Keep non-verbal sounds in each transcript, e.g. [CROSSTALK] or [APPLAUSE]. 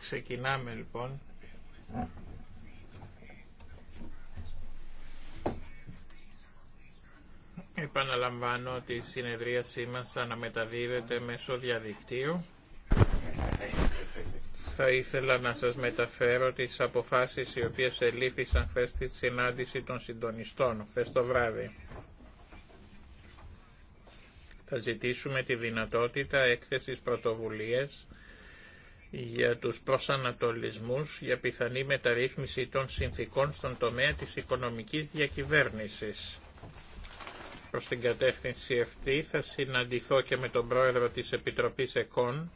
Ξεκινάμε λοιπόν. Επαναλαμβάνω ότι η συνεδρίασή μα θα αναμεταδίδεται μέσω διαδικτύου. Θα ήθελα να σας μεταφέρω τις αποφάσεις οι οποίες ελήφθησαν χθε στη συνάντηση των συντονιστών, χθες το βράδυ. Θα ζητήσουμε τη δυνατότητα έκθεσης πρωτοβουλίες για τους προσανατολισμούς για πιθανή μεταρρύθμιση των συνθήκων στον τομέα της οικονομικής διακυβέρνησης. Προς την κατεύθυνση αυτή θα συναντηθώ και με τον πρόεδρο της Επιτροπής ΕΚΟΝ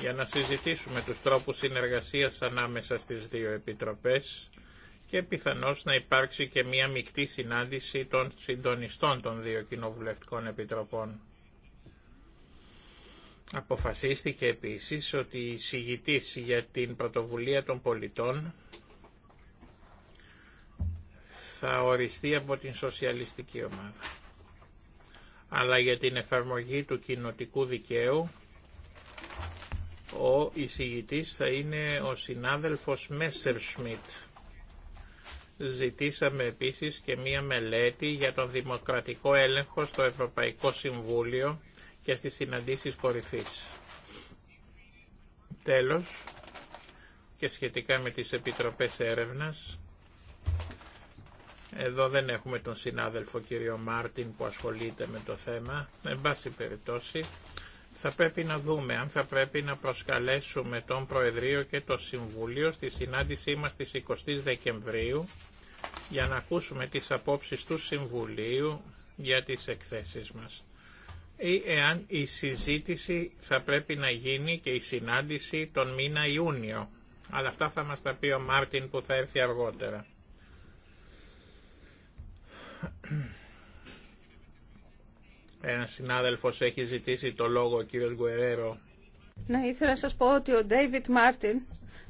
για να συζητήσουμε τους τρόπους συνεργασίας ανάμεσα στις δύο επιτροπές και πιθανώς να υπάρξει και μία μεικτή συνάντηση των συντονιστών των δύο κοινοβουλευτικών επιτροπών. Αποφασίστηκε επίσης ότι η συγητής για την πρωτοβουλία των πολιτών θα οριστεί από την σοσιαλιστική ομάδα. Αλλά για την εφαρμογή του κοινοτικού δικαίου ο εισηγητής θα είναι ο συνάδελφος Μέσερ Σμιτ. Ζητήσαμε επίσης και μία μελέτη για τον δημοκρατικό έλεγχο στο Ευρωπαϊκό Συμβούλιο και στις συναντήσεις κορυφής. Τέλος, και σχετικά με τις επιτροπές έρευνας, εδώ δεν έχουμε τον συνάδελφο κύριο Μάρτιν που ασχολείται με το θέμα. Εν πάση περιπτώσει, θα πρέπει να δούμε αν θα πρέπει να προσκαλέσουμε τον Προεδρείο και το Συμβουλίο στη συνάντησή μας της 20 Δεκεμβρίου για να ακούσουμε τις απόψεις του Συμβουλίου για τις εκθέσεις μας ή εάν η συζήτηση θα πρέπει να γίνει και η συνάντηση τον μήνα Ιούνιο. Αλλά αυτά θα μας τα πει ο Μάρτιν που θα έρθει αργότερα. Ένα συνάδελφος έχει ζητήσει το λόγο, ο κύριος Γκουερέρο. Ναι, ήθελα να σας πω ότι ο Ντέιβιτ Μάρτιν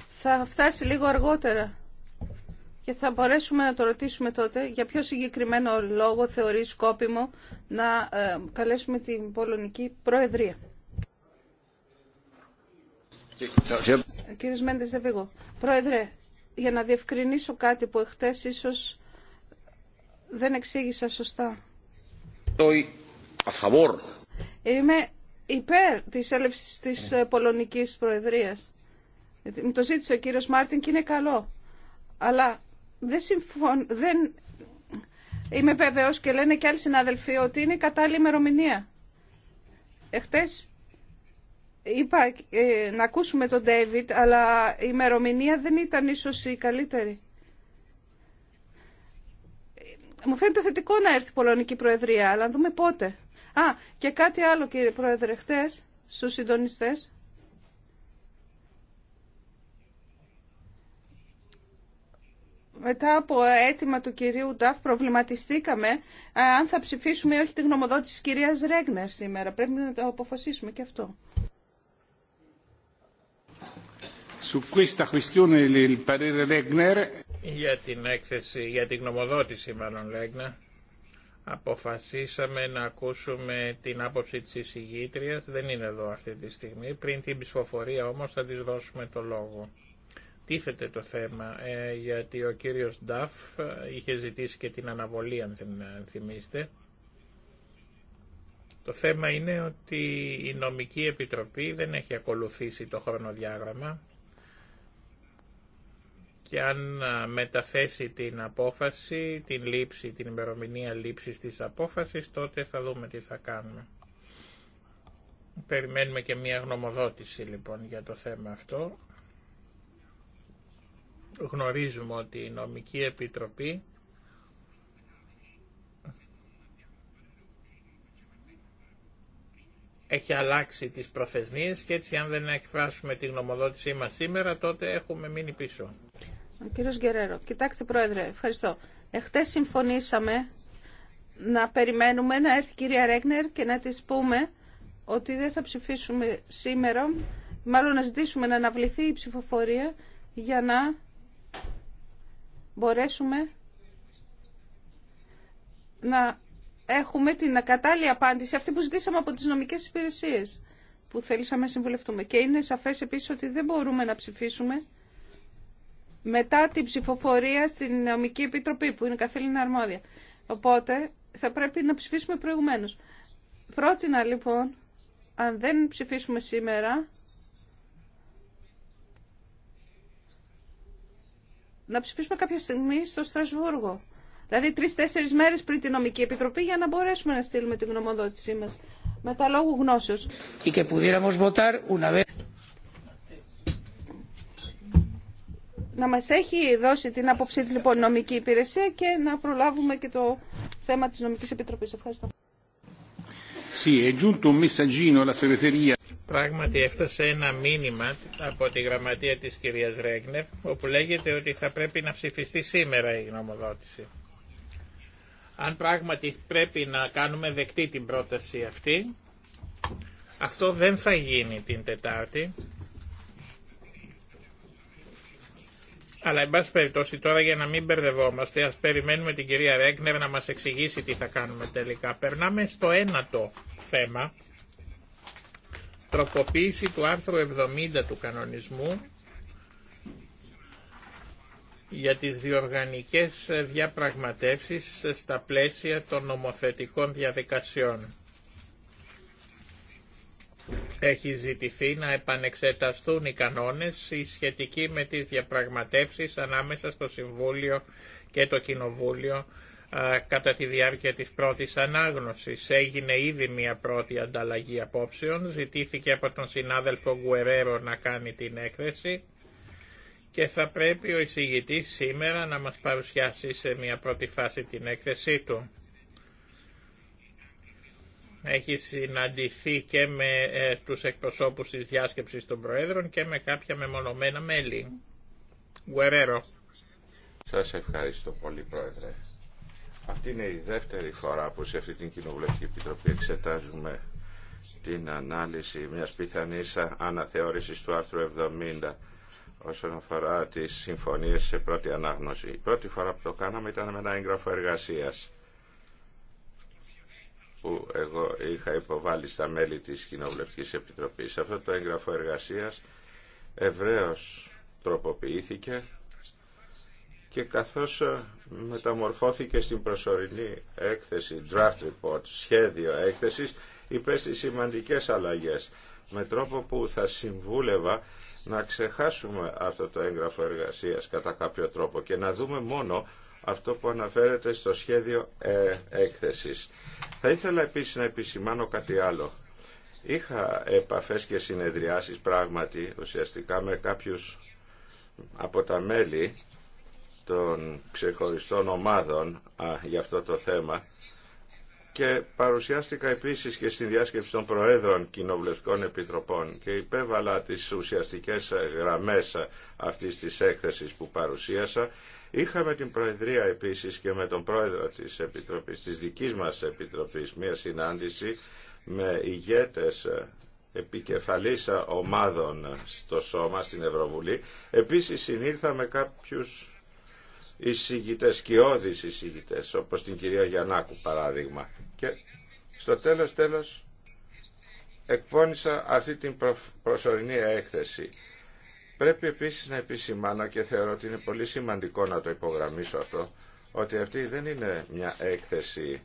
θα φτάσει λίγο αργότερα και θα μπορέσουμε να το ρωτήσουμε τότε για ποιο συγκεκριμένο λόγο θεωρεί σκόπιμο να ε, καλέσουμε την Πολωνική Προεδρία. Ε, Κύριε Μέντες πήγω. Πρόεδρε, για να διευκρινίσω κάτι που εχθέ ίσως δεν εξήγησα σωστά. Είμαι υπέρ της έλευσης της ε, Πολωνικής Προεδρίας. Μου το ζήτησε ο κύριος Μάρτιν και είναι καλό. Αλλά δεν, δεν είμαι βέβαιος και λένε και άλλοι συνάδελφοι ότι είναι κατάλληλη ημερομηνία. Εχθές είπα ε, να ακούσουμε τον Ντέιβιτ, αλλά η ημερομηνία δεν ήταν ίσως η καλύτερη. Μου φαίνεται θετικό να έρθει η Πολωνική Προεδρία, αλλά να δούμε πότε. Α, και κάτι άλλο κύριε Πρόεδρε, χτες στους συντονιστές μετά από αίτημα του κυρίου Νταφ προβληματιστήκαμε ε, αν θα ψηφίσουμε ή όχι τη γνωμοδότηση της κυρίας Ρέγνερ σήμερα. Πρέπει να το αποφασίσουμε και αυτό. Για την έκθεση, για την γνωμοδότηση μάλλον Ρέγνερ, αποφασίσαμε να ακούσουμε την άποψη της εισηγήτριας. Δεν είναι εδώ αυτή τη στιγμή. Πριν την ψηφοφορία όμως θα της δώσουμε το λόγο τίθεται το θέμα ε, γιατί ο κύριος Νταφ ε, είχε ζητήσει και την αναβολή αν ε, θυμίστε. Το θέμα είναι ότι η νομική επιτροπή δεν έχει ακολουθήσει το χρονοδιάγραμμα και αν μεταθέσει την απόφαση, την λήψη, την ημερομηνία λήψης της απόφασης, τότε θα δούμε τι θα κάνουμε. Περιμένουμε και μία γνωμοδότηση λοιπόν για το θέμα αυτό. Γνωρίζουμε ότι η Νομική Επιτροπή έχει αλλάξει τις προθεσμίες και έτσι αν δεν εκφράσουμε τη γνωμοδότησή μας σήμερα τότε έχουμε μείνει πίσω. Ο κύριος Γκερέρο, κοιτάξτε πρόεδρε, ευχαριστώ. Εχθές συμφωνήσαμε να περιμένουμε να έρθει η κυρία Ρέγνερ και να της πούμε ότι δεν θα ψηφίσουμε σήμερα, μάλλον να ζητήσουμε να αναβληθεί η ψηφοφορία για να μπορέσουμε να έχουμε την κατάλληλη απάντηση αυτή που ζητήσαμε από τις νομικές υπηρεσίες που θέλησαμε να συμβουλευτούμε. Και είναι σαφές επίσης ότι δεν μπορούμε να ψηφίσουμε μετά την ψηφοφορία στην νομική επιτροπή που είναι καθήλυνα αρμόδια. Οπότε θα πρέπει να ψηφίσουμε προηγουμένως. Πρότεινα λοιπόν, αν δεν ψηφίσουμε σήμερα, να ψηφίσουμε κάποια στιγμή στο Στρασβούργο. Δηλαδή τρει-τέσσερι μέρε πριν την νομική επιτροπή για να μπορέσουμε να στείλουμε την γνωμοδότησή μα. Με τα λόγου γνώσεω. Να μας έχει δώσει την άποψή της λοιπόν νομική υπηρεσία και να προλάβουμε και το θέμα της νομικής επιτροπής. Ευχαριστώ. Πράγματι έφτασε ένα μήνυμα από τη γραμματεία της κυρίας Ρέγνερ όπου λέγεται ότι θα πρέπει να ψηφιστεί σήμερα η γνωμοδότηση. Αν πράγματι πρέπει να κάνουμε δεκτή την πρόταση αυτή, αυτό δεν θα γίνει την Τετάρτη, Αλλά, εν πάση περιπτώσει, τώρα για να μην μπερδευόμαστε, ας περιμένουμε την κυρία Ρέγνερ να μας εξηγήσει τι θα κάνουμε τελικά. Περνάμε στο ένατο θέμα, τροποποίηση του άρθρου 70 του κανονισμού για τις διοργανικές διαπραγματεύσεις στα πλαίσια των νομοθετικών διαδικασιών. Έχει ζητηθεί να επανεξεταστούν οι κανόνες οι σχετικοί με τις διαπραγματεύσεις ανάμεσα στο Συμβούλιο και το Κοινοβούλιο κατά τη διάρκεια της πρώτης ανάγνωσης. Έγινε ήδη μια πρώτη ανταλλαγή απόψεων, ζητήθηκε από τον συνάδελφο Γκουερέρο να κάνει την έκθεση και θα πρέπει ο εισηγητής σήμερα να μας παρουσιάσει σε μια πρώτη φάση την έκθεσή του. Έχει συναντηθεί και με ε, τους εκπροσώπους της διάσκεψης των Προέδρων και με κάποια μεμονωμένα μέλη. Γκουερέρο. Σας ευχαριστώ πολύ Πρόεδρε. Αυτή είναι η δεύτερη φορά που σε αυτή την Κοινοβουλευτική Επιτροπή εξετάζουμε την ανάλυση μιας πιθανής αναθεώρησης του άρθρου 70 όσον αφορά τις συμφωνίες σε πρώτη ανάγνωση. Η πρώτη φορά που το κάναμε ήταν με ένα έγγραφο εργασίας που εγώ είχα υποβάλει στα μέλη της Κοινοβουλευτικής Επιτροπής. Αυτό το έγγραφο εργασίας ευρέως τροποποιήθηκε και καθώς ε, μεταμορφώθηκε στην προσωρινή έκθεση, draft report, σχέδιο έκθεσης, υπέστη σημαντικές αλλαγές με τρόπο που θα συμβούλευα να ξεχάσουμε αυτό το έγγραφο εργασίας κατά κάποιο τρόπο και να δούμε μόνο αυτό που αναφέρεται στο σχέδιο ε, έκθεσης. Θα ήθελα επίσης να επισημάνω κάτι άλλο. Είχα επαφές και συνεδριάσεις πράγματι ουσιαστικά με κάποιους από τα μέλη των ξεχωριστών ομάδων για αυτό το θέμα και παρουσιάστηκα επίσης και στην διάσκεψη των Προέδρων Κοινοβουλευτικών Επιτροπών και υπέβαλα τις ουσιαστικές γραμμές αυτής της έκθεσης που παρουσίασα. Είχαμε την Προεδρία επίσης και με τον Πρόεδρο της Επιτροπής, της δικής μας Επιτροπής, μια συνάντηση με ηγέτες επικεφαλής ομάδων στο σώμα στην Ευρωβουλή. Επίσης συνήλθα με κάποιους εισηγητές, σκιώδεις εισηγητές, όπως την κυρία Γιαννάκου παράδειγμα. Και στο τέλος τέλος εκπώνησα αυτή την προσωρινή έκθεση. Πρέπει επίσης να επισημάνω και θεωρώ ότι είναι πολύ σημαντικό να το υπογραμμίσω αυτό, ότι αυτή δεν είναι μια έκθεση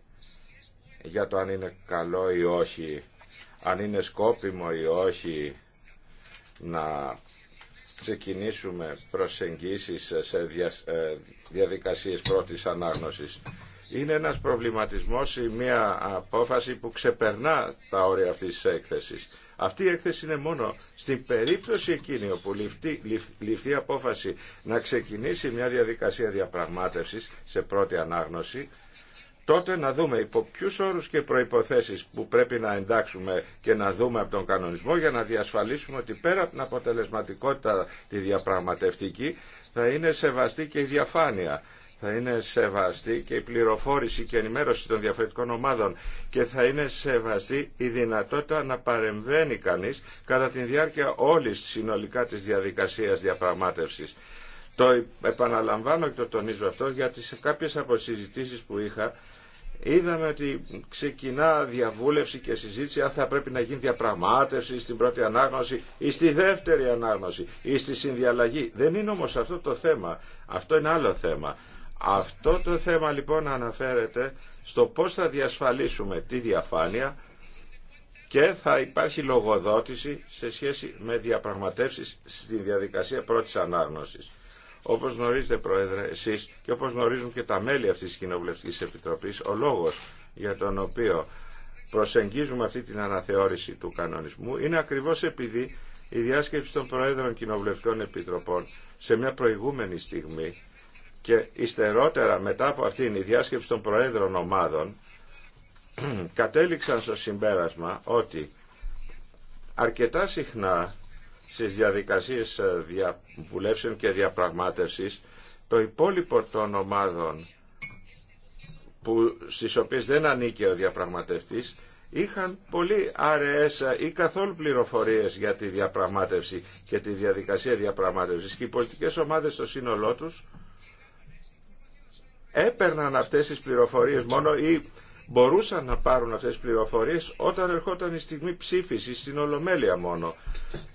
για το αν είναι καλό ή όχι, αν είναι σκόπιμο ή όχι να ξεκινήσουμε προσεγγίσεις σε ε, διαδικασίες πρώτης ανάγνωσης. Είναι ένας προβληματισμός ή μια απόφαση που ξεπερνά τα όρια αυτής της έκθεσης. Αυτή η έκθεση είναι μόνο στην περίπτωση εκείνη όπου ληφθεί, ληφθεί απόφαση να ξεκινήσει μια διαδικασία διαπραγμάτευσης σε πρώτη ανάγνωση τότε να δούμε υπό ποιου όρου και προποθέσει που πρέπει να εντάξουμε και να δούμε από τον κανονισμό για να διασφαλίσουμε ότι πέρα από την αποτελεσματικότητα τη διαπραγματευτική θα είναι σεβαστή και η διαφάνεια. Θα είναι σεβαστή και η πληροφόρηση και η ενημέρωση των διαφορετικών ομάδων και θα είναι σεβαστή η δυνατότητα να παρεμβαίνει κανείς κατά τη διάρκεια όλης συνολικά της διαδικασίας διαπραγμάτευσης. Το επαναλαμβάνω και το τονίζω αυτό γιατί σε κάποιες αποσυζητήσεις που είχα Είδαμε ότι ξεκινά διαβούλευση και συζήτηση αν θα πρέπει να γίνει διαπραγμάτευση στην πρώτη ανάγνωση ή στη δεύτερη ανάγνωση ή στη συνδιαλλαγή. Δεν είναι όμως αυτό το θέμα. Αυτό είναι άλλο θέμα. Αυτό το θέμα λοιπόν αναφέρεται στο πώς θα διασφαλίσουμε τη διαφάνεια και θα υπάρχει λογοδότηση σε σχέση με διαπραγματεύσεις στη διαδικασία πρώτης ανάγνωσης. Όπω γνωρίζετε, Πρόεδρε, εσεί και όπω γνωρίζουν και τα μέλη αυτή τη Κοινοβουλευτική Επιτροπή, ο λόγο για τον οποίο προσεγγίζουμε αυτή την αναθεώρηση του κανονισμού είναι ακριβώ επειδή η διάσκεψη των Προέδρων Κοινοβουλευτικών Επιτροπών σε μια προηγούμενη στιγμή και υστερότερα μετά από αυτήν η διάσκεψη των Προέδρων Ομάδων [CLEARS THROAT] κατέληξαν στο συμπέρασμα ότι αρκετά συχνά στις διαδικασίες ε, διαβουλεύσεων και διαπραγμάτευσης το υπόλοιπο των ομάδων που, στις οποίες δεν ανήκε ο διαπραγματευτής είχαν πολύ αραιές ε, ή καθόλου πληροφορίες για τη διαπραγμάτευση και τη διαδικασία διαπραγμάτευσης και οι πολιτικές ομάδες στο σύνολό τους έπαιρναν αυτές τις πληροφορίες μόνο ή μπορούσαν να πάρουν αυτές τις πληροφορίες όταν ερχόταν η στιγμή ψήφισης στην Ολομέλεια μόνο.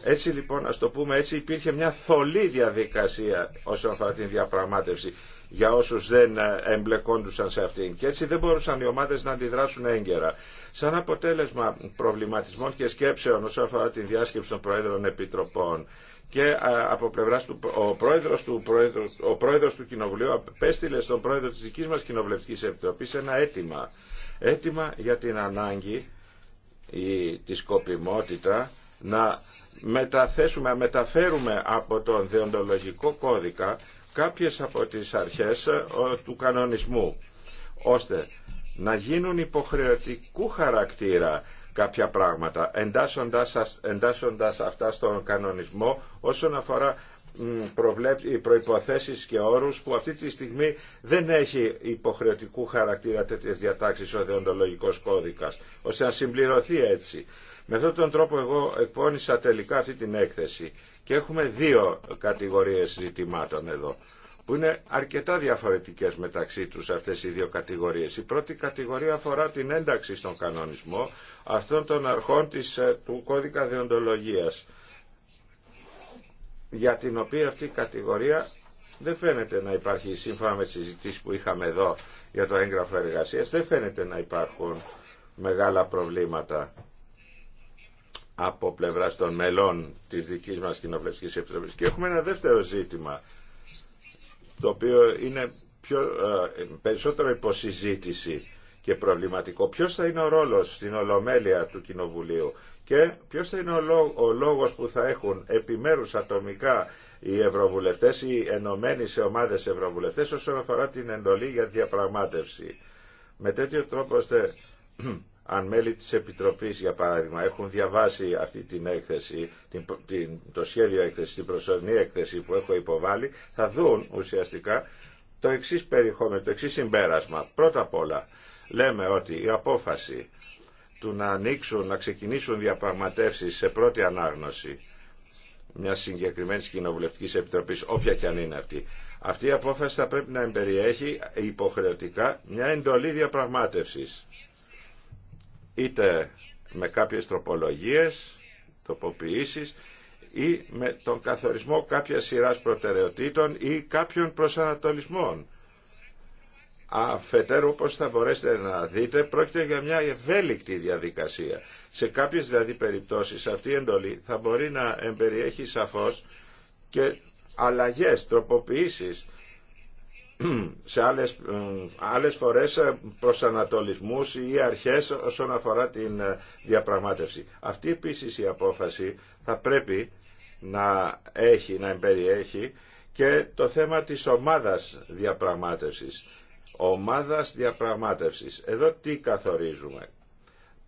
Έτσι λοιπόν, ας το πούμε έτσι, υπήρχε μια θολή διαδικασία όσον αφορά την διαπραγμάτευση για όσους δεν ε, εμπλεκόντουσαν σε αυτήν. Και έτσι δεν μπορούσαν οι ομάδες να αντιδράσουν έγκαιρα. Σαν αποτέλεσμα προβληματισμών και σκέψεων όσον αφορά την διάσκεψη των Προέδρων Επιτροπών και ε, από πλευρά του, ο πρόεδρο του, ο του Κοινοβουλίου απέστειλε στον πρόεδρο τη δική μα Κοινοβουλευτική Επιτροπής ένα αίτημα Έτοιμα για την ανάγκη ή τη σκοπιμότητα να μεταθέσουμε, μεταφέρουμε από τον δεοντολογικό κώδικα κάποιες από τις αρχές ε, του κανονισμού, ώστε να γίνουν υποχρεωτικού χαρακτήρα κάποια πράγματα, εντάσσοντας, εντάσσοντας αυτά στον κανονισμό όσον αφορά προβλέπει προϋποθέσεις και όρους που αυτή τη στιγμή δεν έχει υποχρεωτικού χαρακτήρα τέτοιες διατάξεις ο δεοντολογικός κώδικας, ώστε να συμπληρωθεί έτσι. Με αυτόν τον τρόπο εγώ εκπώνησα τελικά αυτή την έκθεση και έχουμε δύο κατηγορίες ζητημάτων εδώ που είναι αρκετά διαφορετικές μεταξύ τους αυτές οι δύο κατηγορίες. Η πρώτη κατηγορία αφορά την ένταξη στον κανονισμό αυτών των αρχών της, ε, του κώδικα δεοντολογίας για την οποία αυτή η κατηγορία δεν φαίνεται να υπάρχει σύμφωνα με τις συζητήσεις που είχαμε εδώ για το έγγραφο εργασίας δεν φαίνεται να υπάρχουν μεγάλα προβλήματα από πλευρά των μελών της δικής μας Κοινοβουλευτικής Επιτροπής. Και έχουμε ένα δεύτερο ζήτημα, το οποίο είναι πιο, ε, περισσότερο υποσυζήτηση και προβληματικό. Ποιος θα είναι ο ρόλος στην Ολομέλεια του Κοινοβουλίου και ποιος θα είναι ο λόγος που θα έχουν επιμέρους ατομικά οι ευρωβουλευτές, οι ενωμένοι σε ομάδες ευρωβουλευτές όσον αφορά την εντολή για διαπραγμάτευση. Με τέτοιο τρόπο ώστε [CLEARS THROAT] αν μέλη της Επιτροπής, για παράδειγμα, έχουν διαβάσει αυτή την έκθεση, την, το σχέδιο έκθεση, την προσωρινή έκθεση που έχω υποβάλει, θα δουν ουσιαστικά το εξή περιεχόμενο, το εξής συμπέρασμα. Πρώτα απ' όλα, λέμε ότι η απόφαση του να ανοίξουν, να ξεκινήσουν διαπραγματεύσεις σε πρώτη ανάγνωση μια συγκεκριμένη κοινοβουλευτική επιτροπή, όποια και αν είναι αυτή. Αυτή η απόφαση θα πρέπει να εμπεριέχει υποχρεωτικά μια εντολή διαπραγμάτευση. Είτε με κάποιες τροπολογίες, τοποποίησει, ή με τον καθορισμό κάποια σειρά προτεραιοτήτων ή κάποιων προσανατολισμών Αφετέρου, όπως θα μπορέσετε να δείτε, πρόκειται για μια ευέλικτη διαδικασία. Σε κάποιες δηλαδή περιπτώσεις αυτή η εντολή θα μπορεί να εμπεριέχει σαφώς και αλλαγές, τροποποιήσεις [CLEARS THROAT] σε άλλες, άλλες φορές ε, προσανατολισμούς ή αρχές όσον αφορά την ε, διαπραγμάτευση. Αυτή επίσης η απόφαση θα πρέπει να έχει, να εμπεριέχει και το θέμα της ομάδας διαπραγμάτευσης ομάδας διαπραγμάτευσης. Εδώ τι καθορίζουμε.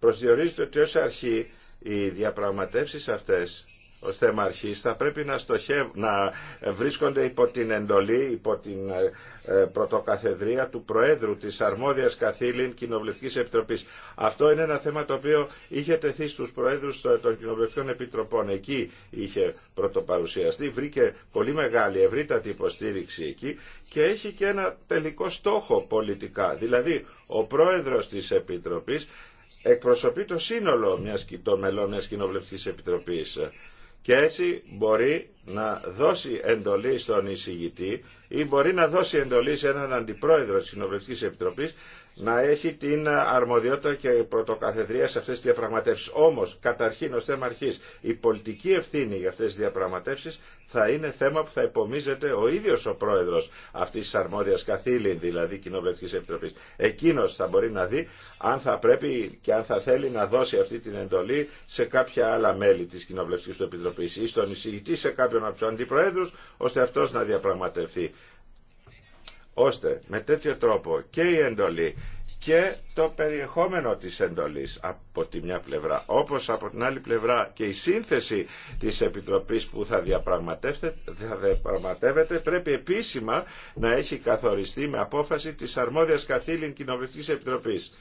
Προσδιορίζεται ότι ως αρχή οι διαπραγματεύσεις αυτές ως θέμα θα πρέπει να, στοχεύ, να βρίσκονται υπό την εντολή, υπό την ε, ε, πρωτοκαθεδρία του Προέδρου της Αρμόδιας Καθήλην Κοινοβουλευτικής Επιτροπής. Αυτό είναι ένα θέμα το οποίο είχε τεθεί στους Προέδρους ε, των Κοινοβουλευτικών Επιτροπών. Εκεί είχε πρωτοπαρουσιαστεί, βρήκε πολύ μεγάλη ευρύτατη υποστήριξη εκεί και έχει και ένα τελικό στόχο πολιτικά. Δηλαδή, ο Πρόεδρος της Επιτροπής εκπροσωπεί το σύνολο μιας, των μελών μιας Κοινοβουλευτικής Επιτροπής και έτσι μπορεί να δώσει εντολή στον εισηγητή ή μπορεί να δώσει εντολή σε έναν αντιπρόεδρο της Συνοβουλευτικής Επιτροπής να έχει την αρμοδιότητα και πρωτοκαθεδρία σε αυτές τις διαπραγματεύσεις. Όμως, καταρχήν ως θέμα αρχής, η πολιτική ευθύνη για αυτές τις διαπραγματεύσεις θα είναι θέμα που θα υπομίζεται ο ίδιος ο πρόεδρος αυτής της αρμόδιας καθήλυν, δηλαδή Κοινοβουλευτικής Επιτροπής. Εκείνος θα μπορεί να δει αν θα πρέπει και αν θα θέλει να δώσει αυτή την εντολή σε κάποια άλλα μέλη της Κοινοβουλευτικής του Επιτροπής ή στον εισηγητή σε κάποιον από του αντιπροεδρού ώστε αυτό να διαπραγματευτεί ώστε με τέτοιο τρόπο και η εντολή και το περιεχόμενο της εντολής από τη μια πλευρά, όπως από την άλλη πλευρά και η σύνθεση της Επιτροπής που θα διαπραγματεύεται, πρέπει επίσημα να έχει καθοριστεί με απόφαση της αρμόδιας καθήλυν Κοινοβουλευτικής Επιτροπής.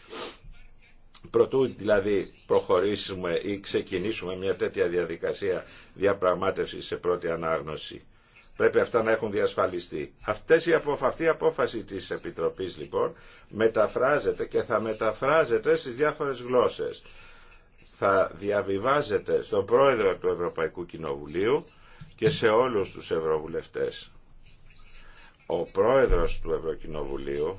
Προτού δηλαδή προχωρήσουμε ή ξεκινήσουμε μια τέτοια διαδικασία διαπραγμάτευσης σε πρώτη ανάγνωση. Πρέπει αυτά να έχουν διασφαλιστεί. Αυτές αυτή η απόφαση της Επιτροπής λοιπόν μεταφράζεται και θα μεταφράζεται στις διάφορες γλώσσες. Θα διαβιβάζεται στον πρόεδρο του Ευρωπαϊκού Κοινοβουλίου και σε όλους τους ευρωβουλευτές. Ο πρόεδρος του Ευρωκοινοβουλίου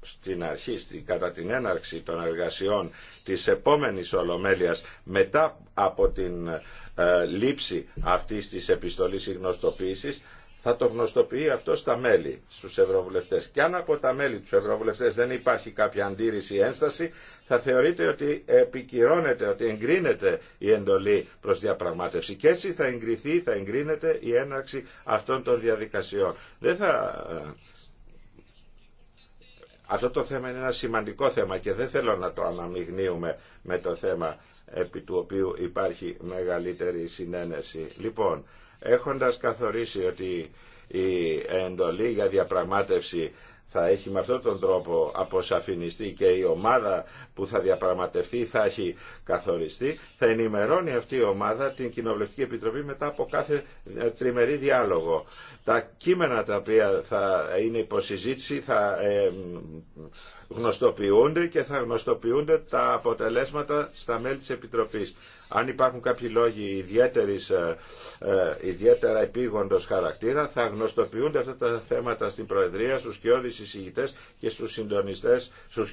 στην αρχή, κατά την έναρξη των εργασιών της επόμενης Ολομέλειας μετά από την ε, λήψη αυτής της επιστολής γνωστοποίησης θα το γνωστοποιεί αυτό στα μέλη, στους ευρωβουλευτές. Και αν από τα μέλη τους ευρωβουλευτές δεν υπάρχει κάποια αντίρρηση ή ένσταση, θα θεωρείτε ότι επικυρώνεται, ότι εγκρίνεται η εντολή προς διαπραγμάτευση. Και έτσι θα θεωρειται οτι θα εγκρίνεται η έναρξη αυτών των διαδικασιών. Δεν θα... Ε, αυτό το θέμα είναι ένα σημαντικό θέμα και δεν θέλω να το αναμειγνύουμε με το θέμα επί του οποίου υπάρχει μεγαλύτερη συνένεση. Λοιπόν, έχοντας καθορίσει ότι η εντολή για διαπραγμάτευση θα έχει με αυτόν τον τρόπο αποσαφινιστεί και η ομάδα που θα διαπραγματευτεί θα έχει καθοριστεί, θα ενημερώνει αυτή η ομάδα την Κοινοβουλευτική Επιτροπή μετά από κάθε ε, τριμερή διάλογο. Τα κείμενα τα οποία θα είναι υποσυζήτηση θα γνωστοποιούνται και θα γνωστοποιούνται τα αποτελέσματα στα μέλη της Επιτροπής. Αν υπάρχουν κάποιοι λόγοι ε, ε, ιδιαίτερα επίγοντος χαρακτήρα, θα γνωστοποιούνται αυτά τα θέματα στην Προεδρία, στους κοιόδης εισηγητές και στους συντονιστές, στους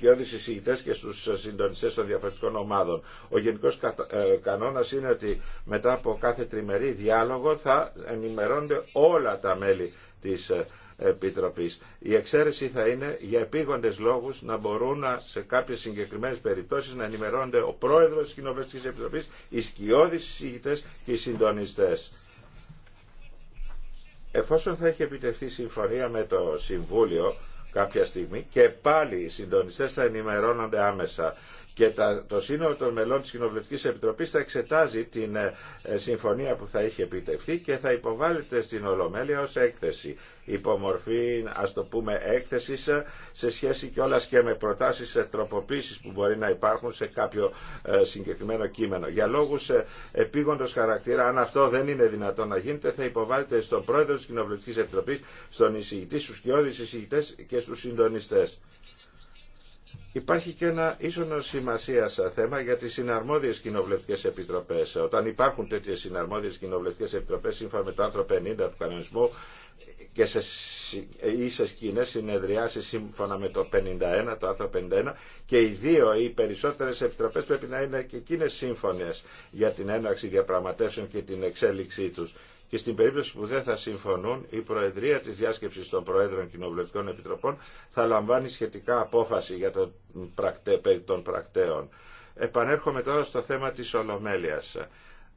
και στους συντονιστές των διαφορετικών ομάδων. Ο γενικός ε, κανόνας είναι ότι μετά από κάθε τριμερή διάλογο θα ενημερώνονται όλα τα μέλη της Επιτροπής. Η εξαίρεση θα είναι για επίγοντες λόγους να μπορούν να, σε κάποιες συγκεκριμένες περιπτώσεις να ενημερώνονται ο πρόεδρος της Κοινοβουλευτικής Επιτροπής, οι σκιώδεις συζητητές και οι συντονιστές. Εφόσον θα έχει επιτευχθεί συμφωνία με το Συμβούλιο κάποια στιγμή και πάλι οι συντονιστές θα ενημερώνονται άμεσα και το σύνολο των μελών της Κοινοβουλευτικής Επιτροπής θα εξετάζει την ε, συμφωνία που θα είχε επιτευχθεί και θα υποβάλλεται στην Ολομέλεια ως έκθεση υπομορφή, ας το πούμε, έκθεσης ε, σε σχέση κιόλας και με προτάσεις ε, τροποποίησης που μπορεί να υπάρχουν σε κάποιο συγκεκριμένο κείμενο. Για λόγους επίγοντος χαρακτήρα, αν αυτό δεν είναι δυνατό να γίνεται, θα υποβάλλεται στον πρόεδρο της Κοινοβουλευτικής Επιτροπής, στον εισηγητή, στους κοιόδης εισηγητές και στους συντονιστές. Υπάρχει και ένα ίσονο σημασία θέμα για τι συναρμόδιε κοινοβουλευτικέ επιτροπέ. Όταν υπάρχουν τέτοιε συναρμόδιε κοινοβουλευτικέ επιτροπέ, σύμφωνα με το άρθρο 50 του κανονισμού και σε ίσε κοινέ συνεδριάσει, σύμφωνα με το 51, το άρθρο 51, και οι δύο ή οι περισσότερε επιτροπέ πρέπει να είναι και εκείνε σύμφωνε για την έναρξη διαπραγματεύσεων και την εξέλιξή του και στην περίπτωση που δεν θα συμφωνούν, η Προεδρία της Διάσκεψης των Προέδρων Κοινοβουλευτικών Επιτροπών θα λαμβάνει σχετικά απόφαση για τον πρακτέ, περί των πρακτέων. Επανέρχομαι τώρα στο θέμα της Ολομέλειας.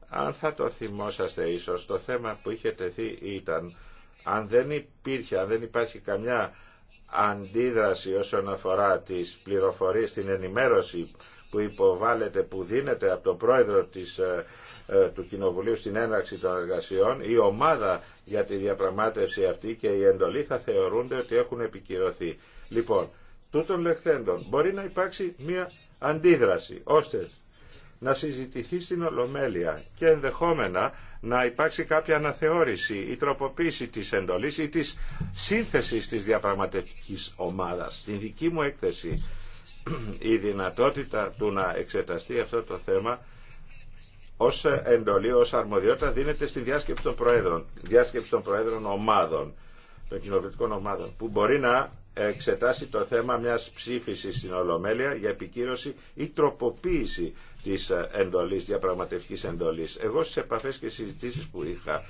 Αν θα το θυμόσαστε ίσως, το θέμα που είχε τεθεί ήταν, αν δεν υπήρχε, αν δεν υπάρχει καμιά αντίδραση όσον αφορά τις πληροφορίες, την ενημέρωση που υποβάλλεται, που δίνεται από τον πρόεδρο της ε, ε, του Κοινοβουλίου στην έναρξη των εργασιών, η ομάδα για τη διαπραγμάτευση αυτή και η εντολή θα θεωρούνται ότι έχουν επικυρωθεί. Λοιπόν, τούτων λεχθέντων μπορεί να υπάρξει μια αντίδραση, ώστε να συζητηθεί στην Ολομέλεια και ενδεχόμενα να υπάρξει κάποια αναθεώρηση ή τροποποίηση της εντολής ή της σύνθεσης της διαπραγματευτικής ομάδας. Στην δική μου έκθεση [CLEARS THROAT] η δυνατότητα του να εξεταστεί αυτό το θέμα Ω εντολή, ω αρμοδιότητα δίνεται στη διάσκεψη των προέδρων, διάσκεψη των προέδρων ομάδων, των κοινοβουλευτικών ομάδων, που μπορεί να εξετάσει το θέμα μια ψήφισή στην Ολομέλεια για επικύρωση ή τροποποίηση της εντολή διαπραγματευτικής εντολή. Εγώ στι επαφέ και συζητήσει που είχα,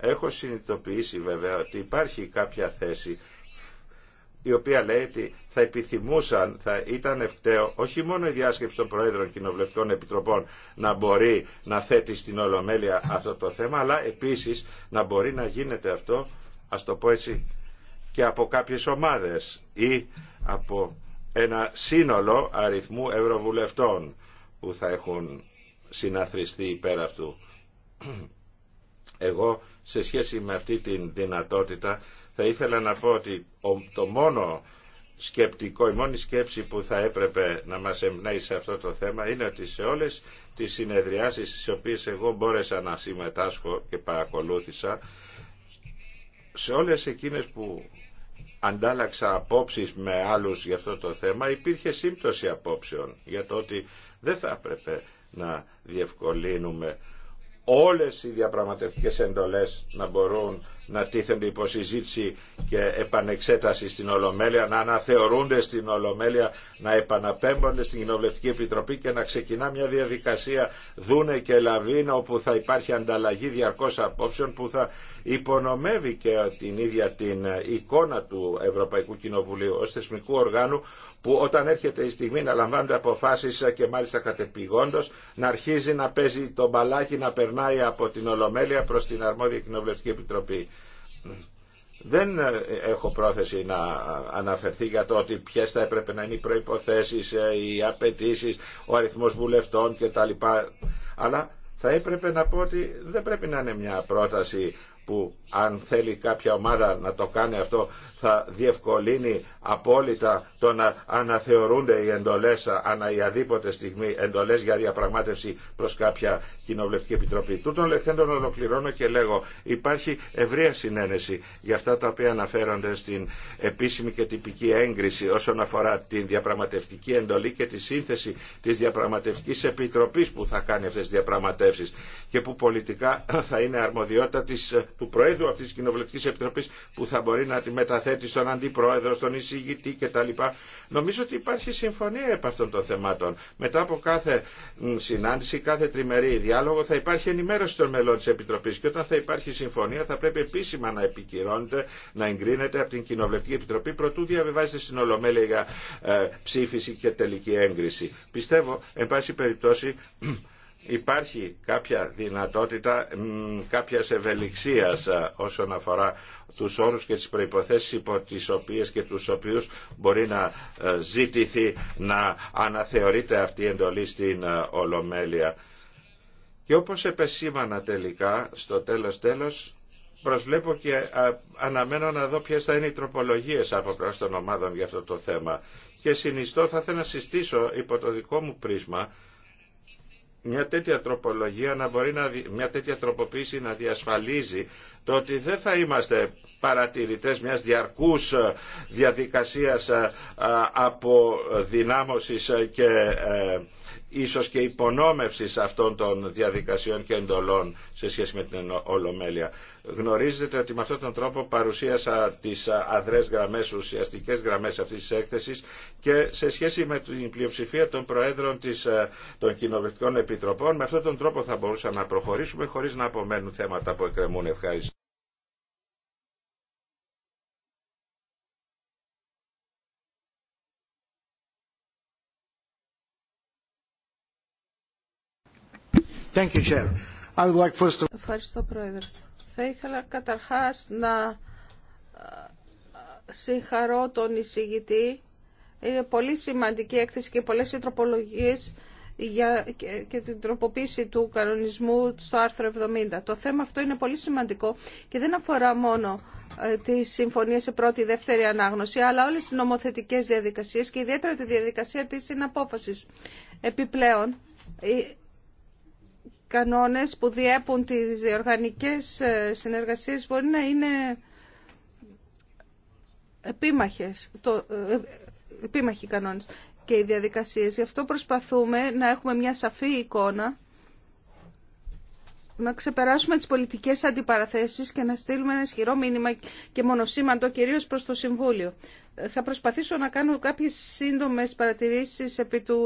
έχω συνειδητοποιήσει βέβαια ότι υπάρχει κάποια θέση η οποία λέει ότι θα επιθυμούσαν, θα ήταν ευκταίο, όχι μόνο η διάσκεψη των Προέδρων Κοινοβουλευτικών Επιτροπών να μπορεί να θέτει στην Ολομέλεια αυτό το θέμα, αλλά επίσης να μπορεί να γίνεται αυτό, ας το πω έτσι, και από κάποιες ομάδες ή από ένα σύνολο αριθμού ευρωβουλευτών που θα έχουν συναθριστεί πέρα αυτού. Εγώ σε σχέση με αυτή την δυνατότητα θα ήθελα να πω ότι το μόνο σκεπτικό, η μόνη σκέψη που θα έπρεπε να μας εμπνέει σε αυτό το θέμα είναι ότι σε όλες τις συνεδριάσεις στις οποίες εγώ μπόρεσα να συμμετάσχω και παρακολούθησα, σε όλες εκείνες που αντάλλαξα απόψεις με άλλους για αυτό το θέμα, υπήρχε σύμπτωση απόψεων για το ότι δεν θα έπρεπε να διευκολύνουμε όλες οι διαπραγματευτικές εντολές να μπορούν να τίθενται υπό και επανεξέταση στην Ολομέλεια, να αναθεωρούνται στην Ολομέλεια, να επαναπέμπονται στην Κοινοβουλευτική Επιτροπή και να ξεκινά μια διαδικασία δούνε και λαβίνω όπου θα υπάρχει ανταλλαγή διαρκώς απόψεων που θα υπονομεύει και την ίδια την εικόνα του Ευρωπαϊκού Κοινοβουλίου ως θεσμικού οργάνου που όταν έρχεται η στιγμή να λαμβάνονται αποφάσεις και μάλιστα κατεπηγόντως να αρχίζει να παίζει το μπαλάκι να περνάει από την Ολομέλεια προς την Αρμόδια Κοινοβουλευτική Επιτροπή. Δεν ε, έχω πρόθεση να ε, αναφερθεί για το ότι ποιε θα έπρεπε να είναι οι προποθέσει, ε, οι απαιτήσει, ο αριθμό βουλευτών κτλ. Αλλά θα έπρεπε να πω ότι δεν πρέπει να είναι μια πρόταση που αν θέλει κάποια ομάδα να το κάνει αυτό θα διευκολύνει απόλυτα το να αναθεωρούνται οι εντολές ανά η στιγμή εντολές για διαπραγμάτευση προς κάποια κοινοβουλευτική επιτροπή. Τούτων λεχθέντων ολοκληρώνω και λέγω υπάρχει ευρεία συνένεση για αυτά τα οποία αναφέρονται στην επίσημη και τυπική έγκριση όσον αφορά την διαπραγματευτική εντολή και τη σύνθεση της διαπραγματευτικής επιτροπής που θα κάνει αυτές τις διαπραγματεύσεις και που πολιτικά θα είναι αρμοδιότητα της του Προέδρου αυτής της Κοινοβουλευτικής Επιτροπής που θα μπορεί να τη μεταθέτει στον Αντιπρόεδρο, στον εισηγητή κτλ. Νομίζω ότι υπάρχει συμφωνία επ' αυτών των θεμάτων. Μετά από κάθε συνάντηση, κάθε τριμερή διάλογο θα υπάρχει ενημέρωση των μελών της Επιτροπής και όταν θα υπάρχει συμφωνία θα πρέπει επίσημα να επικυρώνεται, να εγκρίνεται από την Κοινοβουλευτική Επιτροπή προτού διαβιβάζεται στην Ολομέλεια για ε, ψήφιση και τελική έγκριση. Πιστεύω, εν πάση περιπτώσει, υπάρχει κάποια δυνατότητα κάποια ευελιξία όσον αφορά τους όρους και τις προποθέσει υπό τις οποίες και τους οποίους μπορεί να ε, ζητηθεί να αναθεωρείται αυτή η εντολή στην ε, Ολομέλεια. Και όπως επεσήμανα τελικά στο τέλος τέλος προσβλέπω και αναμένω να δω ποιες θα είναι οι τροπολογίες από πλευρά των ομάδων για αυτό το θέμα. Και συνιστώ θα θέλω να συστήσω υπό το δικό μου πρίσμα μια τέτοια τροπολογία να μπορεί να, μια τέτοια τροποποίηση να διασφαλίζει το ότι δεν θα είμαστε παρατηρητές μιας διαρκούς ε, διαδικασίας ε, ε, από δυνάμωσης και ίσως και υπονόμευσης αυτών των διαδικασιών και εντολών σε σχέση με την Ολομέλεια. Γνωρίζετε ότι με αυτόν τον τρόπο παρουσίασα τις αδρές γραμμές, ουσιαστικές γραμμές αυτής της έκθεσης και σε σχέση με την πλειοψηφία των προέδρων της, ε, των κοινοβουλευτικών επιτροπών, με αυτόν τον τρόπο θα μπορούσαμε να προχωρήσουμε χωρίς να απομένουν θέματα που εκκρεμούν. Ευχαριστώ. Ευχαριστώ, Πρόεδρε. Θα ήθελα καταρχάς να ε, συγχαρώ τον εισηγητή. Είναι πολύ σημαντική έκθεση και πολλές οι για, και, την τροποποίηση του κανονισμού στο άρθρο 70. Το θέμα αυτό είναι πολύ σημαντικό και δεν αφορά μόνο ε, τη συμφωνία σε πρώτη ή δεύτερη ανάγνωση, αλλά όλες τις νομοθετικές διαδικασίες και ιδιαίτερα τη διαδικασία της συναπόφασης. Επιπλέον, η δευτερη αναγνωση αλλα ολες τι νομοθετικες διαδικασιες και ιδιαιτερα τη διαδικασια της συναποφασης επιπλεον κανόνες που διέπουν τις διοργανικές ε, συνεργασίες μπορεί να είναι επίμαχες, το, ε, ε, επίμαχοι κανόνες και οι διαδικασίες. Γι' αυτό προσπαθούμε να έχουμε μια σαφή εικόνα να ξεπεράσουμε τις πολιτικές αντιπαραθέσεις και να στείλουμε ένα ισχυρό μήνυμα και μονοσήμαντο κυρίως προς το Συμβούλιο. Θα προσπαθήσω να κάνω κάποιες σύντομες παρατηρήσεις επί του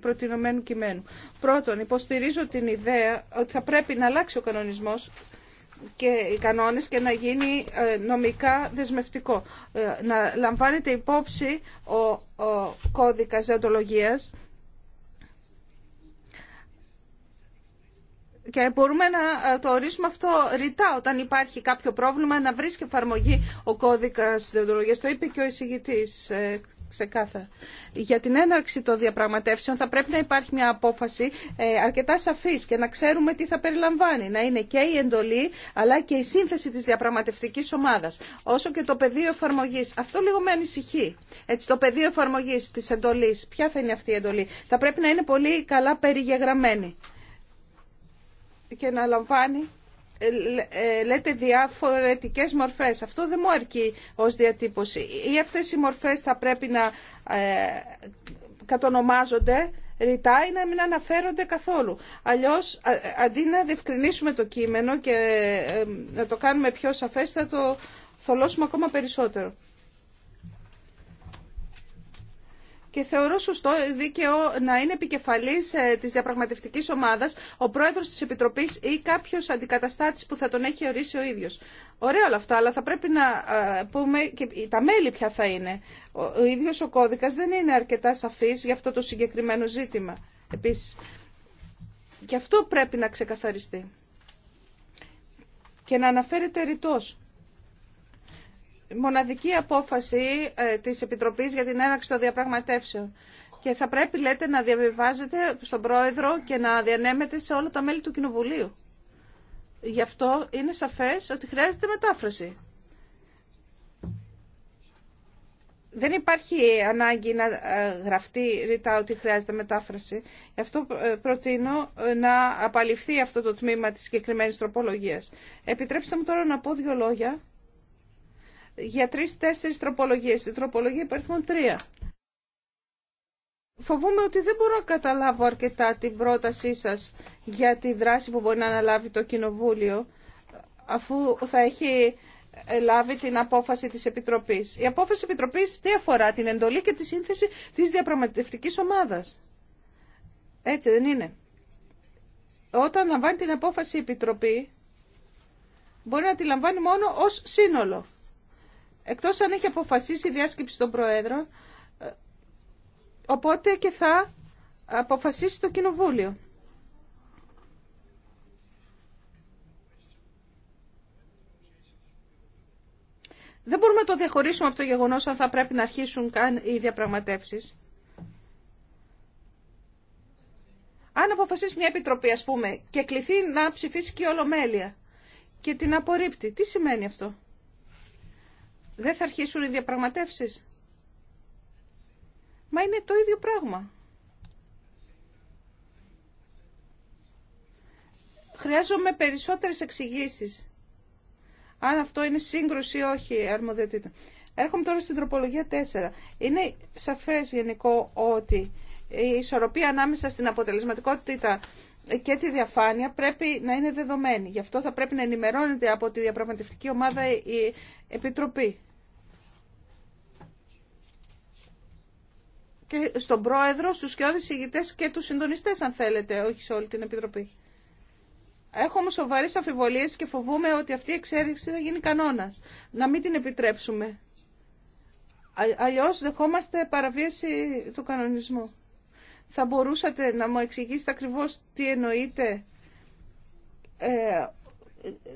προτινομένου κειμένου. Πρώτον, υποστηρίζω την ιδέα ότι θα πρέπει να αλλάξει ο κανονισμός και οι κανόνες και να γίνει ε, νομικά δεσμευτικό. Ε, να λαμβάνεται υπόψη ο, ο κώδικας διοντολογίας και μπορούμε να ε, το ορίσουμε αυτό ρητά όταν υπάρχει κάποιο πρόβλημα να βρίσκει εφαρμογή ο κώδικας διοντολογία. Το είπε και ο εισηγητή ε, ξεκάθαρα. Για την έναρξη των διαπραγματεύσεων θα πρέπει να υπάρχει μια απόφαση ε, αρκετά σαφής και να ξέρουμε τι θα περιλαμβάνει. Να είναι και η εντολή αλλά και η σύνθεση της διαπραγματευτικής ομάδας. Όσο και το πεδίο εφαρμογής. Αυτό λίγο με ανησυχεί. Έτσι, το πεδίο εφαρμογής της εντολής. Ποια θα είναι αυτή η εντολή. Θα πρέπει να είναι πολύ καλά περιγεγραμμένη και να λαμβάνει ε, ε, λέτε διαφορετικές μορφές. Αυτό δεν μου αρκεί ως διατύπωση. Ή αυτές οι μορφές θα πρέπει να ε, κατονομάζονται ρητά ή να μην αναφέρονται καθόλου. Αλλιώς, αντί να διευκρινίσουμε το κείμενο και να το κάνουμε πιο σαφές, θα το θολώσουμε ακόμα περισσότερο. και θεωρώ σωστό ε, δίκαιο να είναι επικεφαλής ε, της διαπραγματευτικής ομάδας ο πρόεδρος της Επιτροπής ή κάποιος αντικαταστάτης που θα τον έχει ορίσει ο ίδιος. Ωραία όλα αυτά, αλλά θα πρέπει να ε, πούμε και τα μέλη ποια θα είναι. Ο ίδιος ο κώδικας δεν είναι αρκετά σαφής για αυτό το συγκεκριμένο ζήτημα. επίση και αυτό πρέπει να ξεκαθαριστεί και να αναφέρεται ρητός μοναδική απόφαση ε, της Επιτροπής για την έναρξη των διαπραγματεύσεων. Και θα πρέπει, λέτε, να διαβιβάζετε στον Πρόεδρο και να διανέμετε σε όλα τα μέλη του Κοινοβουλίου. Γι' αυτό είναι σαφές ότι χρειάζεται μετάφραση. Δεν υπάρχει ανάγκη να ε, γραφτεί ρητά ότι χρειάζεται μετάφραση. Γι' αυτό ε, προτείνω να απαλληφθεί αυτό το τμήμα της συγκεκριμένη τροπολογίας. Επιτρέψτε μου τώρα να πω δύο λόγια για τρει-τέσσερι τροπολογίες. Η τροπολογία υπερθούν τρία. Φοβούμαι ότι δεν μπορώ να καταλάβω αρκετά την πρότασή σας για τη δράση που μπορεί να αναλάβει το Κοινοβούλιο αφού θα έχει ε, λάβει την απόφαση της Επιτροπής. Η απόφαση της Επιτροπής τι αφορά την εντολή και τη σύνθεση της διαπραγματευτικής ομάδας. Έτσι δεν είναι. Όταν λαμβάνει την απόφαση η Επιτροπή μπορεί να τη λαμβάνει μόνο ως σύνολο. Εκτός αν έχει αποφασίσει η διάσκεψη των Προέδρων, ε, οπότε και θα αποφασίσει το Κοινοβούλιο. Δεν μπορούμε να το διαχωρίσουμε από το γεγονός αν θα πρέπει να αρχίσουν καν οι διαπραγματεύσεις. Αν αποφασίσει μια επιτροπή, ας πούμε, και κληθεί να ψηφίσει και η Ολομέλεια και την απορρίπτει, τι σημαίνει αυτό. Δεν θα αρχίσουν οι διαπραγματεύσεις. Μα είναι το ίδιο πράγμα. Χρειάζομαι περισσότερες εξηγήσεις. Αν αυτό είναι σύγκρουση ή όχι αρμοδιότητα. Έρχομαι τώρα στην τροπολογία 4. Είναι σαφές γενικό ότι η ισορροπία ανάμεσα στην αποτελεσματικότητα και τη διαφάνεια πρέπει να είναι δεδομένη. Γι' αυτό θα πρέπει να ενημερώνεται από τη διαπραγματευτική ομάδα η Επιτροπή. και στον πρόεδρο, στους σκιώδεις ηγητές και τους συντονιστές αν θέλετε, όχι σε όλη την Επιτροπή. Έχω όμως σοβαρές αμφιβολίες και φοβούμε ότι αυτή η εξέλιξη θα γίνει κανόνας. Να μην την επιτρέψουμε. Αλλιώς δεχόμαστε παραβίαση του κανονισμού. Θα μπορούσατε να μου εξηγήσετε ακριβώς τι εννοείτε. Ε,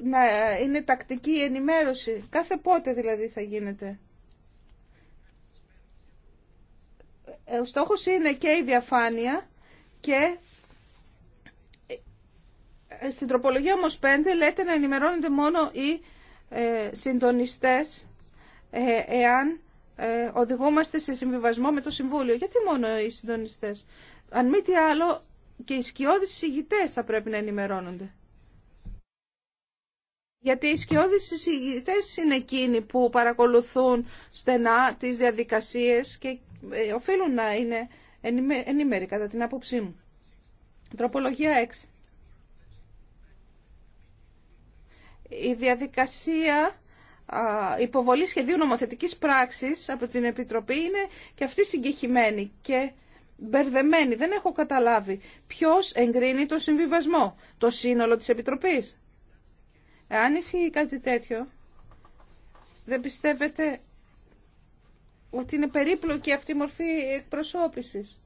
να είναι τακτική ενημέρωση. Κάθε πότε δηλαδή θα γίνεται. Ε, ο στόχος είναι και η διαφάνεια και ε, στην τροπολογία όμως 5 λέτε να ενημερώνονται μόνο οι ε, συντονιστές εάν οδηγούμαστε σε συμβιβασμό με το Συμβούλιο. Γιατί μόνο οι συντονιστές. Αν μη τι άλλο και οι σκιώδεις συγητές θα πρέπει να ενημερώνονται. Γιατί οι σκιώδεις συγητές είναι εκείνοι που παρακολουθούν στενά τις διαδικασίες και ε, οφείλουν να είναι ενήμεροι κατά την άποψή μου. Τροπολογία 6. Η διαδικασία υποβολή σχεδίου νομοθετικής πράξης από την Επιτροπή είναι και αυτή συγκεχημένη και μπερδεμένη. Δεν έχω καταλάβει ποιος εγκρίνει το συμβιβασμό, το σύνολο της Επιτροπής. Αν ισχύει κάτι τέτοιο, δεν πιστεύετε ότι είναι περίπλοκη αυτή η μορφή εκπροσώπησης.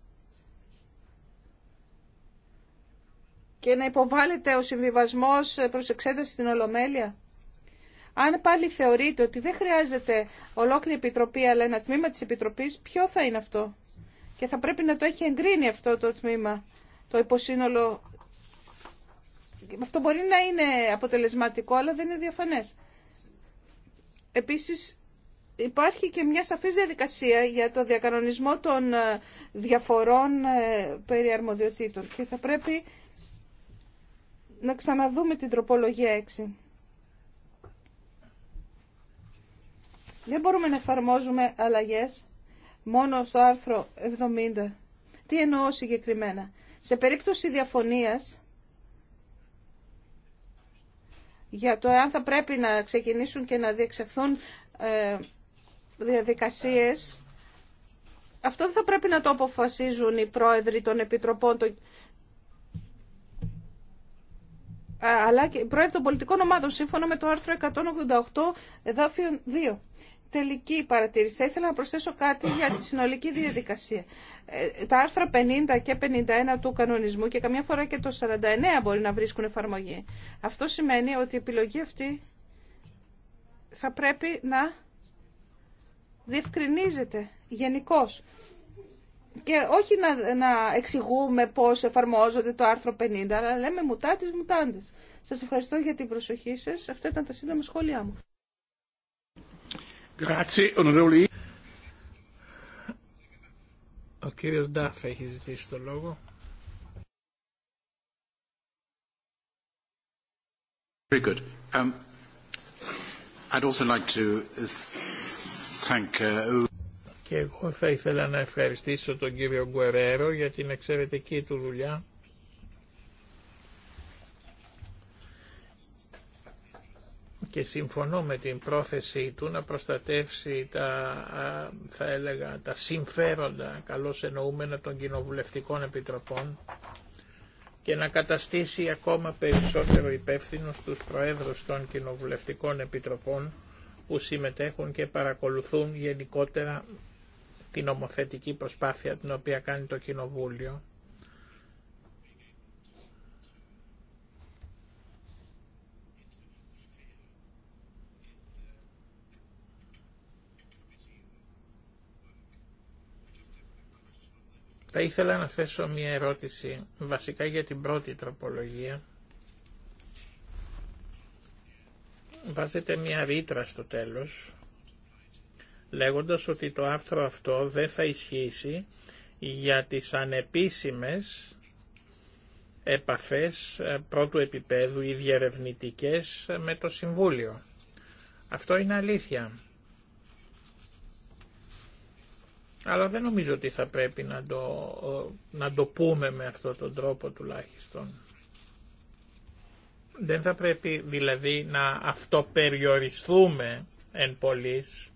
Και να υποβάλλεται ο συμβιβασμός προς εξέταση στην Ολομέλεια. Αν πάλι θεωρείτε ότι δεν χρειάζεται ολόκληρη επιτροπή, αλλά ένα τμήμα της επιτροπής, ποιο θα είναι αυτό. Και θα πρέπει να το έχει εγκρίνει αυτό το τμήμα, το υποσύνολο. Αυτό μπορεί να είναι αποτελεσματικό, αλλά δεν είναι διαφανές. Επίσης, υπάρχει και μια σαφής διαδικασία για το διακανονισμό των ε, διαφορών ε, περί αρμοδιοτήτων και θα πρέπει να ξαναδούμε την τροπολογία 6. Δεν μπορούμε να εφαρμόζουμε αλλαγές μόνο στο άρθρο 70. Τι εννοώ συγκεκριμένα. Σε περίπτωση διαφωνίας για το εάν θα πρέπει να ξεκινήσουν και να διεξαχθούν ε, διαδικασίες. Αυτό δεν θα πρέπει να το αποφασίζουν οι πρόεδροι των επιτροπών, αλλά και οι πρόεδροι των πολιτικών ομάδων, σύμφωνα με το άρθρο 188, εδάφιο 2. Τελική παρατήρηση. Θα ήθελα να προσθέσω κάτι για τη συνολική διαδικασία. Ε, τα άρθρα 50 και 51 του κανονισμού και καμιά φορά και το 49 μπορεί να βρίσκουν εφαρμογή. Αυτό σημαίνει ότι η επιλογή αυτή θα πρέπει να διευκρινίζεται γενικώ. Και όχι να, να εξηγούμε πώς εφαρμόζονται το άρθρο 50, αλλά λέμε μουτά μουτάτης μουτάντης. Σας ευχαριστώ για την προσοχή σας. Αυτά ήταν τα σύντομα σχόλιά μου. Ο κύριος Ντάφ έχει ζητήσει το λόγο. Very good. Um, I'd also like to και εγώ θα ήθελα να ευχαριστήσω τον κύριο Γκουερέρο για την εξαιρετική του δουλειά. και συμφωνώ με την πρόθεσή του να προστατεύσει τα, θα έλεγα, τα συμφέροντα καλώς εννοούμενα των κοινοβουλευτικών επιτροπών και να καταστήσει ακόμα περισσότερο υπεύθυνο τους προέδρους των κοινοβουλευτικών επιτροπών που συμμετέχουν και παρακολουθούν γενικότερα την νομοθετική προσπάθεια την οποία κάνει το Κοινοβούλιο. Θα ήθελα να θέσω μία ερώτηση βασικά για την πρώτη τροπολογία. βάζετε μια ρήτρα στο τέλος, λέγοντας ότι το άρθρο αυτό δεν θα ισχύσει για τις ανεπίσημες επαφές ε, πρώτου επίπεδου ή διερευνητικές με το Συμβούλιο. Αυτό είναι αλήθεια. Αλλά δεν νομίζω ότι θα πρέπει να το, ε, να το πούμε με αυτόν τον τρόπο τουλάχιστον. Δεν θα πρέπει δηλαδή να αυτοπεριοριστούμε εν πολλής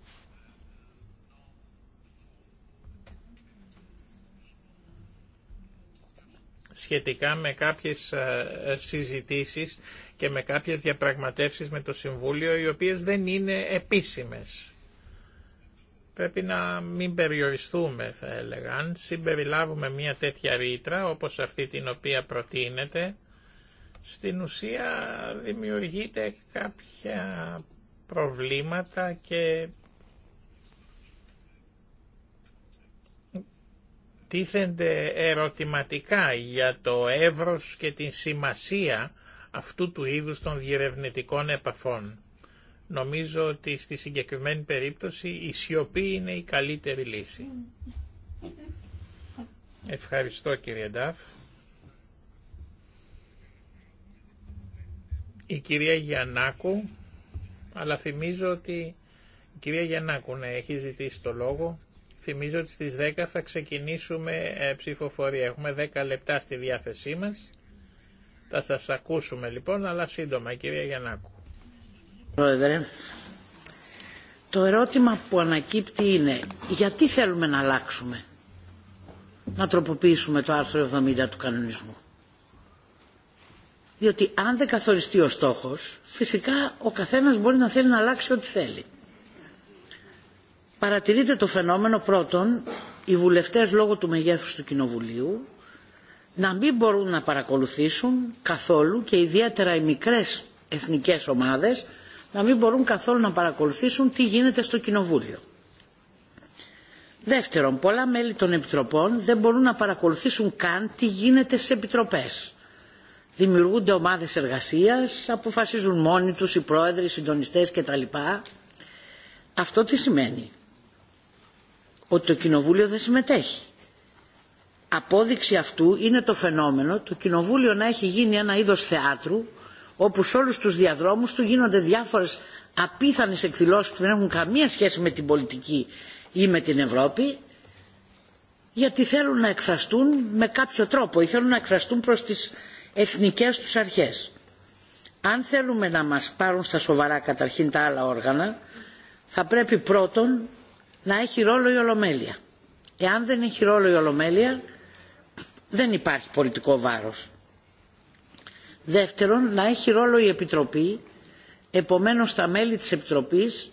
σχετικά με κάποιες ε, ε, συζητήσεις και με κάποιες διαπραγματεύσεις με το Συμβούλιο οι οποίες δεν είναι επίσημες. Πρέπει να μην περιοριστούμε θα έλεγα. Αν συμπεριλάβουμε μια τέτοια ρήτρα όπως αυτή την οποία προτείνεται στην ουσία δημιουργείται κάποια προβλήματα και τίθενται ερωτηματικά για το εύρος και την σημασία αυτού του είδους των διερευνητικών επαφών. Νομίζω ότι στη συγκεκριμένη περίπτωση η σιωπή είναι η καλύτερη λύση. Mm. Ευχαριστώ κύριε Ντάφ. Η κυρία Γιαννάκου, αλλά θυμίζω ότι η κυρία Γιαννάκου να έχει ζητήσει το λόγο. Θυμίζω ότι στις 10 θα ξεκινήσουμε ε, ψηφοφορία. Έχουμε 10 λεπτά στη διάθεσή μας. Θα σας ακούσουμε λοιπόν, αλλά σύντομα, κυρία Γιαννάκου. Πρόεδρε, το ερώτημα που ανακύπτει είναι γιατί θέλουμε να αλλάξουμε, να τροποποιήσουμε το άρθρο 70 του κανονισμού διότι αν δεν καθοριστεί ο στόχος, φυσικά ο καθένας μπορεί να θέλει να αλλάξει ό,τι θέλει. Παρατηρείται το φαινόμενο πρώτον, οι βουλευτές λόγω του μεγέθους του Κοινοβουλίου να μην μπορούν να παρακολουθήσουν καθόλου και ιδιαίτερα οι μικρές εθνικές ομάδες να μην μπορούν καθόλου να παρακολουθήσουν τι γίνεται στο Κοινοβούλιο. Δεύτερον, πολλά μέλη των επιτροπών δεν μπορούν να παρακολουθήσουν καν τι γίνεται στις επιτροπές δημιουργούνται ομάδες εργασίας, αποφασίζουν μόνοι τους οι πρόεδροι, οι συντονιστές κτλ. Αυτό τι σημαίνει. Ότι το κοινοβούλιο δεν συμμετέχει. Απόδειξη αυτού είναι το φαινόμενο του κοινοβούλιο να έχει γίνει ένα είδος θεάτρου όπου σε όλους τους διαδρόμους του γίνονται διάφορες απίθανες εκδηλώσεις που δεν έχουν καμία σχέση με την πολιτική ή με την Ευρώπη γιατί θέλουν να εκφραστούν με κάποιο τρόπο ή θέλουν να εκφραστούν προς τις εθνικές τους αρχές. Αν θέλουμε να μας πάρουν στα σοβαρά καταρχήν τα άλλα όργανα, θα πρέπει πρώτον να έχει ρόλο η Ολομέλεια. Εάν δεν έχει ρόλο η Ολομέλεια, δεν υπάρχει πολιτικό βάρος. Δεύτερον, να έχει ρόλο η Επιτροπή, επομένως τα μέλη της Επιτροπής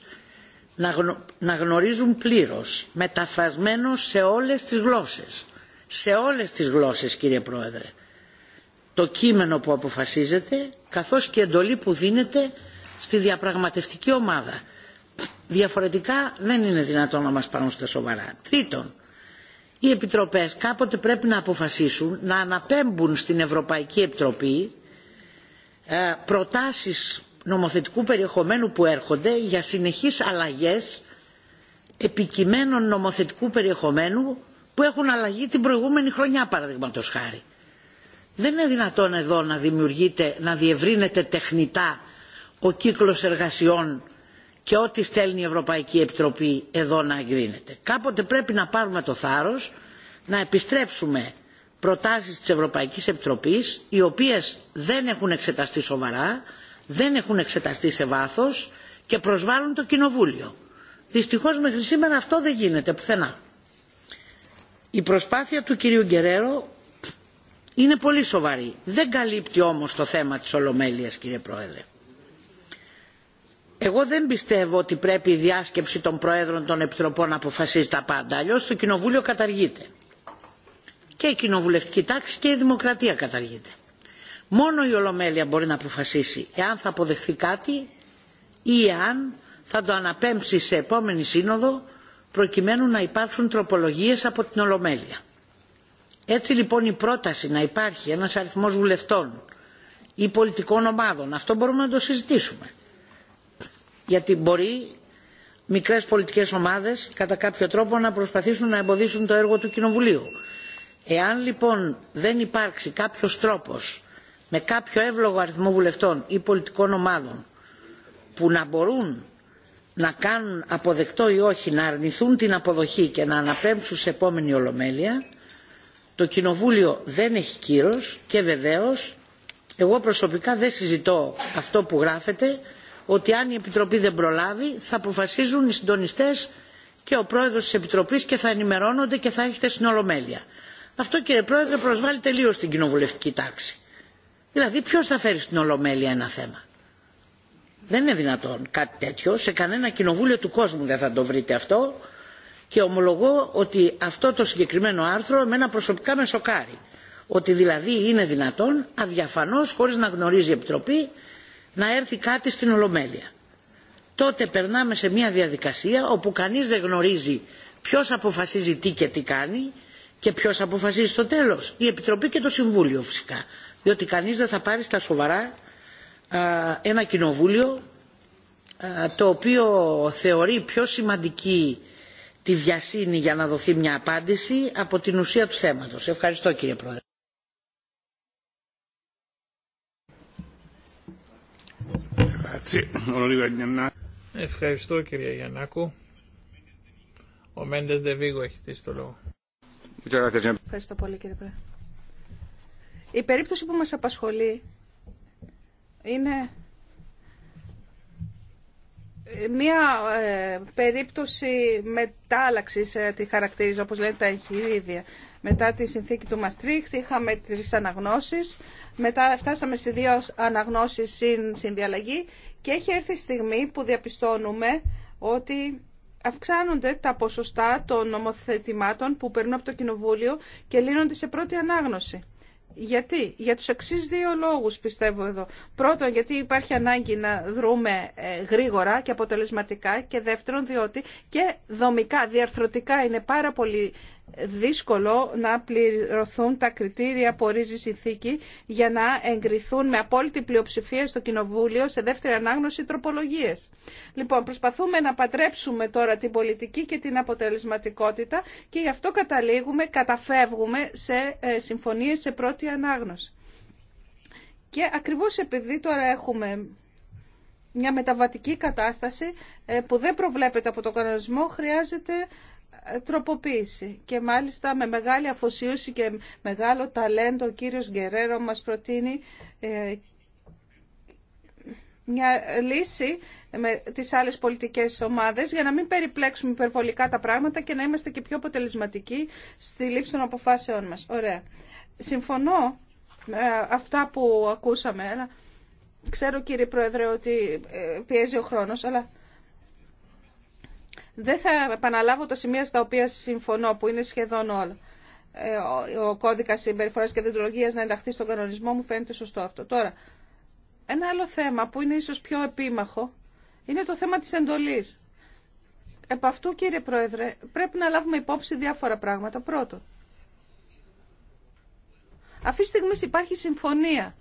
να, να γνωρίζουν πλήρως, μεταφρασμένο σε όλες τις γλώσσες. Σε όλες τις γλώσσες, κύριε Πρόεδρε το κείμενο που αποφασίζεται καθώς και εντολή που δίνεται στη διαπραγματευτική ομάδα. Διαφορετικά δεν είναι δυνατόν να μας πάρουν στα σοβαρά. Τρίτον, οι επιτροπές κάποτε πρέπει να αποφασίσουν να αναπέμπουν στην Ευρωπαϊκή Επιτροπή ε, προτάσεις νομοθετικού περιεχομένου που έρχονται για συνεχείς αλλαγές επικειμένων νομοθετικού περιεχομένου που έχουν αλλαγεί την προηγούμενη χρονιά παραδείγματος χάρη δεν είναι δυνατόν εδώ να δημιουργείται, να διευρύνεται τεχνητά ο κύκλος εργασιών και ό,τι στέλνει η Ευρωπαϊκή Επιτροπή εδώ να εγκρίνεται. Κάποτε πρέπει να πάρουμε το θάρρος να επιστρέψουμε προτάσεις της Ευρωπαϊκής Επιτροπής οι οποίες δεν έχουν εξεταστεί σοβαρά, δεν έχουν εξεταστεί σε βάθος και προσβάλλουν το Κοινοβούλιο. Δυστυχώς μέχρι σήμερα αυτό δεν γίνεται πουθενά. Η προσπάθεια του κυρίου Γκερέρο είναι πολύ σοβαρή. Δεν καλύπτει όμως το θέμα της Ολομέλειας κύριε Πρόεδρε. Εγώ δεν πιστεύω ότι πρέπει η διάσκεψη των Προέδρων των Επιτροπών να αποφασίζει τα πάντα. Αλλιώ το Κοινοβούλιο καταργείται. Και η κοινοβουλευτική τάξη και η δημοκρατία καταργείται. Μόνο η Ολομέλεια μπορεί να αποφασίσει εάν θα αποδεχθεί κάτι ή εάν θα το αναπέμψει σε επόμενη σύνοδο προκειμένου να υπάρξουν τροπολογίες από την Ολομέλεια έτσι λοιπόν η πρόταση να υπάρχει ένας αριθμός βουλευτών ή πολιτικών ομάδων, αυτό μπορούμε να το συζητήσουμε. Γιατί μπορεί μικρές πολιτικές ομάδες κατά κάποιο τρόπο να προσπαθήσουν να εμποδίσουν το έργο του Κοινοβουλίου. Εάν λοιπόν δεν υπάρξει κάποιος τρόπος με κάποιο εύλογο αριθμό βουλευτών ή πολιτικών ομάδων που να μπορούν να κάνουν αποδεκτό ή όχι να αρνηθούν την αποδοχή και να αναπέμψουν σε επόμενη ολομέλεια το κοινοβούλιο δεν έχει κύρος και βεβαίως εγώ προσωπικά δεν συζητώ αυτό που γράφεται ότι αν η Επιτροπή δεν προλάβει θα αποφασίζουν οι συντονιστές και ο πρόεδρος της Επιτροπής και θα ενημερώνονται και θα έχετε στην Ολομέλεια. Αυτό κύριε πρόεδρε προσβάλλει τελείως την κοινοβουλευτική τάξη. Δηλαδή ποιος θα φέρει στην Ολομέλεια ένα θέμα. Δεν είναι δυνατόν κάτι τέτοιο. Σε κανένα κοινοβούλιο του κόσμου δεν θα το βρείτε αυτό και ομολογώ ότι αυτό το συγκεκριμένο άρθρο εμένα προσωπικά με σοκάρει. Ότι δηλαδή είναι δυνατόν αδιαφανώς χωρίς να γνωρίζει η Επιτροπή να έρθει κάτι στην Ολομέλεια. Τότε περνάμε σε μια διαδικασία όπου κανείς δεν γνωρίζει ποιος αποφασίζει τι και τι κάνει και ποιος αποφασίζει στο τέλος. Η Επιτροπή και το Συμβούλιο φυσικά. Διότι κανείς δεν θα πάρει στα σοβαρά ένα κοινοβούλιο το οποίο θεωρεί πιο σημαντική τη βιασύνη για να δοθεί μια απάντηση από την ουσία του θέματος. Ευχαριστώ κύριε Πρόεδρε. Ευχαριστώ κύριε Γιαννάκου. Ο Μέντες Βίγκο έχει στήσει το λόγο. Ευχαριστώ πολύ κύριε Πρόεδρε. Η περίπτωση που μας απασχολεί είναι Μία ε, περίπτωση μετάλλαξης ε, τη χαρακτηρίζω, όπως λένε τα εγχειρίδια. Μετά τη συνθήκη του Μαστρίχτ είχαμε τρεις αναγνώσεις, μετά φτάσαμε σε δύο αναγνώσεις συν συνδιαλλαγή και έχει έρθει η στιγμή που διαπιστώνουμε ότι αυξάνονται τα ποσοστά των νομοθετημάτων που περνούν από το Κοινοβούλιο και λύνονται σε πρώτη ανάγνωση. Γιατί, για τους εξής δύο λόγους πιστεύω εδώ. Πρώτον, γιατί υπάρχει ανάγκη να δρούμε ε, γρήγορα και αποτελεσματικά και δεύτερον, διότι και δομικά, διαρθρωτικά είναι πάρα πολύ δύσκολο να πληρωθούν τα κριτήρια που ορίζει η συνθήκη για να εγκριθούν με απόλυτη πλειοψηφία στο Κοινοβούλιο σε δεύτερη ανάγνωση τροπολογίες. Λοιπόν, προσπαθούμε να πατρέψουμε τώρα την πολιτική και την αποτελεσματικότητα και γι' αυτό καταλήγουμε, καταφεύγουμε σε ε, συμφωνίες σε πρώτη ανάγνωση. Και ακριβώς επειδή τώρα έχουμε μια μεταβατική κατάσταση ε, που δεν προβλέπεται από τον κανονισμό, χρειάζεται τροποποίηση και μάλιστα με μεγάλη αφοσίωση και μεγάλο ταλέντο ο κύριος Γκερέρο μας προτείνει ε, μια λύση με τις άλλες πολιτικές ομάδες για να μην περιπλέξουμε υπερβολικά τα πράγματα και να είμαστε και πιο αποτελεσματικοί στη λήψη των αποφάσεών μας. Ωραία. Συμφωνώ με αυτά που ακούσαμε. Ξέρω κύριε Πρόεδρε ότι ε, πιέζει ο χρόνος, αλλά δεν θα επαναλάβω τα σημεία στα οποία συμφωνώ, που είναι σχεδόν όλα. Ε, ο κώδικα συμπεριφορά και δεντρολογία να ενταχθεί στον κανονισμό μου φαίνεται σωστό αυτό. Τώρα, ένα άλλο θέμα που είναι ίσω πιο επίμαχο είναι το θέμα τη εντολή. Επ' αυτού, κύριε Πρόεδρε, πρέπει να λάβουμε υπόψη διάφορα πράγματα. Πρώτον, αυτή τη στιγμή υπάρχει συμφωνία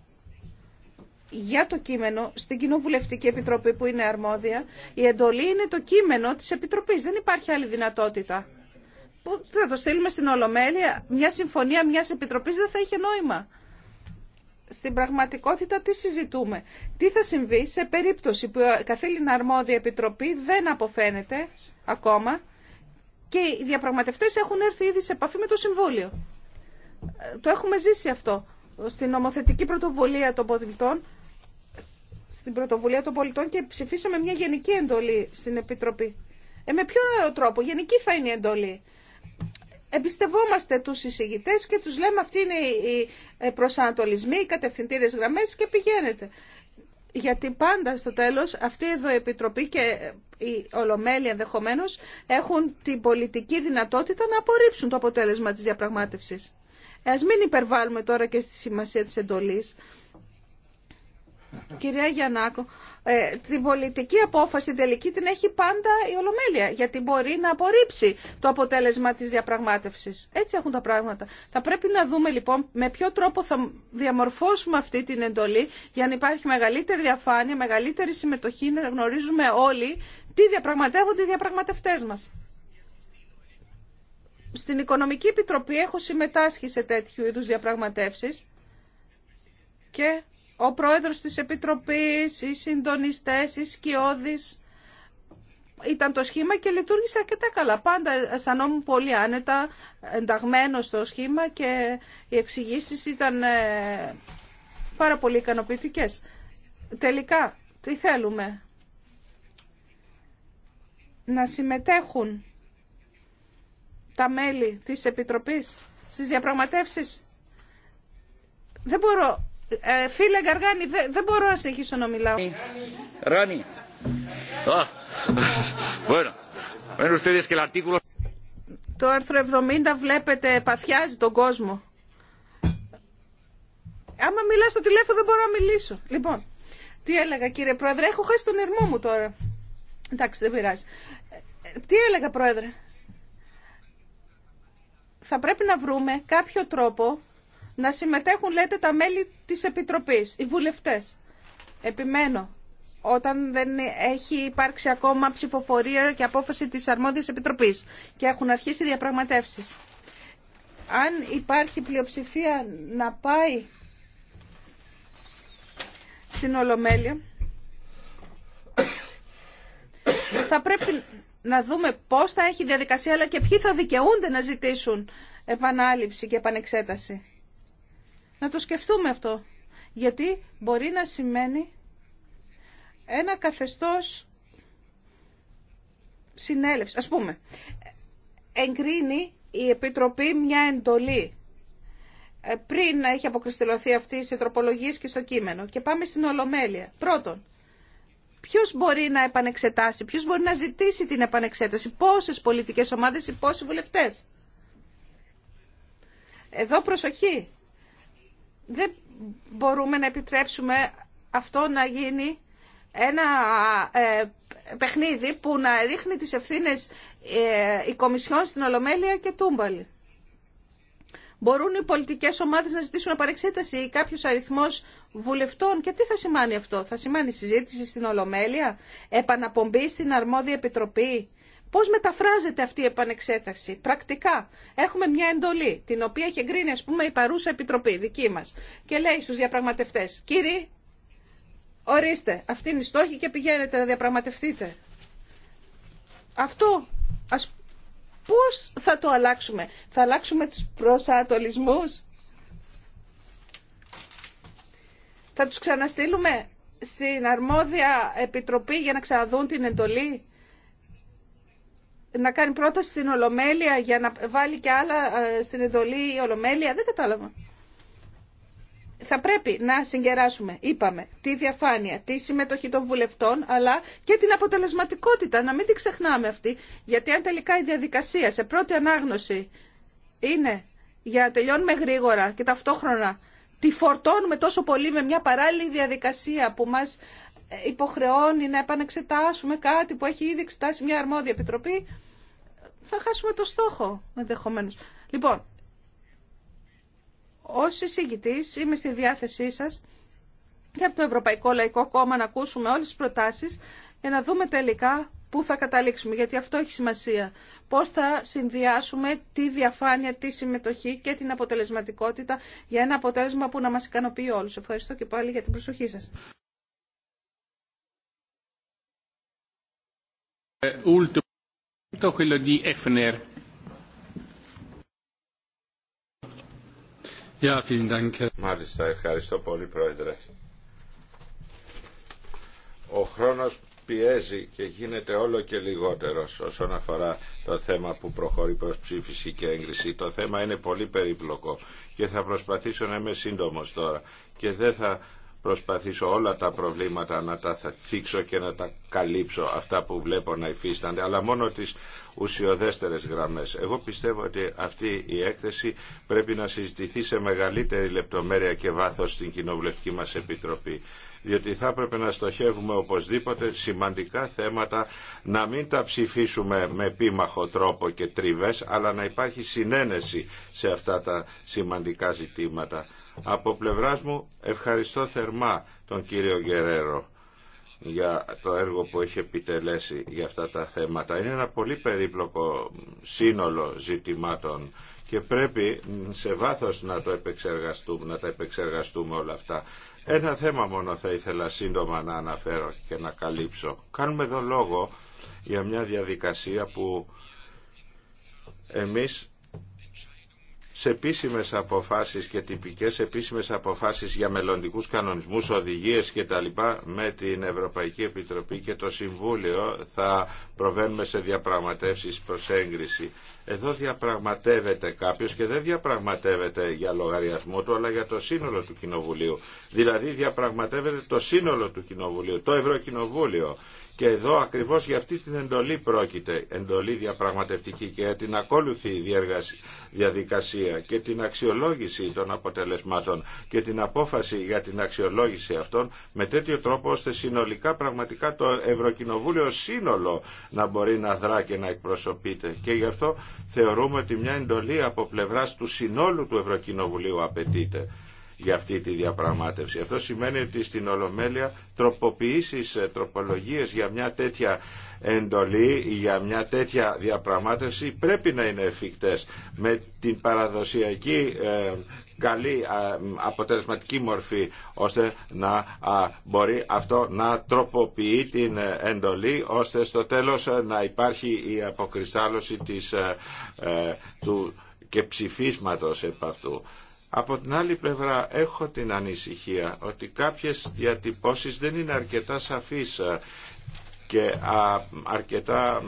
για το κείμενο στην Κοινοβουλευτική Επιτροπή που είναι αρμόδια. Η εντολή είναι το κείμενο της Επιτροπής. Δεν υπάρχει άλλη δυνατότητα. Που θα το στείλουμε στην Ολομέλεια. Μια συμφωνία μιας Επιτροπής δεν θα είχε νόημα. Στην πραγματικότητα τι συζητούμε. Τι θα συμβεί σε περίπτωση που η καθήλυνα αρμόδια επιτροπή δεν αποφαίνεται ακόμα και οι διαπραγματευτές έχουν έρθει ήδη σε επαφή με το Συμβούλιο. Ε, το έχουμε ζήσει αυτό στην νομοθετική πρωτοβουλία των πολιτών στην πρωτοβουλία των πολιτών και ψηφίσαμε μια γενική εντολή στην Επιτροπή. Ε, με ποιον άλλο τρόπο, γενική θα είναι η εντολή. Εμπιστευόμαστε τους εισηγητέ και τους λέμε αυτοί είναι οι ε, προσανατολισμοί, οι κατευθυντήρες γραμμές και πηγαίνετε. Γιατί πάντα στο τέλος αυτή εδώ η Επιτροπή και η ολομέλοι ενδεχομένω έχουν την πολιτική δυνατότητα να απορρίψουν το αποτέλεσμα της διαπραγμάτευσης. Ε, ας μην υπερβάλλουμε τώρα και στη σημασία της εντολής. Κυρία Γιαννάκο, ε, την πολιτική απόφαση τελική την έχει πάντα η Ολομέλεια, γιατί μπορεί να απορρίψει το αποτέλεσμα της διαπραγμάτευσης. Έτσι έχουν τα πράγματα. Θα πρέπει να δούμε λοιπόν με ποιο τρόπο θα διαμορφώσουμε αυτή την εντολή για να υπάρχει μεγαλύτερη διαφάνεια, μεγαλύτερη συμμετοχή, να γνωρίζουμε όλοι τι διαπραγματεύονται οι διαπραγματευτές μας. Στην Οικονομική Επιτροπή έχω συμμετάσχει σε τέτοιου είδους διαπραγματεύσεις και ο πρόεδρος της Επιτροπής, οι συντονιστές, οι σκιώδεις. Ήταν το σχήμα και λειτουργήσε αρκετά καλά. Πάντα αισθανόμουν πολύ άνετα, ενταγμένο στο σχήμα και οι εξηγήσει ήταν ε, πάρα πολύ ικανοποιητικέ. Τελικά, τι θέλουμε. Να συμμετέχουν τα μέλη της Επιτροπής στις διαπραγματεύσεις. Δεν μπορώ ε, φίλε Γκαργάνη, δεν, μπορώ να συνεχίσω να μιλάω. Ράνι. Το άρθρο 70 βλέπετε παθιάζει τον κόσμο. Άμα μιλάω στο τηλέφωνο δεν μπορώ να μιλήσω. Λοιπόν, τι έλεγα κύριε Πρόεδρε, έχω χάσει τον ερμό μου τώρα. Εντάξει, δεν πειράζει. Ε, τι έλεγα Πρόεδρε. Θα πρέπει να βρούμε κάποιο τρόπο να συμμετέχουν, λέτε, τα μέλη της Επιτροπής, οι βουλευτές. Επιμένω, όταν δεν έχει υπάρξει ακόμα ψηφοφορία και απόφαση της αρμόδιας επιτροπής και έχουν αρχίσει διαπραγματεύσεις. Αν υπάρχει πλειοψηφία να πάει στην Ολομέλεια, θα πρέπει να δούμε πώς θα έχει διαδικασία αλλά και ποιοι θα δικαιούνται να ζητήσουν επανάληψη και επανεξέταση να το σκεφτούμε αυτό. Γιατί μπορεί να σημαίνει ένα καθεστώς συνέλευση. Ας πούμε, εγκρίνει η Επιτροπή μια εντολή ε, πριν να έχει αποκριστηλωθεί αυτή σε τροπολογίες και στο κείμενο. Και πάμε στην Ολομέλεια. Πρώτον, ποιο μπορεί να επανεξετάσει, ποιο μπορεί να ζητήσει την επανεξέταση, πόσε πολιτικέ ομάδε ή πόσοι βουλευτέ. Εδώ προσοχή δεν μπορούμε να επιτρέψουμε αυτό να γίνει ένα ε, παιχνίδι που να ρίχνει τις ευθύνες ε, η Κομισιόν στην Ολομέλεια και τούμπαλη. Μπορούν οι πολιτικές ομάδες να ζητήσουν απαρεξέταση ή κάποιος αριθμός βουλευτών. Και τι θα σημάνει αυτό. Θα σημάνει συζήτηση στην Ολομέλεια, επαναπομπή στην αρμόδια επιτροπή Πώς μεταφράζεται αυτή η επανεξέταση πρακτικά. Έχουμε μια εντολή, την οποία έχει εγκρίνει ας πούμε η παρούσα επιτροπή δική μας και λέει στους διαπραγματευτές, κύριοι, ορίστε, αυτή είναι η στόχη και πηγαίνετε να διαπραγματευτείτε. Αυτό ας Πώς θα το αλλάξουμε. Θα αλλάξουμε τους προσανατολισμούς. Θα τους ξαναστείλουμε στην αρμόδια επιτροπή για να ξαναδούν την εντολή να κάνει πρόταση στην Ολομέλεια για να βάλει και άλλα ε, στην εντολή η Ολομέλεια. Δεν κατάλαβα. Θα πρέπει να συγκεράσουμε, είπαμε, τη διαφάνεια, τη συμμετοχή των βουλευτών, αλλά και την αποτελεσματικότητα, να μην την ξεχνάμε αυτή, γιατί αν τελικά η διαδικασία σε πρώτη ανάγνωση είναι για να τελειώνουμε γρήγορα και ταυτόχρονα τη φορτώνουμε τόσο πολύ με μια παράλληλη διαδικασία που μας ε, υποχρεώνει να επανεξετάσουμε κάτι που έχει ήδη εξετάσει μια αρμόδια επιτροπή, θα χάσουμε το στόχο ενδεχομένω. Λοιπόν, ω εισηγητή είμαι στη διάθεσή σας και από το Ευρωπαϊκό Λαϊκό Κόμμα να ακούσουμε όλες τις προτάσεις για να δούμε τελικά πού θα καταλήξουμε, γιατί αυτό έχει σημασία. Πώς θα συνδυάσουμε τη διαφάνεια, τη συμμετοχή και την αποτελεσματικότητα για ένα αποτέλεσμα που να μα ικανοποιεί όλου. Ευχαριστώ και πάλι για την προσοχή σας. Ε, το Μάλιστα, ευχαριστώ πολύ Πρόεδρε. Ο χρόνος πιέζει και γίνεται όλο και λιγότερος όσον αφορά το θέμα που προχωρεί προς ψήφιση και έγκριση. Το θέμα είναι πολύ περίπλοκο και θα προσπαθήσω να είμαι σύντομος τώρα και δεν θα προσπαθήσω όλα τα προβλήματα να τα θίξω και να τα καλύψω αυτά που βλέπω να υφίστανται, αλλά μόνο τις ουσιοδέστερες γραμμές. Εγώ πιστεύω ότι αυτή η έκθεση πρέπει να συζητηθεί σε μεγαλύτερη λεπτομέρεια και βάθος στην Κοινοβουλευτική μας Επιτροπή διότι θα έπρεπε να στοχεύουμε οπωσδήποτε σημαντικά θέματα, να μην τα ψηφίσουμε με επίμαχο τρόπο και τριβές, αλλά να υπάρχει συνένεση σε αυτά τα σημαντικά ζητήματα. Από πλευράς μου ευχαριστώ θερμά τον κύριο Γερέρο για το έργο που έχει επιτελέσει για αυτά τα θέματα. Είναι ένα πολύ περίπλοκο σύνολο ζητημάτων και πρέπει σε βάθος να, το επεξεργαστούμε, να τα επεξεργαστούμε όλα αυτά. Ένα θέμα μόνο θα ήθελα σύντομα να αναφέρω και να καλύψω. Κάνουμε εδώ λόγο για μια διαδικασία που εμείς σε επίσημε αποφάσεις και τυπικέ επίσημε αποφάσεις για μελλοντικού κανονισμούς, οδηγίες και τα λοιπά με την Ευρωπαϊκή Επιτροπή και το Συμβούλιο θα προβαίνουμε σε διαπραγματεύσεις προ έγκριση. Εδώ διαπραγματεύεται κάποιο και δεν διαπραγματεύεται για λογαριασμό του αλλά για το σύνολο του Κοινοβουλίου. Δηλαδή διαπραγματεύεται το σύνολο του Κοινοβουλίου, το Ευρωκοινοβούλιο. Και εδώ ακριβώς για αυτή την εντολή πρόκειται, εντολή διαπραγματευτική και για την ακόλουθη διαδικασία και την αξιολόγηση των αποτελεσμάτων και την απόφαση για την αξιολόγηση αυτών με τέτοιο τρόπο ώστε συνολικά πραγματικά το Ευρωκοινοβούλιο σύνολο να μπορεί να δρά και να εκπροσωπείται. Και γι' αυτό θεωρούμε ότι μια εντολή από πλευράς του συνόλου του Ευρωκοινοβουλίου απαιτείται για αυτή τη διαπραγμάτευση. Αυτό σημαίνει ότι στην Ολομέλεια τροποποιήσεις, ε, τροπολογίες για μια τέτοια εντολή, για μια τέτοια διαπραγμάτευση πρέπει να είναι εφικτές με την παραδοσιακή ε, καλή αποτελεσματική μορφή ώστε να μπορεί αυτό να τροποποιεί την ε, εντολή ώστε στο τέλος να υπάρχει η αποκριστάλωση της, του και ψηφίσματος επ' αυτού. Από την άλλη πλευρά έχω την ανησυχία ότι κάποιες διατυπώσεις δεν είναι αρκετά σαφείς ε, και αρκετά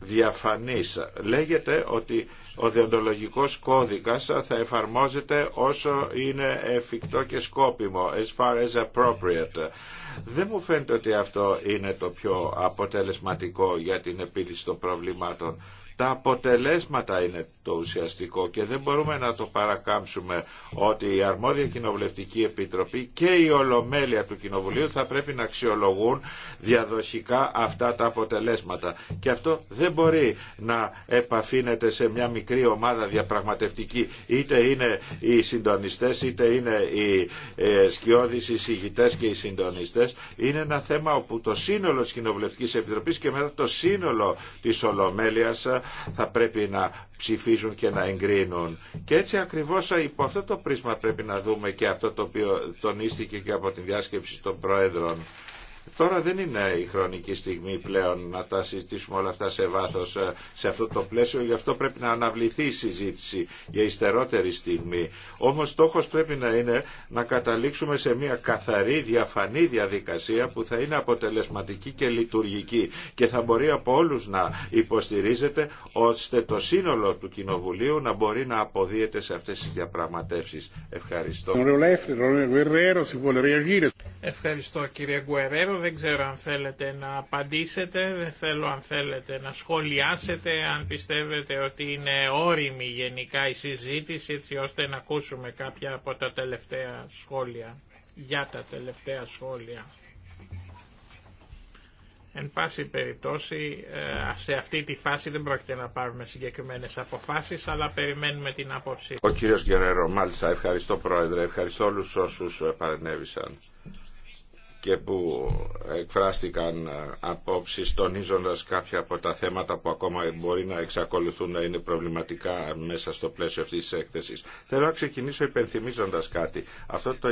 διαφανής. Λέγεται ότι ο διοντολογικός κώδικας θα εφαρμόζεται όσο είναι εφικτό και σκόπιμο, as far as appropriate. Δεν μου φαίνεται ότι αυτό είναι το πιο αποτελεσματικό για την επίλυση των προβλημάτων. Τα αποτελέσματα είναι το ουσιαστικό και δεν μπορούμε να το παρακάμψουμε ότι η αρμόδια κοινοβουλευτική επιτροπή και η ολομέλεια του κοινοβουλίου θα πρέπει να αξιολογούν διαδοχικά αυτά τα αποτελέσματα. Και αυτό δεν μπορεί να επαφήνεται σε μια μικρή ομάδα διαπραγματευτική. Είτε είναι οι συντονιστές, είτε είναι οι ε, σκιώδεις, οι και οι συντονιστές. Είναι ένα θέμα όπου το σύνολο της Κοινοβουλευτικής Επιτροπής και μετά το σύνολο της Ολομέλειας θα πρέπει να ψηφίζουν και να εγκρίνουν. Και έτσι ακριβώς υπό αυτό το πρίσμα πρέπει να δούμε και αυτό το οποίο τονίστηκε και από τη διάσκεψη των Προέδρων. Τώρα δεν είναι η χρονική στιγμή πλέον να τα συζητήσουμε όλα αυτά σε βάθος ε, σε αυτό το πλαίσιο, γι' αυτό πρέπει να αναβληθεί η συζήτηση για υστερότερη στιγμή. Όμως στόχος πρέπει να είναι να καταλήξουμε σε μια καθαρή, διαφανή διαδικασία που θα είναι αποτελεσματική και λειτουργική και θα μπορεί από όλους να υποστηρίζεται ώστε το σύνολο του Κοινοβουλίου να μπορεί να αποδίεται σε αυτές τις διαπραγματεύσεις. Ευχαριστώ. Ευχαριστώ κύριε δεν ξέρω αν θέλετε να απαντήσετε, δεν θέλω αν θέλετε να σχολιάσετε, αν πιστεύετε ότι είναι όριμη γενικά η συζήτηση έτσι ώστε να ακούσουμε κάποια από τα τελευταία σχόλια, για τα τελευταία σχόλια. Εν πάση περιπτώσει, ε, σε αυτή τη φάση δεν πρόκειται να πάρουμε συγκεκριμένες αποφάσεις, αλλά περιμένουμε την άποψη. Ο κύριος Γερέρο, μάλιστα, ευχαριστώ πρόεδρε, ευχαριστώ όλους όσους παρενέβησαν και που εκφράστηκαν ε, απόψει τονίζοντα κάποια από τα θέματα που ακόμα μπορεί να εξακολουθούν να είναι προβληματικά μέσα στο πλαίσιο αυτή τη έκθεση. Θέλω να ξεκινήσω υπενθυμίζοντα κάτι. Αυτό το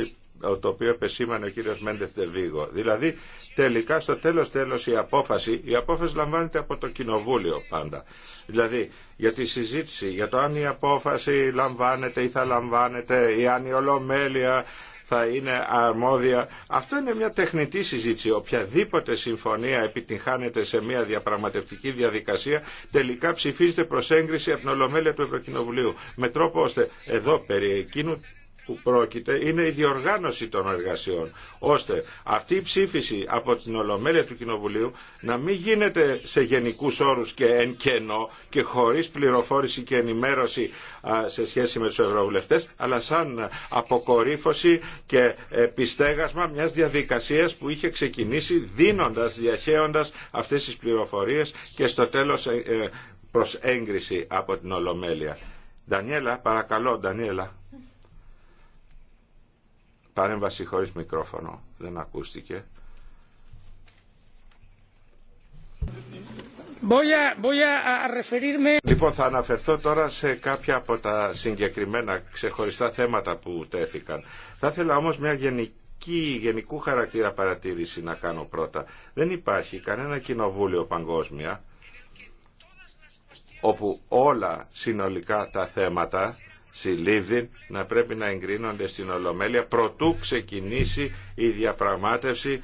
το οποίο επεσήμανε ο κύριος Μέντεφ Τεβίγο. Δηλαδή τελικά στο τέλος τέλος η απόφαση, η απόφαση λαμβάνεται από το κοινοβούλιο πάντα. Δηλαδή για τη συζήτηση, για το αν η απόφαση λαμβάνεται ή θα λαμβάνεται ή αν η Ολομέλεια θα είναι αρμόδια. Αυτό είναι μια τεχνητή συζήτηση. Οποιαδήποτε συμφωνία επιτυγχάνεται σε μια διαπραγματευτική διαδικασία τελικά ψηφίζεται προς έγκριση από την Ολομέλεια του Ευρωκοινοβουλίου. Με τρόπο ώστε εδώ περί εκείνου που πρόκειται είναι η διοργάνωση των εργασιών, ώστε αυτή η ψήφιση από την Ολομέλεια του Κοινοβουλίου να μην γίνεται σε γενικούς όρους και εν κενό και χωρίς πληροφόρηση και ενημέρωση σε σχέση με τους ευρωβουλευτές, αλλά σαν αποκορύφωση και επιστέγασμα μιας διαδικασίας που είχε ξεκινήσει δίνοντας, διαχέοντας αυτές τις πληροφορίες και στο τέλος ε, ε, προς έγκριση από την Ολομέλεια. Δανιέλα, παρακαλώ, Ντανιέλα. Παρέμβαση χωρίς μικρόφωνο. Δεν ακούστηκε. Λοιπόν, θα αναφερθώ τώρα σε κάποια από τα συγκεκριμένα ξεχωριστά θέματα που τέθηκαν. Θα ήθελα όμως μια γενική, γενικού χαρακτήρα παρατήρηση να κάνω πρώτα. Δεν υπάρχει κανένα κοινοβούλιο παγκόσμια όπου όλα συνολικά τα θέματα συλλήβδη να πρέπει να εγκρίνονται στην Ολομέλεια προτού ξεκινήσει η διαπραγμάτευση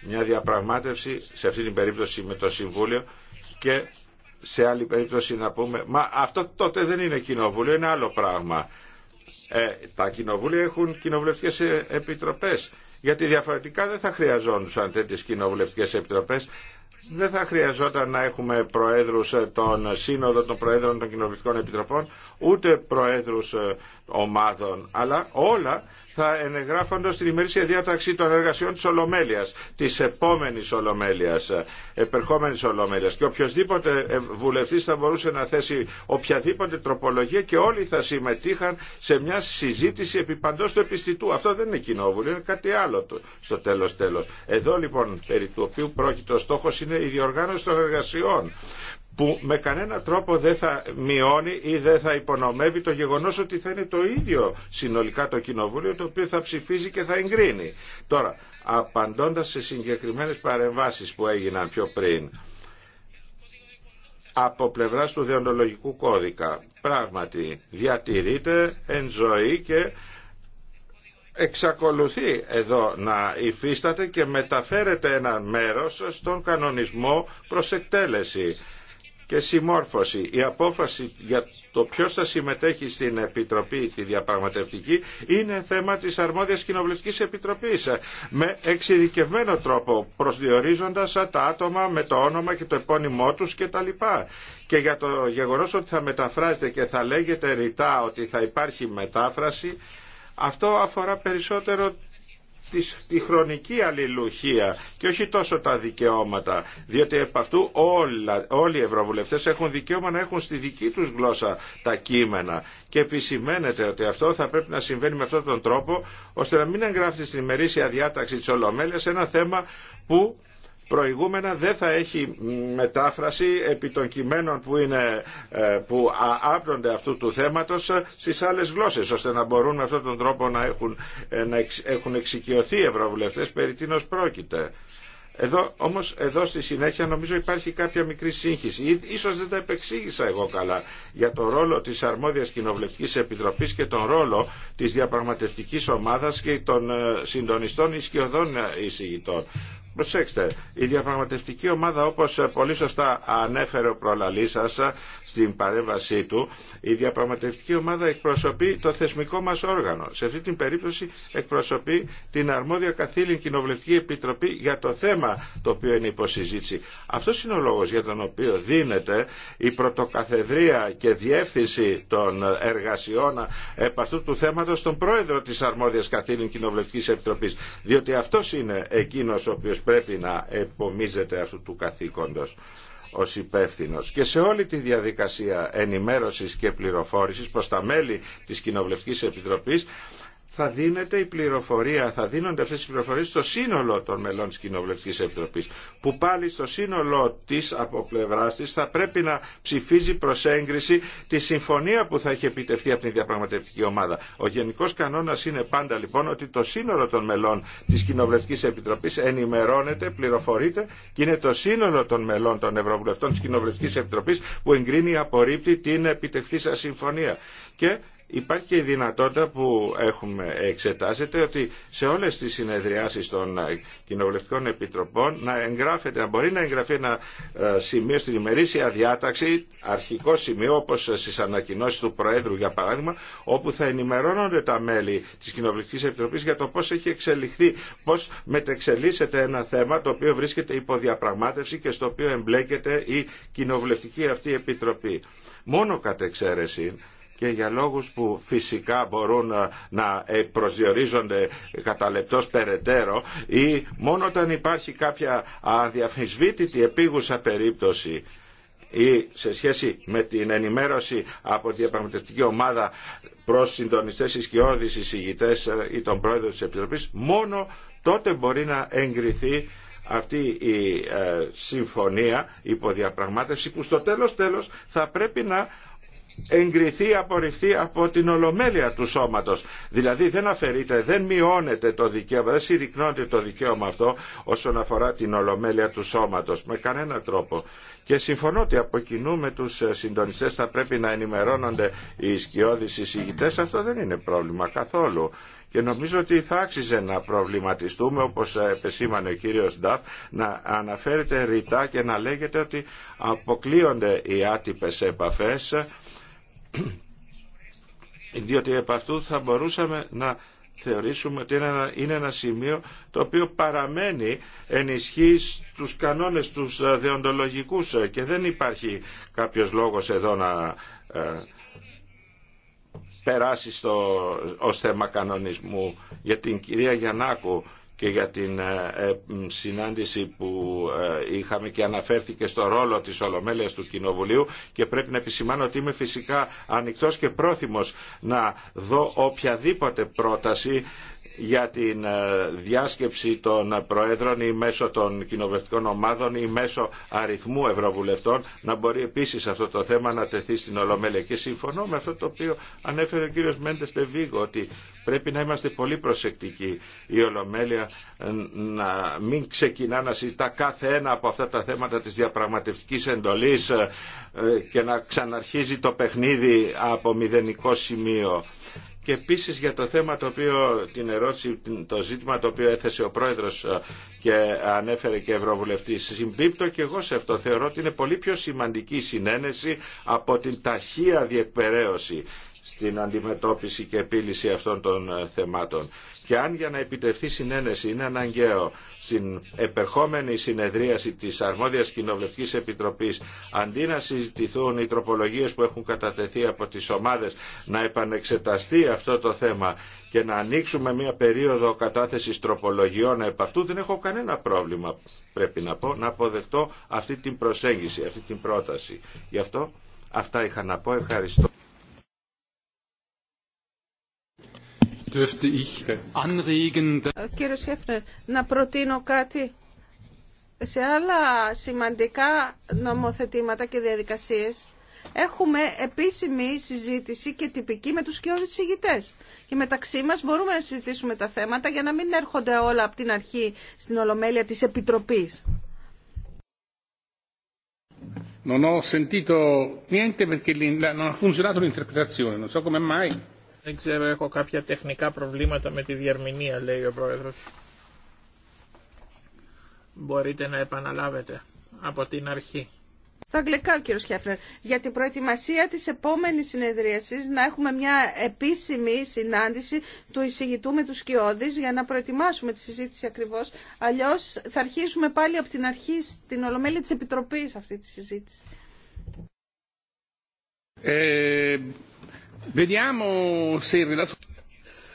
μια διαπραγμάτευση σε αυτή την περίπτωση με το Συμβούλιο και σε άλλη περίπτωση να πούμε μα αυτό τότε δεν είναι κοινοβούλιο, είναι άλλο πράγμα. Ε, τα κοινοβούλια έχουν κοινοβουλευτικές επιτροπές γιατί διαφορετικά δεν θα χρειαζόντουσαν τέτοιες κοινοβουλευτικές επιτροπές δεν θα χρειαζόταν να έχουμε προέδρους των σύνοδων των προέδρων των κοινοβουλευτικών επιτροπών, ούτε προέδρους ε, ομάδων, αλλά όλα θα ενεγράφονται στην ημερήσια διάταξη των εργασιών της Ολομέλειας, της επόμενης Ολομέλειας, επερχόμενης Ολομέλειας. Και οποιοδήποτε βουλευτής θα μπορούσε να θέσει οποιαδήποτε τροπολογία και όλοι θα συμμετείχαν σε μια συζήτηση επί παντός του επιστητού. Αυτό δεν είναι κοινόβουλιο, είναι κάτι άλλο στο τέλος τέλος. Εδώ λοιπόν περί του οποίου πρόκειται ο στόχος είναι η διοργάνωση των εργασιών που με κανένα τρόπο δεν θα μειώνει ή δεν θα υπονομεύει το γεγονός ότι θα είναι το ίδιο συνολικά το Κοινοβούλιο το οποίο θα ψηφίζει και θα εγκρίνει. Τώρα, απαντώντας σε συγκεκριμένες παρεμβάσεις που έγιναν πιο πριν, από πλευρά του διοντολογικού κώδικα, πράγματι διατηρείται εν ζωή και εξακολουθεί εδώ να υφίσταται και μεταφέρεται ένα μέρος στον κανονισμό προς εκτέλεση και συμμόρφωση. Η απόφαση για το ποιος θα συμμετέχει στην Επιτροπή τη διαπραγματευτική είναι θέμα της αρμόδιας κοινοβουλευτικής επιτροπής ε, με εξειδικευμένο τρόπο προσδιορίζοντας τα άτομα με το όνομα και το επώνυμό τους κτλ. Και για το γεγονός ότι θα μεταφράζεται και θα λέγεται ρητά ότι θα υπάρχει μετάφραση αυτό αφορά περισσότερο τη χρονική αλληλουχία και όχι τόσο τα δικαιώματα διότι επ' αυτού όλα, όλοι οι ευρωβουλευτές έχουν δικαίωμα να έχουν στη δική τους γλώσσα τα κείμενα και επισημαίνεται ότι αυτό θα πρέπει να συμβαίνει με αυτόν τον τρόπο ώστε να μην εγγράφεται στην ημερήσια διάταξη της Ολομέλειας ένα θέμα που προηγούμενα δεν θα έχει μετάφραση επί των κειμένων που, είναι, ε, που άπλονται αυτού του θέματος ε, στις άλλες γλώσσες ώστε να μπορούν με αυτόν τον τρόπο να έχουν, ε, να έχουν εξοικειωθεί οι ευρωβουλευτές περί τίνος πρόκειται. Εδώ, όμως εδώ στη συνέχεια νομίζω υπάρχει κάποια μικρή σύγχυση. Ίσως δεν τα επεξήγησα εγώ καλά για το ρόλο της αρμόδιας κοινοβουλευτικής επιτροπής και τον ρόλο της διαπραγματευτικής ομάδας και των συντονιστών ισχυωδών εισηγητών. Προσέξτε, η διαπραγματευτική ομάδα όπως πολύ σωστά ανέφερε ο προλαλή σα στην παρέμβασή του, η διαπραγματευτική ομάδα εκπροσωπεί το θεσμικό μας όργανο. Σε αυτή την περίπτωση εκπροσωπεί την αρμόδια καθήλυν κοινοβουλευτική επιτροπή για το θέμα το οποίο είναι υποσυζήτηση. Αυτό είναι ο λόγος για τον οποίο δίνεται η πρωτοκαθεδρία και διεύθυνση των εργασιών επ' αυτού του θέματος στον πρόεδρο της αρμόδιας καθήλυν κοινοβουλευτικής επιτροπής, διότι αυτός είναι εκείνος ο οποίος πρέπει να επομίζεται αυτού του καθήκοντος ως υπεύθυνο και σε όλη τη διαδικασία ενημέρωσης και πληροφόρησης προς τα μέλη της Κοινοβουλευτικής Επιτροπής θα δίνεται η πληροφορία, θα δίνονται αυτές οι πληροφορίες στο σύνολο των μελών της Κοινοβουλευτικής Επιτροπής, που πάλι στο σύνολο της από πλευράς της θα πρέπει να ψηφίζει προς έγκριση τη συμφωνία που θα έχει επιτευχθεί από την διαπραγματευτική ομάδα. Ο γενικός κανόνας είναι πάντα λοιπόν ότι το σύνολο των μελών της Κοινοβουλευτικής Επιτροπής ενημερώνεται, πληροφορείται και είναι το σύνολο των μελών των Ευρωβουλευτών της Κοινοβουλευτικής Επιτροπής που εγκρίνει απορρίπτει την επιτευχή σας συμφωνία. Και Υπάρχει και η δυνατότητα που έχουμε εξετάζεται ότι σε όλες τις συνεδριάσεις των κοινοβουλευτικών επιτροπών να να μπορεί να εγγραφεί ένα ε, σημείο στην ημερήσια διάταξη, αρχικό σημείο όπως στις ανακοινώσεις του Προέδρου για παράδειγμα, όπου θα ενημερώνονται τα μέλη της Κοινοβουλευτικής Επιτροπής για το πώς έχει εξελιχθεί, πώς μετεξελίσσεται ένα θέμα το οποίο βρίσκεται υπό διαπραγμάτευση και στο οποίο εμπλέκεται η Κοινοβουλευτική αυτή Επιτροπή. Μόνο κατ' εξαίρεση και για λόγους που φυσικά μπορούν ε, να ε, προσδιορίζονται κατά λεπτός περαιτέρω ή μόνο όταν υπάρχει κάποια αδιαφυσβήτητη επίγουσα περίπτωση ή σε σχέση με την ενημέρωση από τη διαπραγματευτική ομάδα προς συντονιστές ισκιώδης εισηγητές ε, ή τον πρόεδρο της Επιτροπής, μόνο τότε μπορεί να εγκριθεί αυτή η συμφωνία υποδιαπραγμάτευση που στο τέλος τέλος θα πρέπει να εγκριθεί, απορριφθεί από την ολομέλεια του σώματος. Δηλαδή δεν αφαιρείται, δεν μειώνεται το δικαίωμα, δεν συρρυκνώνεται το δικαίωμα αυτό όσον αφορά την ολομέλεια του σώματος με κανένα τρόπο. Και συμφωνώ ότι από κοινού με τους ε, συντονιστές θα πρέπει να ενημερώνονται οι σκιώδεις εισηγητές. Αυτό δεν είναι πρόβλημα καθόλου και νομίζω ότι θα άξιζε να προβληματιστούμε όπως ε, επεσήμανε ο κύριος Νταφ να αναφέρεται ρητά και να λέγεται ότι αποκλείονται οι άτυπες επαφές διότι επ' αυτού θα μπορούσαμε να θεωρήσουμε ότι είναι ένα σημείο το οποίο παραμένει ενισχύει στους κανόνες τους ε, δεοντολογικούς ε, και δεν υπάρχει κάποιος λόγος εδώ να ε, περάσει στο, ως θέμα κανονισμού για την κυρία Γιαννάκου και για την ε, ε, συνάντηση που ε, είχαμε και αναφέρθηκε στο ρόλο της Ολομέλειας του Κοινοβουλίου και πρέπει να επισημάνω ότι είμαι φυσικά ανοιχτός και πρόθυμος να δω οποιαδήποτε πρόταση για την ε, διάσκεψη των Προέδρων ή μέσω των κοινοβουλευτικών ομάδων ή μέσω αριθμού Ευρωβουλευτών να μπορεί επίσης αυτό το θέμα να τεθεί στην Ολομέλεια. Και συμφωνώ με αυτό το οποίο ανέφερε ο κύριος Μέντες Τεβίγκο ότι πρέπει να είμαστε πολύ προσεκτικοί η Ολομέλεια ε, να μην ξεκινά να συζητά κάθε ένα από αυτά τα θέματα της διαπραγματευτικής εντολής ε, και να ξαναρχίζει το παιχνίδι από μηδενικό σημείο και επίσης για το θέμα το οποίο την ερώτηση, το ζήτημα το οποίο έθεσε ο πρόεδρος ε, και ανέφερε και ευρωβουλευτής συμπίπτω και εγώ σε αυτό θεωρώ ότι είναι πολύ πιο σημαντική συνένεση από την ταχεία διεκπαιρέωση στην αντιμετώπιση και επίλυση αυτών των ε, θεμάτων. Και αν για να επιτευχθεί συνένεση είναι αναγκαίο στην επερχόμενη συνεδρίαση της Αρμόδιας Κοινοβουλευτικής Επιτροπής αντί να συζητηθούν οι τροπολογίες που έχουν κατατεθεί από τις ομάδες να επανεξεταστεί αυτό το θέμα και να ανοίξουμε μια περίοδο κατάθεσης τροπολογιών επ' αυτού δεν έχω κανένα πρόβλημα πρέπει να πω να αποδεχτώ αυτή την προσέγγιση, αυτή την πρόταση. Γι' αυτό αυτά είχα να πω. Ευχαριστώ. dürfte ich Κύριε Σχέφνερ, να προτείνω κάτι σε άλλα σημαντικά νομοθετήματα και διαδικασίες. Έχουμε επίσημη συζήτηση και τυπική με τους κοιόδης συγητές. Και μεταξύ μας μπορούμε να συζητήσουμε τα θέματα για να μην έρχονται όλα από την αρχή στην Ολομέλεια της Επιτροπής. Non ho sentito niente perché non ha funzionato l'interpretazione, non so come mai. Δεν ξέρω, έχω κάποια τεχνικά προβλήματα με τη διαρμηνία, λέει ο πρόεδρος. Μπορείτε να επαναλάβετε από την αρχή. Στα αγγλικά, κύριο Σχέφνερ, για την προετοιμασία της επόμενης συνεδρίασης να έχουμε μια επίσημη συνάντηση του εισηγητού με τους Σκιώδης για να προετοιμάσουμε τη συζήτηση ακριβώς. Αλλιώς θα αρχίσουμε πάλι από την αρχή στην Ολομέλεια της Επιτροπής αυτή τη συζήτηση. Ε,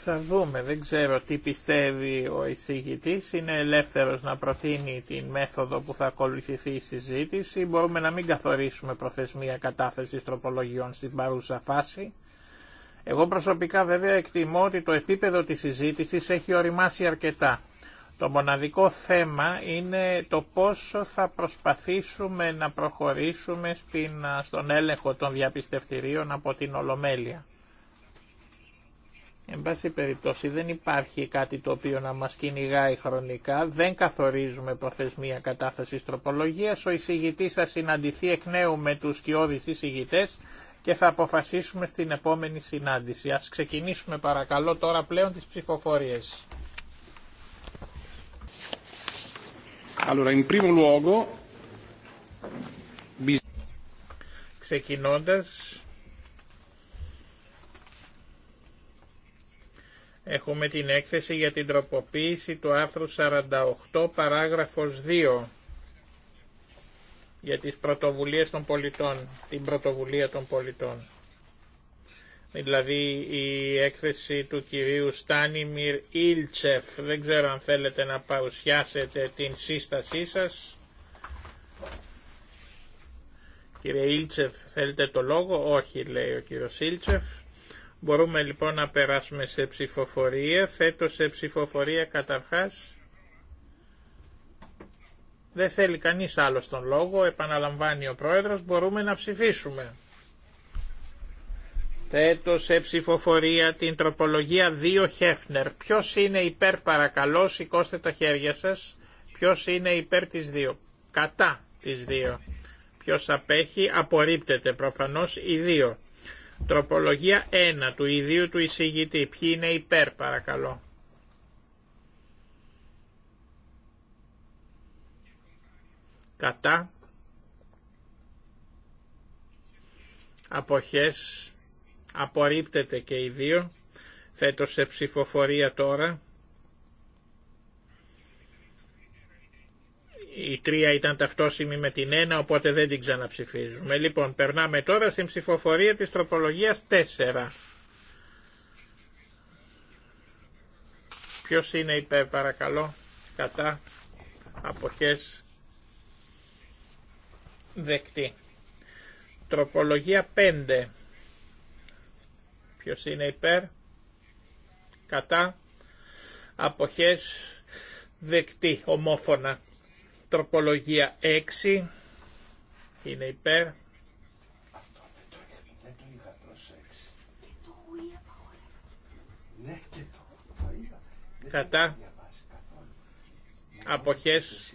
θα δούμε, δεν ξέρω τι πιστεύει ο εισηγητή. είναι ελεύθερο να προτείνει την μέθοδο που θα ακολουθηθεί η συζήτηση, μπορούμε να μην καθορίσουμε προθεσμία κατάθεση τροπολογιών στην παρούσα φάση. Εγώ προσωπικά βέβαια εκτιμώ ότι το επίπεδο της συζήτηση έχει οριμάσει αρκετά. Το μοναδικό θέμα είναι το πόσο θα προσπαθήσουμε να προχωρήσουμε στην, στον έλεγχο των διαπιστευτηρίων από την Ολομέλεια. Εν πάση περιπτώσει δεν υπάρχει κάτι το οποίο να μας κυνηγάει χρονικά, δεν καθορίζουμε προθεσμία κατάθεσης τροπολογίας, ο εισηγητής θα συναντηθεί εκ νέου με τους σκιώδεις εισηγητές και θα αποφασίσουμε στην επόμενη συνάντηση. Ας ξεκινήσουμε παρακαλώ τώρα πλέον τις ψηφοφορίες. Ξεκινώντας, έχουμε την έκθεση για την τροποποίηση του άρθρου 48 παράγραφος 2 για τις πρωτοβουλίες των πολιτών, την πρωτοβουλία των πολιτών δηλαδή η έκθεση του κυρίου Στάνιμιρ Ήλτσεφ. Δεν ξέρω αν θέλετε να παρουσιάσετε την σύστασή σας. Κύριε Ήλτσεφ, θέλετε το λόγο. Όχι, λέει ο κύριος Ήλτσεφ. Μπορούμε λοιπόν να περάσουμε σε ψηφοφορία. Θέτω σε ψηφοφορία καταρχάς. Δεν θέλει κανείς άλλος τον λόγο, επαναλαμβάνει ο πρόεδρος, μπορούμε να ψηφίσουμε. Θέτω σε ψηφοφορία την τροπολογία 2 Χέφνερ. Ποιος είναι υπέρ παρακαλώ, σηκώστε τα χέρια σας. Ποιος είναι υπέρ της 2. Κατά της 2. Ποιος απέχει, απορρίπτεται προφανώς η 2. Τροπολογία 1 του ιδίου του εισηγητή. Ποιοι είναι υπέρ παρακαλώ. Κατά. Αποχές Απορρίπτεται και οι δύο. Θέτω σε ψηφοφορία τώρα. Η 3 ήταν ταυτόσιμη με την 1 οπότε δεν την ξαναψηφίζουμε. Λοιπόν, περνάμε τώρα στην ψηφοφορία της τροπολογίας 4. Ποιος είναι υπέρ παρακαλώ, κατά, αποχές, δεκτή. Τροπολογία 5. Ποιος είναι υπέρ. Κατά. Αποχές δεκτή ομόφωνα. Τροπολογία 6 είναι υπέρ. Κατά. Ναι, αποχές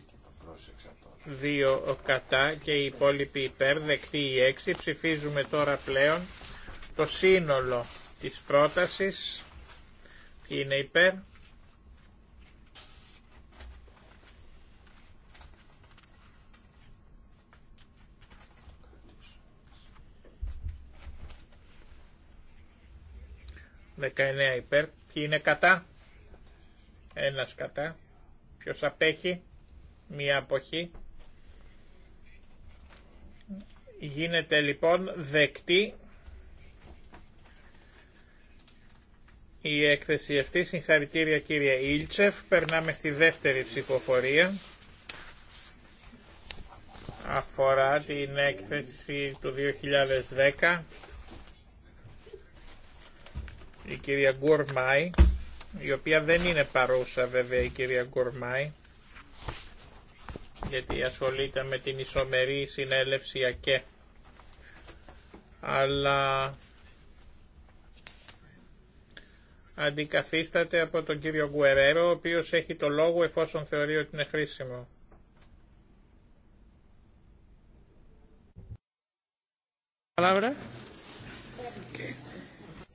δύο, κατά και οι υπόλοιποι υπέρ, δεκτή η 6. Ψηφίζουμε τώρα πλέον το σύνολο της πρότασης. Ποιοι είναι υπέρ. Δεκαεννέα υπέρ. Ποιοι είναι κατά. Ένας κατά. Ποιος απέχει. Μία αποχή. Γίνεται λοιπόν δεκτή η έκθεση αυτή. Συγχαρητήρια κύριε Ήλτσεφ. Περνάμε στη δεύτερη ψηφοφορία. Αφορά την έκθεση του 2010. Η κυρία Γκουρμάη, η οποία δεν είναι παρούσα βέβαια η κυρία Γκουρμάη, γιατί ασχολείται με την ισομερή συνέλευση ΑΚΕ. Αλλά αντικαθίσταται από τον κύριο Γκουερέρο, ο οποίος έχει το λόγο εφόσον θεωρεί ότι είναι χρήσιμο.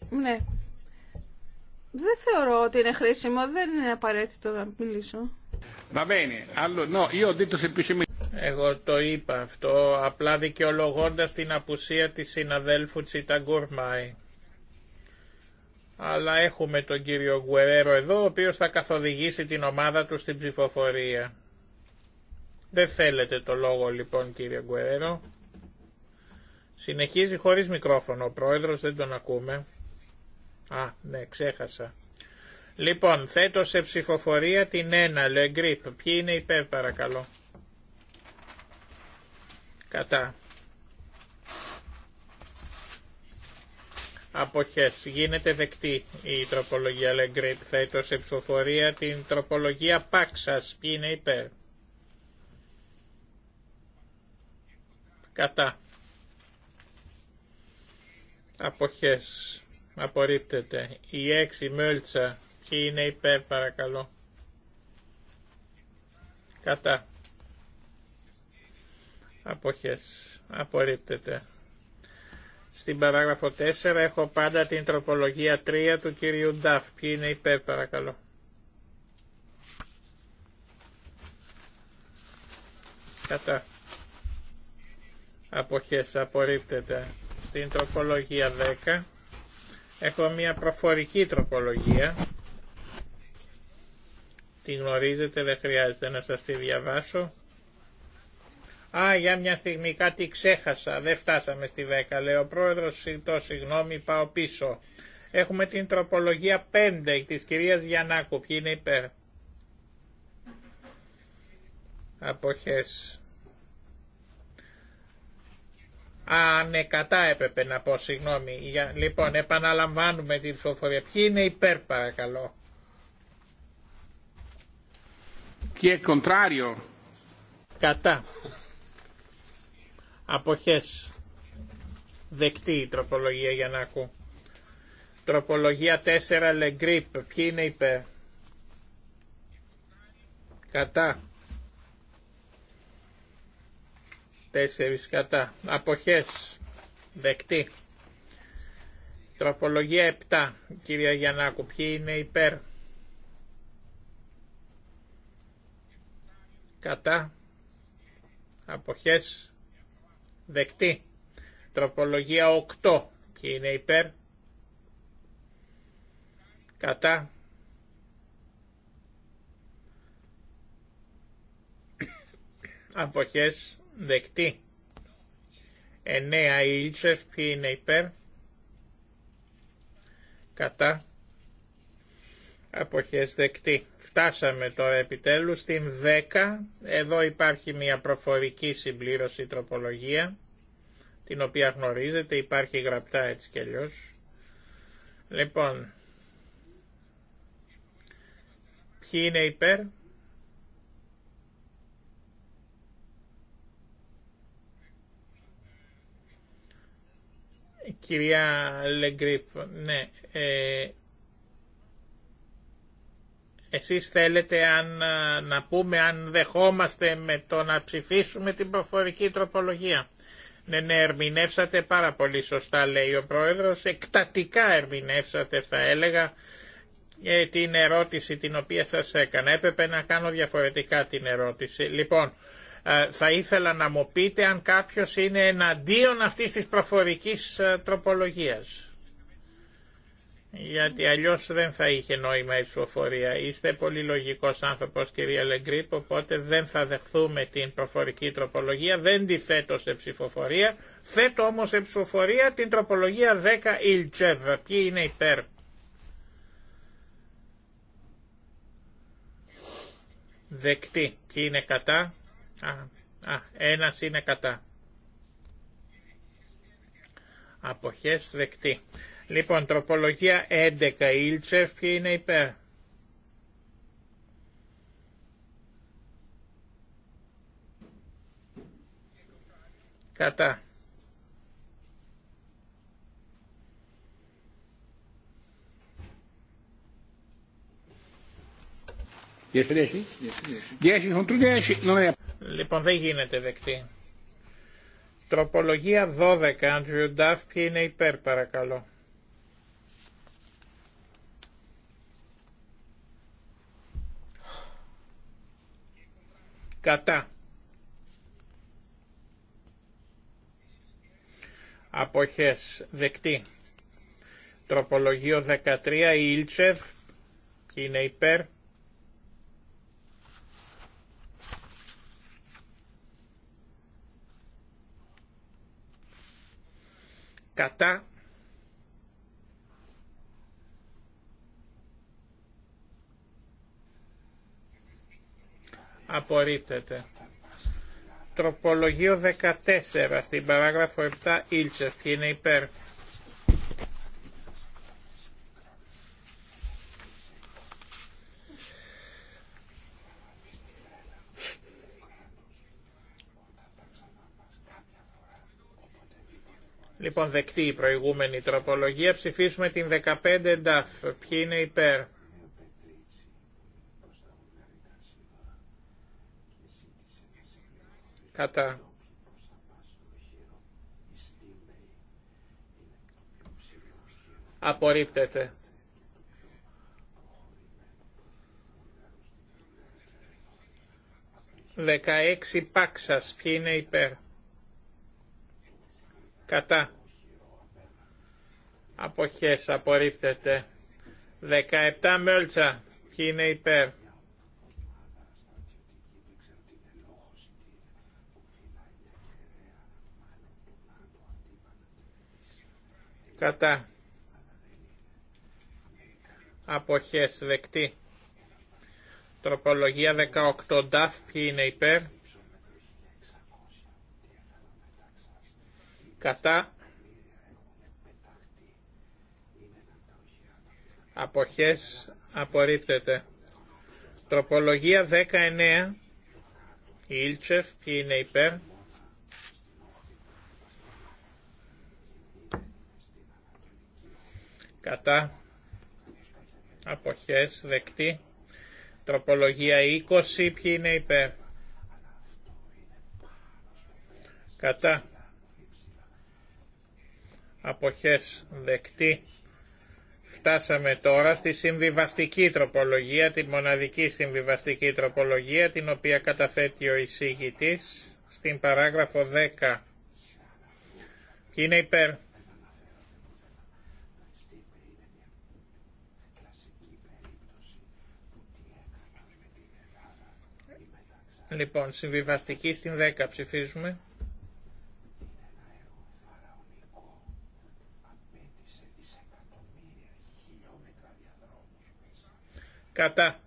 Ναι. Δεν θεωρώ ότι είναι χρήσιμο, δεν είναι απαραίτητο να μιλήσω. Εγώ το είπα αυτό, απλά δικαιολογώντας την απουσία της συναδέλφου Τσιταγκούρμαϊ αλλά έχουμε τον κύριο Γκουερέρο εδώ, ο οποίος θα καθοδηγήσει την ομάδα του στην ψηφοφορία. Δεν θέλετε το λόγο λοιπόν κύριε Γκουερέρο. Συνεχίζει χωρίς μικρόφωνο, ο πρόεδρος δεν τον ακούμε. Α, ναι, ξέχασα. Λοιπόν, θέτω σε ψηφοφορία την ένα Γκριπ. Ποιοι είναι υπέρ παρακαλώ. Κατά. Αποχές. Γίνεται δεκτή η τροπολογία Λεγκρίπ. Θέτω σε ψηφοφορία την τροπολογία Πάξας. Ποιοι είναι υπέρ. Κατά. Αποχές. Απορρίπτεται. Η έξι Μέλτσα. Ποιοι είναι υπέρ παρακαλώ. Κατά. Αποχές. Απορρίπτεται. Στην παράγραφο 4 έχω πάντα την τροπολογία 3 του κυρίου Νταφ. Ποιοι είναι υπέρ παρακαλώ. Κατά. Αποχές απορρίπτεται. Στην τροπολογία 10 έχω μια προφορική τροπολογία. Την γνωρίζετε, δεν χρειάζεται να σας τη διαβάσω. Α, για μια στιγμή κάτι ξέχασα, δεν φτάσαμε στη 10, λέει ο πρόεδρος, το συγγνώμη, πάω πίσω. Έχουμε την τροπολογία 5 της κυρίας Γιαννάκου, ποιοι είναι υπέρ. Αποχές. Α, ναι, κατά έπρεπε να πω, συγγνώμη. λοιπόν, επαναλαμβάνουμε την ψηφοφορία. Ποιοι είναι υπέρ, παρακαλώ. Και è contrario? Κατά. Αποχές. Δεκτή η τροπολογία ακού. Τροπολογία 4 Λεγκρίπ. Ποιοι είναι υπέρ. Κατά. Τέσσερις κατά. Αποχές. Δεκτή. Τροπολογία 7. Κυρία Γιαννάκου. Ποιοι είναι υπέρ. Κατά. Αποχές. Δεκτή. Τροπολογία 8. Ποιοι είναι υπέρ. Κατά. Αποχές. Δεκτή. 9. Ήλτσεφ. Ποιοι είναι υπέρ. Κατά. Αποχές δεκτή. Φτάσαμε τώρα επιτέλους στην 10. Εδώ υπάρχει μια προφορική συμπλήρωση τροπολογία, την οποία γνωρίζετε, υπάρχει γραπτά έτσι κι αλλιώς. Λοιπόν, ποιοι είναι υπέρ. Κυρία Λεγκρίπ, ναι, ε, εσείς θέλετε αν, να πούμε αν δεχόμαστε με το να ψηφίσουμε την προφορική τροπολογία. Ναι, ναι, ερμηνεύσατε πάρα πολύ σωστά λέει ο Πρόεδρος, εκτατικά ερμηνεύσατε θα έλεγα ε, την ερώτηση την οποία σας έκανα. Έπρεπε να κάνω διαφορετικά την ερώτηση. Λοιπόν, θα ήθελα να μου πείτε αν κάποιος είναι εναντίον αυτής της προφορικής τροπολογίας γιατί αλλιώς δεν θα είχε νόημα η ψηφοφορία. Είστε πολύ λογικός άνθρωπος κυρία Λεγκρίπ, οπότε δεν θα δεχθούμε την προφορική τροπολογία, δεν τη θέτω σε ψηφοφορία, θέτω όμως σε ψηφοφορία την τροπολογία 10 Ιλτσεβ, ποιοι είναι υπέρ. Δεκτή, ποιοι είναι κατά, α, α, ένας είναι κατά. Αποχές δεκτή. Λοιπόν, τροπολογία 11, Ήλτσεφ, ποιοι είναι υπέρ. Κατά. Λοιπόν, δεν γίνεται δεκτή. Τροπολογία 12, Άντζιου Ντάφ, ποιοι είναι υπέρ, παρακαλώ. Κατά. Αποχές. Δεκτή. τροπολογείο 13. η Ήλτσεβ. Είναι υπέρ. Κατά. απορρίπτεται. Τροπολογείο 14 στην παράγραφο 7 Ήλτσεφ και είναι υπέρ. Λοιπόν, δεκτή η προηγούμενη τροπολογία. Ψηφίσουμε την 15 Νταφ. Ποιοι είναι υπέρ. κατά απορρίπτεται. Δεκαέξι πάξας, ποιοι είναι υπέρ. Κατά. Αποχές, απορρίπτεται. Δεκαεπτά μέλτσα, ποιοι είναι υπέρ. κατά αποχές δεκτή. Τροπολογία 18 DAF ποιοι είναι υπέρ κατά αποχές απορρίπτεται. Τροπολογία 19 Ήλτσεφ ποιοι είναι υπέρ κατά αποχές δεκτή τροπολογία 20 ποιοι είναι υπέρ κατά αποχές δεκτή Φτάσαμε τώρα στη συμβιβαστική τροπολογία, τη μοναδική συμβιβαστική τροπολογία, την οποία καταθέτει ο εισήγητης στην παράγραφο 10. Είναι υπέρ. Λοιπόν, συμβιβαστική στην 10 ψηφίζουμε. Κατά.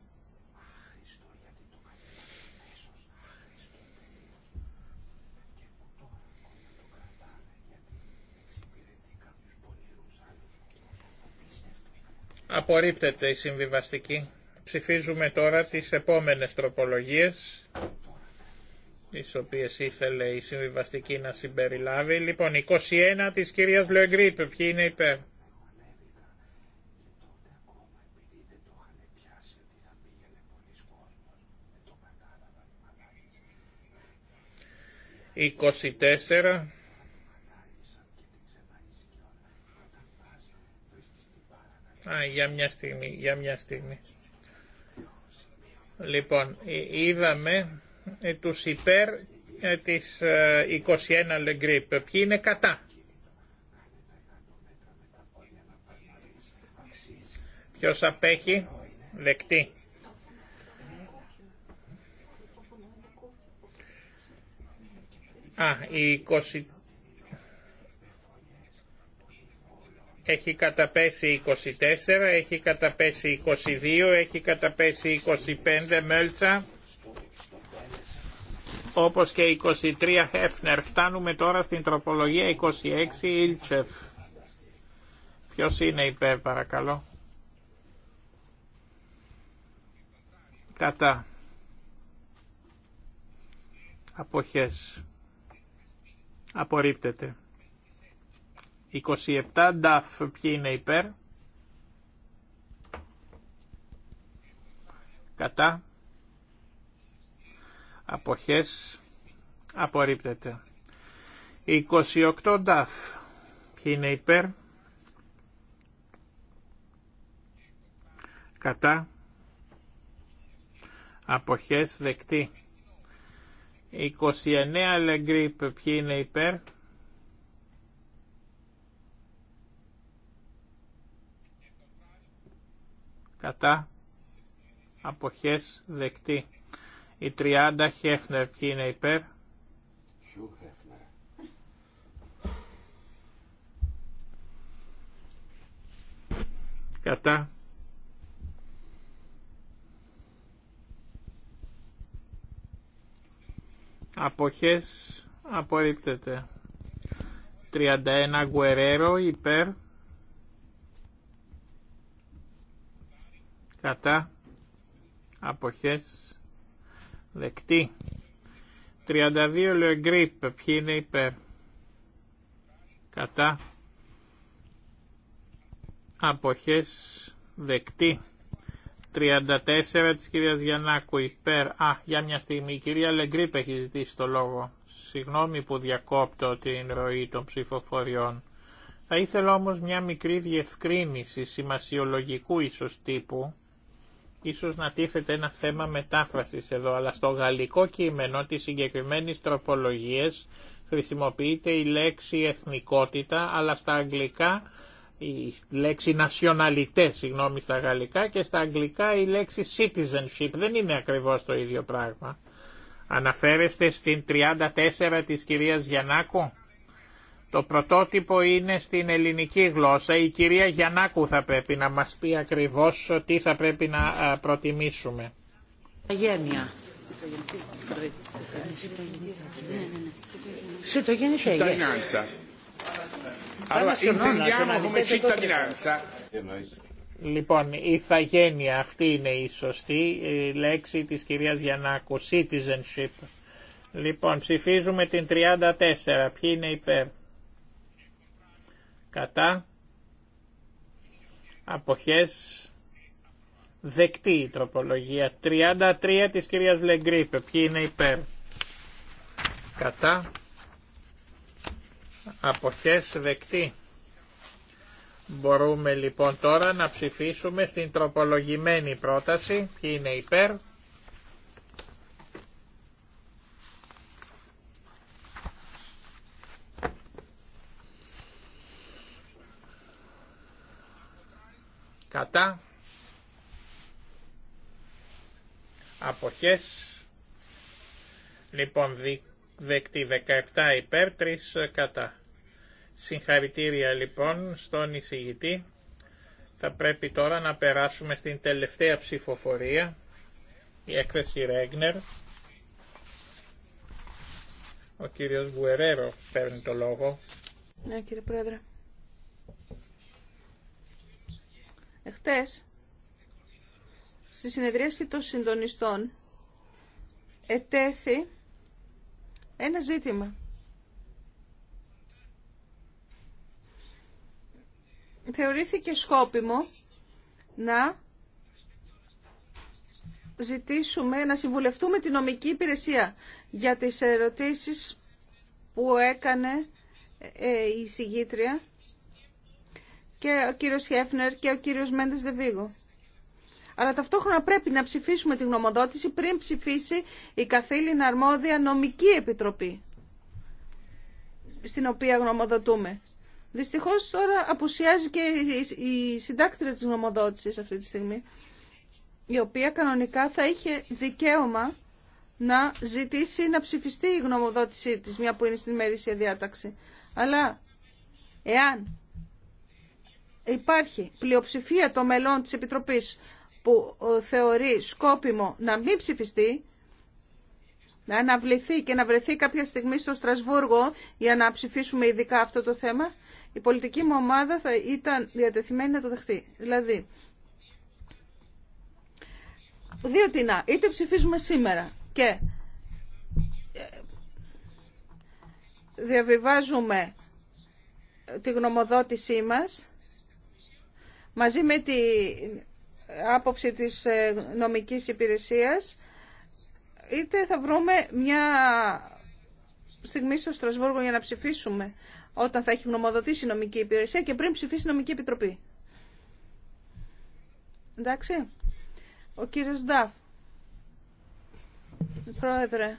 Απορρίπτεται η συμβιβαστική. Ψηφίζουμε τώρα τις επόμενες τροπολογίες, τις οποίες ήθελε η συμβιβαστική να συμπεριλάβει. Λοιπόν, 21 της κυρίας Λεγκρίπ, ποιοι είναι υπέρ. 24. Α, για μια στιγμή, για μια στιγμή. Λοιπόν, ε, είδαμε ε, τους υπέρ ε, της 21 Λεγκρίπ. Ποιοι είναι κατά. Ποιος απέχει. Δεκτή. Α, η 21. έχει καταπέσει 24, έχει καταπέσει 22, έχει καταπέσει 25 μέλτσα, όπως και 23 Χέφνερ. Φτάνουμε τώρα στην τροπολογία 26 Ιλτσεφ. Ποιος είναι υπέρ παρακαλώ. Κατά. Αποχές. Απορρίπτεται. 27 DAF ποιοι είναι υπέρ. Κατά. Αποχές. Απορρίπτεται. 28 DAF ποιοι είναι υπέρ. Κατά. Αποχές δεκτή. 29 λεγκρίπ ποιοι είναι υπέρ. κατά αποχές δεκτή. Η 30 Χέφνερ ποιοι είναι υπέρ. Κατά. Αποχές απορρίπτεται. 31 Γκουερέρο υπέρ. κατά αποχές δεκτή. 32 λεγκρίπ, ποιοι είναι υπέρ, κατά αποχές δεκτή. 34 της κυρίας Γιαννάκου υπέρ. Α, για μια στιγμή η κυρία Λεγκρίπ έχει ζητήσει το λόγο. Συγγνώμη που διακόπτω την ροή των ψηφοφοριών. Θα ήθελα όμως μια μικρή διευκρίνηση σημασιολογικού ίσως τύπου Ίσως να τίθεται ένα θέμα μετάφρασης εδώ, αλλά στο γαλλικό κείμενο της συγκεκριμένης τροπολογίας χρησιμοποιείται η λέξη εθνικότητα, αλλά στα αγγλικά η λέξη nationalité, συγγνώμη, στα γαλλικά και στα αγγλικά η λέξη citizenship. Δεν είναι ακριβώς το ίδιο πράγμα. Αναφέρεστε στην 34 της κυρίας Γιαννάκου. Το πρωτότυπο είναι στην ελληνική γλώσσα. Η κυρία Γιαννάκου θα πρέπει να μας πει ακριβώς τι θα πρέπει να προτιμήσουμε. Γένεια. Λοιπόν, η Allora, αυτή είναι η σωστή η λέξη της κυρίας Γιαννάκου, citizenship. Λοιπόν, ψηφίζουμε την 34, ποιοι είναι υπέρ κατά αποχές δεκτή η τροπολογία 33 της κυρίας Λεγκρίπε ποιοι είναι υπέρ κατά αποχές δεκτή μπορούμε λοιπόν τώρα να ψηφίσουμε στην τροπολογημένη πρόταση ποιοι είναι υπέρ κατά αποχές λοιπόν δεκτή 17 υπέρ 3 ε, κατά συγχαρητήρια λοιπόν στον εισηγητή θα πρέπει τώρα να περάσουμε στην τελευταία ψηφοφορία η έκθεση Ρέγνερ ο κύριος Γουερέρο παίρνει το λόγο ναι κύριε Πρόεδρε Εχθές στη συνεδρίαση των συντονιστών, ετέθη ένα ζήτημα. Θεωρήθηκε σκόπιμο να ζητήσουμε, να συμβουλευτούμε την νομική υπηρεσία για τις ερωτήσεις που έκανε ε, η συγγήτρια και ο κύριος Χέφνερ και ο κύριος Μέντες Δεβίγο. Αλλά ταυτόχρονα πρέπει να ψηφίσουμε την γνωμοδότηση πριν ψηφίσει η καθήλυνα αρμόδια νομική επιτροπή στην οποία γνωμοδοτούμε. Δυστυχώς τώρα απουσιάζει και η συντάκτρια της γνωμοδότησης αυτή τη στιγμή, η οποία κανονικά θα είχε δικαίωμα να ζητήσει να ψηφιστεί η γνωμοδότησή της, μια που είναι στην ημερήσια διάταξη. Αλλά εάν υπάρχει πλειοψηφία των μελών της Επιτροπής που ε, θεωρεί σκόπιμο να μην ψηφιστεί, να αναβληθεί και να βρεθεί κάποια στιγμή στο Στρασβούργο για να ψηφίσουμε ειδικά αυτό το θέμα, η πολιτική μου ομάδα θα ήταν διατεθειμένη να το δεχτεί. Δηλαδή, δύο τινά, είτε ψηφίζουμε σήμερα και ε, διαβιβάζουμε τη γνωμοδότησή μας μαζί με την άποψη της ε, νομικής υπηρεσίας είτε θα βρούμε μια στιγμή στο Στρασβούργο για να ψηφίσουμε όταν θα έχει γνωμοδοτήσει η νομική υπηρεσία και πριν ψηφίσει η νομική επιτροπή. Εντάξει. Ο κύριος Νταφ. Πρόεδρε,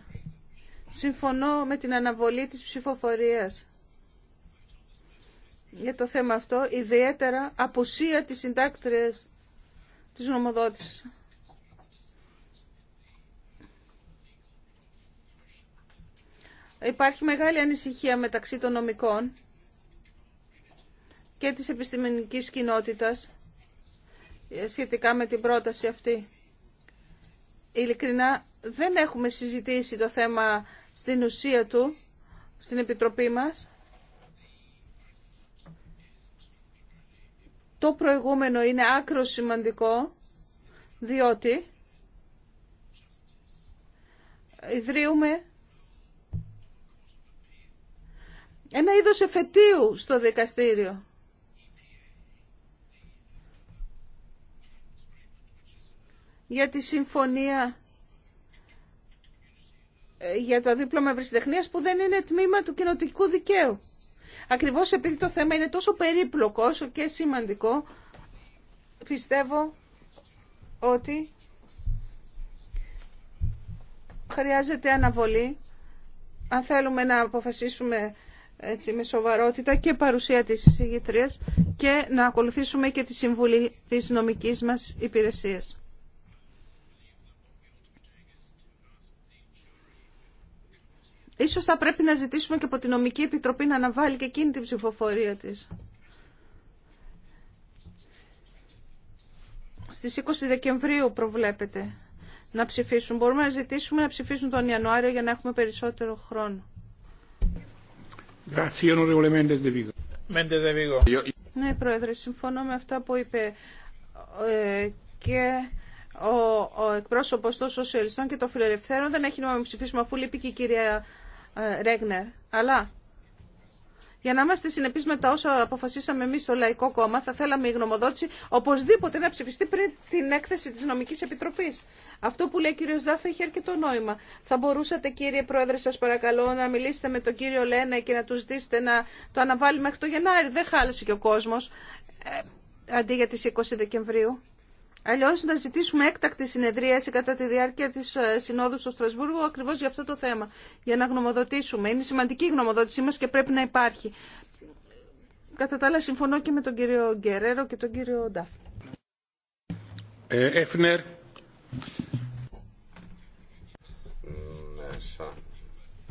συμφωνώ με την αναβολή της ψηφοφορίας για το θέμα αυτό, ιδιαίτερα απουσία της συντάκτριας της νομοδότησης. Υπάρχει μεγάλη ανησυχία μεταξύ των νομικών και της επιστημονικής κοινότητας σχετικά με την πρόταση αυτή. Ειλικρινά δεν έχουμε συζητήσει το θέμα στην ουσία του, στην Επιτροπή μας. Το προηγούμενο είναι άκρο σημαντικό, διότι ιδρύουμε ένα είδος εφετείου στο δικαστήριο. για τη συμφωνία ε, για το δίπλωμα ευρεσιτεχνίας που δεν είναι τμήμα του κοινοτικού δικαίου. Ακριβώς επειδή το θέμα είναι τόσο περίπλοκο όσο και σημαντικό, πιστεύω ότι χρειάζεται αναβολή αν θέλουμε να αποφασίσουμε έτσι, με σοβαρότητα και παρουσία της εισηγητρίας και να ακολουθήσουμε και τη συμβουλή της νομικής μας υπηρεσίας. Ίσως θα πρέπει να ζητήσουμε και από την Νομική Επιτροπή να αναβάλει και εκείνη την ψηφοφορία της. Στις 20 Δεκεμβρίου προβλέπεται να ψηφίσουν. Μπορούμε να ζητήσουμε να ψηφίσουν τον Ιανουάριο για να έχουμε περισσότερο χρόνο. Ναι, Πρόεδρε, συμφωνώ με αυτά που είπε ε, και ο, ο εκπρόσωπος των Σοσιαλιστών και των Φιλελευθέρων. Δεν έχει νόημα να ψηφίσουμε αφού λείπει και η κυρία ε, Ρέγνερ, αλλά για να είμαστε συνεπεί με τα όσα αποφασίσαμε εμεί στο Λαϊκό Κόμμα, θα θέλαμε η γνωμοδότηση οπωσδήποτε να ψηφιστεί πριν την έκθεση τη Νομική Επιτροπή. Αυτό που λέει ο κύριο Δάφη έχει αρκετό νόημα. Θα μπορούσατε, κύριε Πρόεδρε, σα παρακαλώ, να μιλήσετε με τον κύριο Λένα και να του ζητήσετε να το αναβάλει μέχρι το Γενάρη. Δεν χάλασε και ο κόσμο. Ε, αντί για τι 20 Δεκεμβρίου. Αλλιώ να ζητήσουμε έκτακτη συνεδρίαση κατά τη διάρκεια της ε, συνόδου στο Στρασβούργο ακριβώς για αυτό το θέμα, για να γνωμοδοτήσουμε. Είναι σημαντική η γνωμοδότησή μας και πρέπει να υπάρχει. Κατά τα άλλα συμφωνώ και με τον κύριο Γκερέρο και τον κύριο Ντάφ. Εφνερ. Ναι,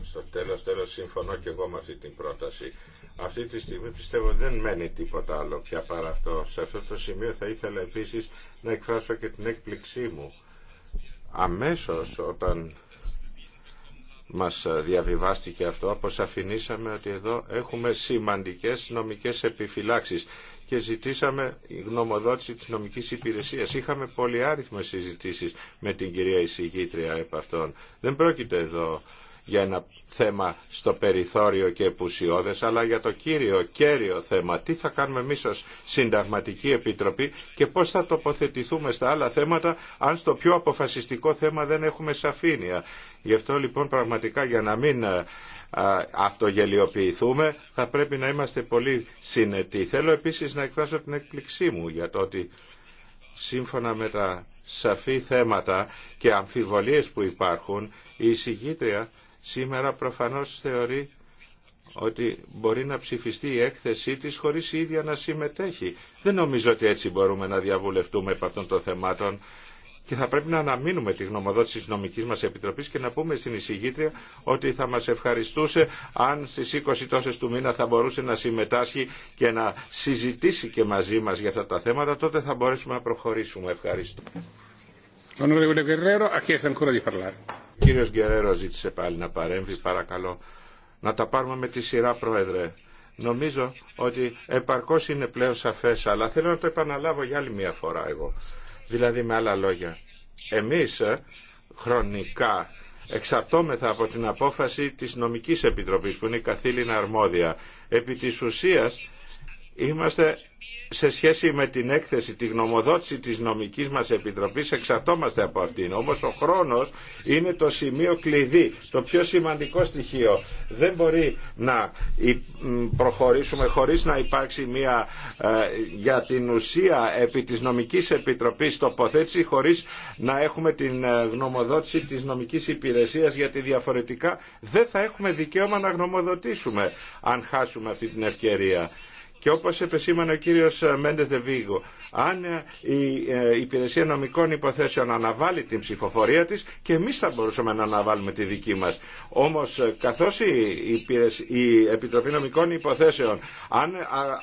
Στο τέλος, τέλος συμφωνώ και εγώ με αυτή την πρόταση. Αυτή τη στιγμή πιστεύω δεν μένει τίποτα άλλο πια παρά αυτό. Σε αυτό το σημείο θα ήθελα επίσης να εκφράσω και την έκπληξή μου. Αμέσως όταν μας διαβιβάστηκε αυτό, αποσαφηνήσαμε ότι εδώ έχουμε σημαντικές νομικές επιφυλάξεις και ζητήσαμε γνωμοδότηση της νομικής υπηρεσίας. Είχαμε πολυάριθμες συζητήσεις με την κυρία εισηγήτρια επ' αυτών. Δεν πρόκειται εδώ για ένα θέμα στο περιθώριο και επουσιώδες, αλλά για το κύριο, κέριο θέμα. Τι θα κάνουμε εμείς ως Συνταγματική Επιτροπή και πώς θα τοποθετηθούμε στα άλλα θέματα, αν στο πιο αποφασιστικό θέμα δεν έχουμε σαφήνεια. Γι' αυτό λοιπόν πραγματικά για να μην ε, αυτογελιοποιηθούμε, θα πρέπει να είμαστε πολύ συνετοί. Θέλω επίσης να εκφράσω την εκπληξή μου για το ότι σύμφωνα με τα σαφή θέματα και αμφιβολίες που υπάρχουν, η εισηγήτρια σήμερα προφανώς θεωρεί ότι μπορεί να ψηφιστεί η έκθεσή της χωρίς η ίδια να συμμετέχει. Δεν νομίζω ότι έτσι μπορούμε να διαβουλευτούμε από αυτών των θεμάτων και θα πρέπει να αναμείνουμε τη γνωμοδότηση της νομικής μας επιτροπής και να πούμε στην εισηγήτρια ότι θα μας ευχαριστούσε αν στις 20 τόσες του μήνα θα μπορούσε να συμμετάσχει και να συζητήσει και μαζί μας για αυτά τα θέματα, τότε θα μπορέσουμε να προχωρήσουμε. Ευχαριστώ. Κύριος Γκερέρο ζήτησε πάλι να παρέμβει, παρακαλώ. Να τα πάρουμε με τη σειρά, Πρόεδρε. Νομίζω ότι επαρκώς είναι πλέον σαφές, αλλά θέλω να το επαναλάβω για άλλη μια φορά εγώ. Δηλαδή με άλλα λόγια. Εμείς ε, χρονικά εξαρτώμεθα από την απόφαση της νομικής επιτροπής που είναι η καθήλυνα αρμόδια. Επί της ουσίας είμαστε σε σχέση με την έκθεση, τη γνωμοδότηση της νομικής μας επιτροπής εξαρτώμαστε από αυτήν. Όμως ο χρόνος είναι το σημείο κλειδί, το πιο σημαντικό στοιχείο. Δεν μπορεί να προχωρήσουμε χωρίς να υπάρξει μια ε, για την ουσία επί της νομικής επιτροπής τοποθέτηση χωρίς να έχουμε την ε, γνωμοδότηση της νομικής υπηρεσίας γιατί διαφορετικά δεν θα έχουμε δικαίωμα να γνωμοδοτήσουμε αν χάσουμε αυτή την ευκαιρία. Και όπως επεσήμανε ο κύριος Μέντες Δεβίγο, αν ε, ε, η Υπηρεσία Νομικών Υποθέσεων αναβάλει την ψηφοφορία της και εμείς θα μπορούσαμε να αναβάλουμε τη δική μας. Όμως ε, καθώς η Επιτροπή Νομικών Υποθέσεων αν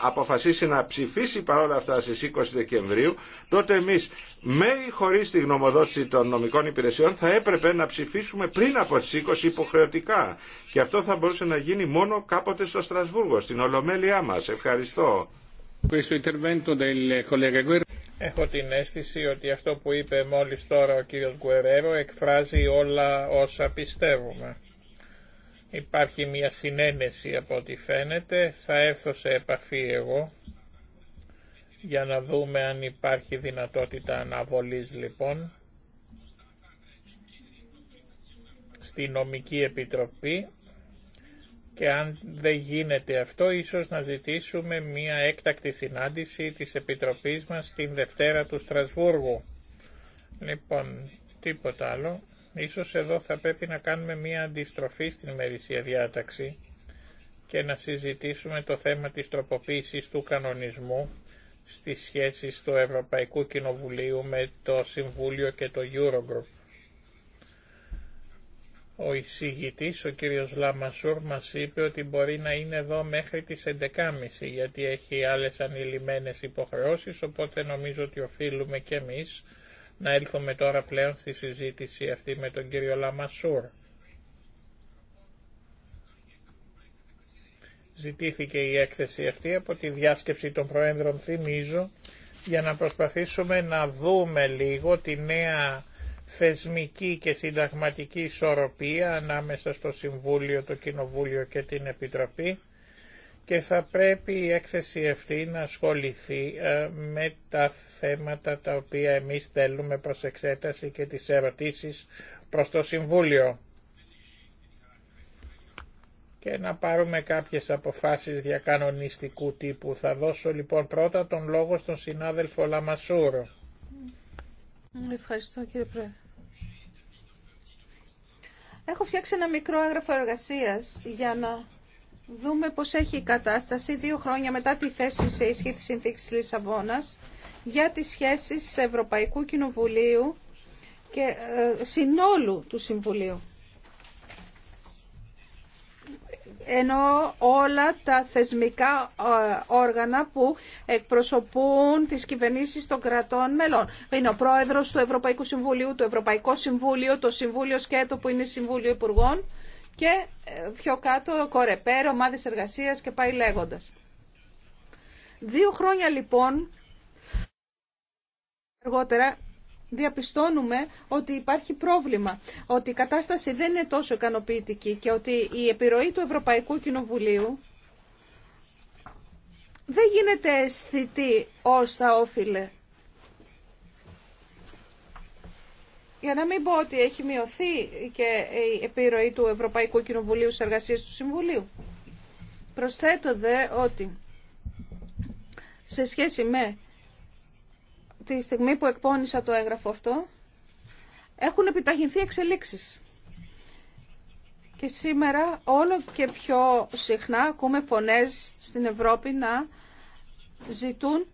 αποφασίσει να ψηφίσει παρόλα αυτά στις 20 Δεκεμβρίου τότε εμείς με ή χωρίς τη γνωμοδότηση των νομικών υπηρεσιών θα έπρεπε να ψηφίσουμε πριν από τις 20 υποχρεωτικά και αυτό θα μπορούσε να γίνει μόνο κάποτε στο Στρασβούργο, στην Ολομέλειά μας. Ευχαριστώ. Έχω την αίσθηση ότι αυτό που είπε μόλις τώρα ο κύριος Γκουερέρο εκφράζει όλα όσα πιστεύουμε. Υπάρχει μια συνένεση από ό,τι φαίνεται. Θα έρθω σε επαφή εγώ για να δούμε αν υπάρχει δυνατότητα αναβολής λοιπόν στη νομική επιτροπή και αν δεν γίνεται αυτό ίσως να ζητήσουμε μία έκτακτη συνάντηση της Επιτροπής μας την Δευτέρα του Στρασβούργου. Λοιπόν, τίποτα άλλο. Ίσως εδώ θα πρέπει να κάνουμε μία αντιστροφή στην ημερησία διάταξη και να συζητήσουμε το θέμα της τροποποίησης του κανονισμού στις σχέσεις του Ευρωπαϊκού Κοινοβουλίου με το Συμβούλιο και το Eurogroup. Ο εισηγητής, ο κύριος Λαμασούρ, μας είπε ότι μπορεί να είναι εδώ μέχρι τις 11.30 γιατί έχει άλλες ανηλυμένες υποχρεώσεις, οπότε νομίζω ότι οφείλουμε και εμείς να έλθουμε τώρα πλέον στη συζήτηση αυτή με τον κύριο Λαμασούρ. Ζητήθηκε η έκθεση αυτή από τη διάσκεψη των Προέδρων, θυμίζω, για να προσπαθήσουμε να δούμε λίγο τη νέα θεσμική και συνταγματική ισορροπία ανάμεσα στο Συμβούλιο, το Κοινοβούλιο και την Επιτροπή και θα πρέπει η έκθεση αυτή να ασχοληθεί ε, με τα θέματα τα οποία εμείς θέλουμε προς εξέταση και τις ερωτήσεις προς το Συμβούλιο και να πάρουμε κάποιες αποφάσεις διακανονιστικού τύπου. Θα δώσω λοιπόν πρώτα τον λόγο στον συνάδελφο Λαμασούρο. Ευχαριστώ κύριε Πρόεδρε. Έχω φτιάξει ένα μικρό έγγραφο εργασία για να δούμε πώς έχει η κατάσταση δύο χρόνια μετά τη θέση σε ισχύ τη συνθήκη Λισαβόνα για τις σχέσεις Ευρωπαϊκού Κοινοβουλίου και ε, συνόλου του Συμβουλίου. ενώ όλα τα θεσμικά ε, όργανα που εκπροσωπούν τις κυβερνήσεις των κρατών μελών. Είναι ο πρόεδρος του Ευρωπαϊκού Συμβουλίου, το Ευρωπαϊκό Συμβούλιο, το Συμβούλιο Σκέτο που είναι Συμβούλιο Υπουργών και ε, πιο κάτω κορεπέρ, ομάδε εργασίας και πάει λέγοντας. Δύο χρόνια λοιπόν αργότερα διαπιστώνουμε ότι υπάρχει πρόβλημα, ότι η κατάσταση δεν είναι τόσο ικανοποιητική και ότι η επιρροή του Ευρωπαϊκού Κοινοβουλίου δεν γίνεται αισθητή ως θα όφιλε. Για να μην πω ότι έχει μειωθεί και η επιρροή του Ευρωπαϊκού Κοινοβουλίου στις εργασίες του Συμβουλίου. Προσθέτω δε ότι σε σχέση με τη στιγμή που εκπώνησα το έγγραφο αυτό, έχουν επιταχυνθεί εξελίξεις. Και σήμερα όλο και πιο συχνά ακούμε φωνές στην Ευρώπη να ζητούν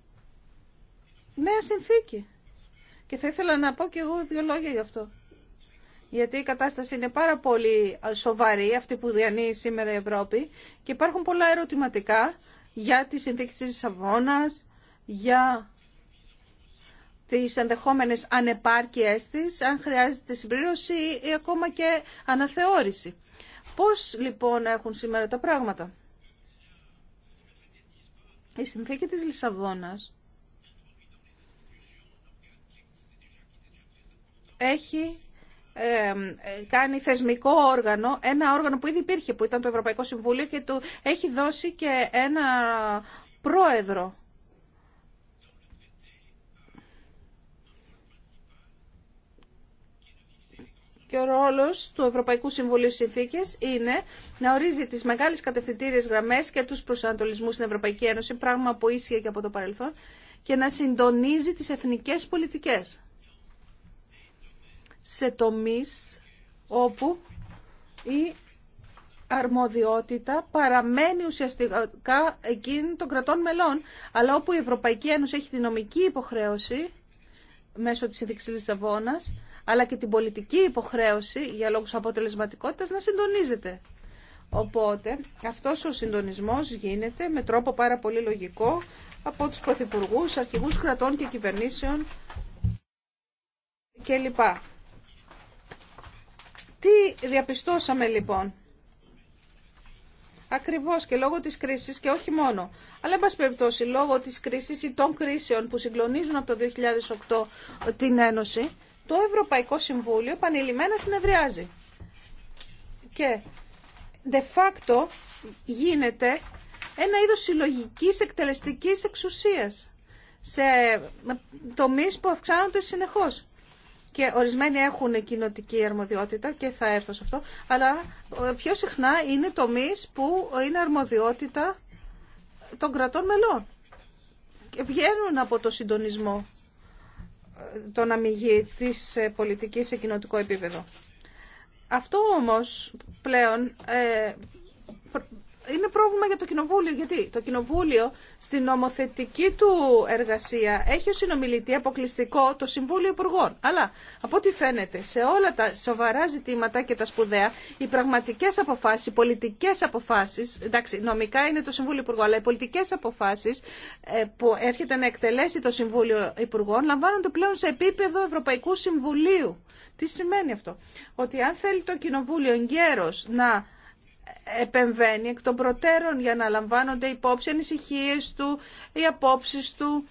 νέα συνθήκη. Και θα ήθελα να πω και εγώ δύο λόγια γι' αυτό. Γιατί η κατάσταση είναι πάρα πολύ ε, σοβαρή, αυτή που διανύει σήμερα η Ευρώπη, και υπάρχουν πολλά ερωτηματικά για τη συνθήκη της Σαββόνας, για τις ενδεχόμενες ανεπάρκειές της, αν χρειάζεται συμπλήρωση ή ακόμα και αναθεώρηση. Πώς λοιπόν έχουν σήμερα τα πράγματα. Η συνθήκη της Λισαβόνας έχει κάνει θεσμικό όργανο, ένα όργανο που ήδη υπήρχε, που ήταν το Ευρωπαϊκό Συμβούλιο και του έχει δώσει και ένα πρόεδρο Και ο ρόλο του Ευρωπαϊκού Συμβουλίου Συνθήκε είναι να ορίζει τις μεγάλες κατευθυντήριες γραμμές και τους προσανατολισμού στην Ευρωπαϊκή Ένωση, πράγμα που ίσχυε και από το παρελθόν, και να συντονίζει τις εθνικές πολιτικές σε τομείς όπου η αρμοδιότητα παραμένει ουσιαστικά εκείνη των κρατών μελών, αλλά όπου η Ευρωπαϊκή Ένωση έχει τη νομική υποχρέωση μέσω της Συνδίκης Λισαβόνας αλλά και την πολιτική υποχρέωση για λόγους αποτελεσματικότητας να συντονίζεται. Οπότε αυτός ο συντονισμός γίνεται με τρόπο πάρα πολύ λογικό από τους Πρωθυπουργού, αρχηγούς κρατών και κυβερνήσεων κλπ. Τι διαπιστώσαμε λοιπόν. Ακριβώς και λόγω της κρίσης και όχι μόνο. Αλλά εν πάση περιπτώσει λόγω της κρίσης ή των κρίσεων που συγκλονίζουν από το 2008 την Ένωση το Ευρωπαϊκό Συμβούλιο επανειλημμένα συνεδριάζει. Και de facto γίνεται ένα είδος συλλογικής εκτελεστικής εξουσίας σε τομείς που αυξάνονται συνεχώς. Και ορισμένοι έχουν κοινοτική αρμοδιότητα και θα έρθω σε αυτό, αλλά πιο συχνά είναι τομείς που είναι αρμοδιότητα των κρατών μελών. Και βγαίνουν από το συντονισμό τον αμυγή της ε, πολιτικής σε κοινωτικό επίπεδο. Αυτό όμως πλέον ε, είναι πρόβλημα για το Κοινοβούλιο. Γιατί το Κοινοβούλιο στην νομοθετική του εργασία έχει ως συνομιλητή αποκλειστικό το Συμβούλιο Υπουργών. Αλλά από ό,τι φαίνεται σε όλα τα σοβαρά ζητήματα και τα σπουδαία, οι πραγματικέ αποφάσει, οι πολιτικέ αποφάσει, εντάξει νομικά είναι το Συμβούλιο Υπουργών, αλλά οι πολιτικές αποφάσεις ε, που έρχεται να εκτελέσει το Συμβούλιο Υπουργών λαμβάνονται πλέον σε επίπεδο Ευρωπαϊκού Συμβουλίου. Τι σημαίνει αυτό. Ότι αν θέλει το Κοινοβούλιο εγκαίρως να επεμβαίνει εκ των προτέρων για να λαμβάνονται υπόψη ανησυχίε του, οι απόψει του,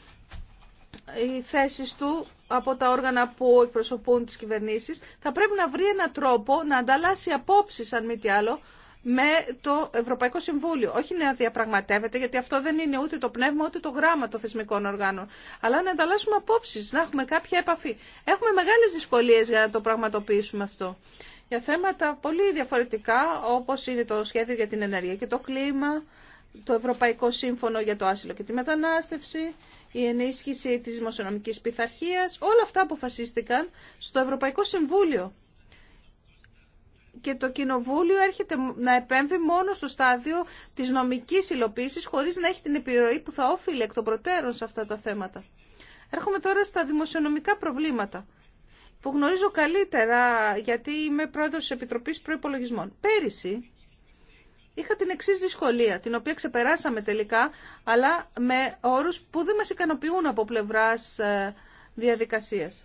οι θέσει του από τα όργανα που εκπροσωπούν τις κυβερνήσεις, θα πρέπει να βρει έναν τρόπο να ανταλλάσσει απόψεις, αν μη τι άλλο, με το Ευρωπαϊκό Συμβούλιο. Όχι να διαπραγματεύεται, γιατί αυτό δεν είναι ούτε το πνεύμα ούτε το γράμμα των θεσμικών οργάνων. Αλλά να ανταλλάσσουμε απόψει, να έχουμε κάποια επαφή. Έχουμε μεγάλε δυσκολίε για να το πραγματοποιήσουμε αυτό για θέματα πολύ διαφορετικά όπως είναι το σχέδιο για την ενέργεια και το κλίμα, το Ευρωπαϊκό Σύμφωνο για το Άσυλο και τη Μετανάστευση, η ενίσχυση της δημοσιονομικής πειθαρχία, όλα αυτά αποφασίστηκαν στο Ευρωπαϊκό Συμβούλιο. Και το Κοινοβούλιο έρχεται να επέμβει μόνο στο στάδιο της νομικής υλοποίησης χωρίς να έχει την επιρροή που θα όφιλε εκ των προτέρων σε αυτά τα θέματα. Έρχομαι τώρα στα δημοσιονομικά προβλήματα που γνωρίζω καλύτερα γιατί είμαι πρόεδρος της Επιτροπής Προϋπολογισμών. Πέρυσι είχα την εξή δυσκολία, την οποία ξεπεράσαμε τελικά, αλλά με όρους που δεν μας ικανοποιούν από πλευράς ε, διαδικασίας.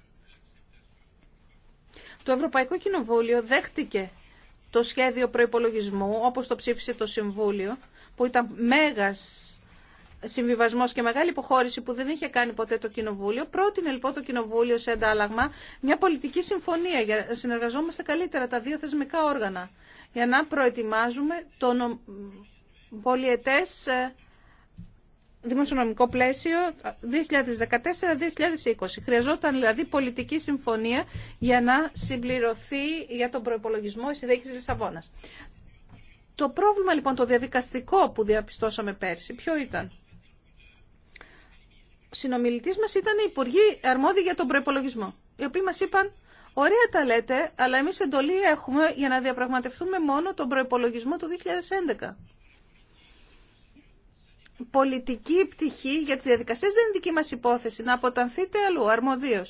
Το Ευρωπαϊκό Κοινοβούλιο δέχτηκε το σχέδιο προϋπολογισμού, όπως το ψήφισε το Συμβούλιο, που ήταν μέγας συμβιβασμό και μεγάλη υποχώρηση που δεν είχε κάνει ποτέ το Κοινοβούλιο. Πρότεινε λοιπόν το Κοινοβούλιο σε αντάλλαγμα μια πολιτική συμφωνία για να συνεργαζόμαστε καλύτερα τα δύο θεσμικά όργανα για να προετοιμάζουμε το νο... δημοσιονομικο ε, δημοσιονομικό πλαίσιο 2014-2020. Χρειαζόταν δηλαδή πολιτική συμφωνία για να συμπληρωθεί για τον προπολογισμό η συνδέχιση τη Το πρόβλημα λοιπόν το διαδικαστικό που διαπιστώσαμε πέρσι ποιο ήταν συνομιλητή μα ήταν οι υπουργοί αρμόδιοι για τον προπολογισμό, οι οποίοι μα είπαν Ωραία τα λέτε, αλλά εμεί εντολή έχουμε για να διαπραγματευτούμε μόνο τον προπολογισμό του 2011. Πολιτική πτυχή για τι διαδικασίε δεν είναι δική μα υπόθεση, να αποτανθείτε αλλού, αρμοδίω.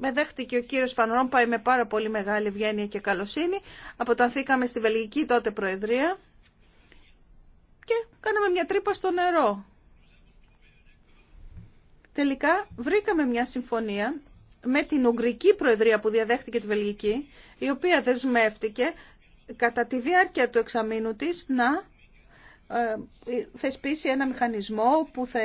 Με δέχτηκε ο κύριος πάει με πάρα πολύ μεγάλη ευγένεια και καλοσύνη. Αποτανθήκαμε στη Βελγική τότε Προεδρία και κάναμε μια τρύπα στο νερό Τελικά βρήκαμε μια συμφωνία με την Ουγγρική Προεδρία που διαδέχτηκε τη Βελγική, η οποία δεσμεύτηκε κατά τη διάρκεια του εξαμήνου της να ε, θεσπίσει ένα μηχανισμό που θα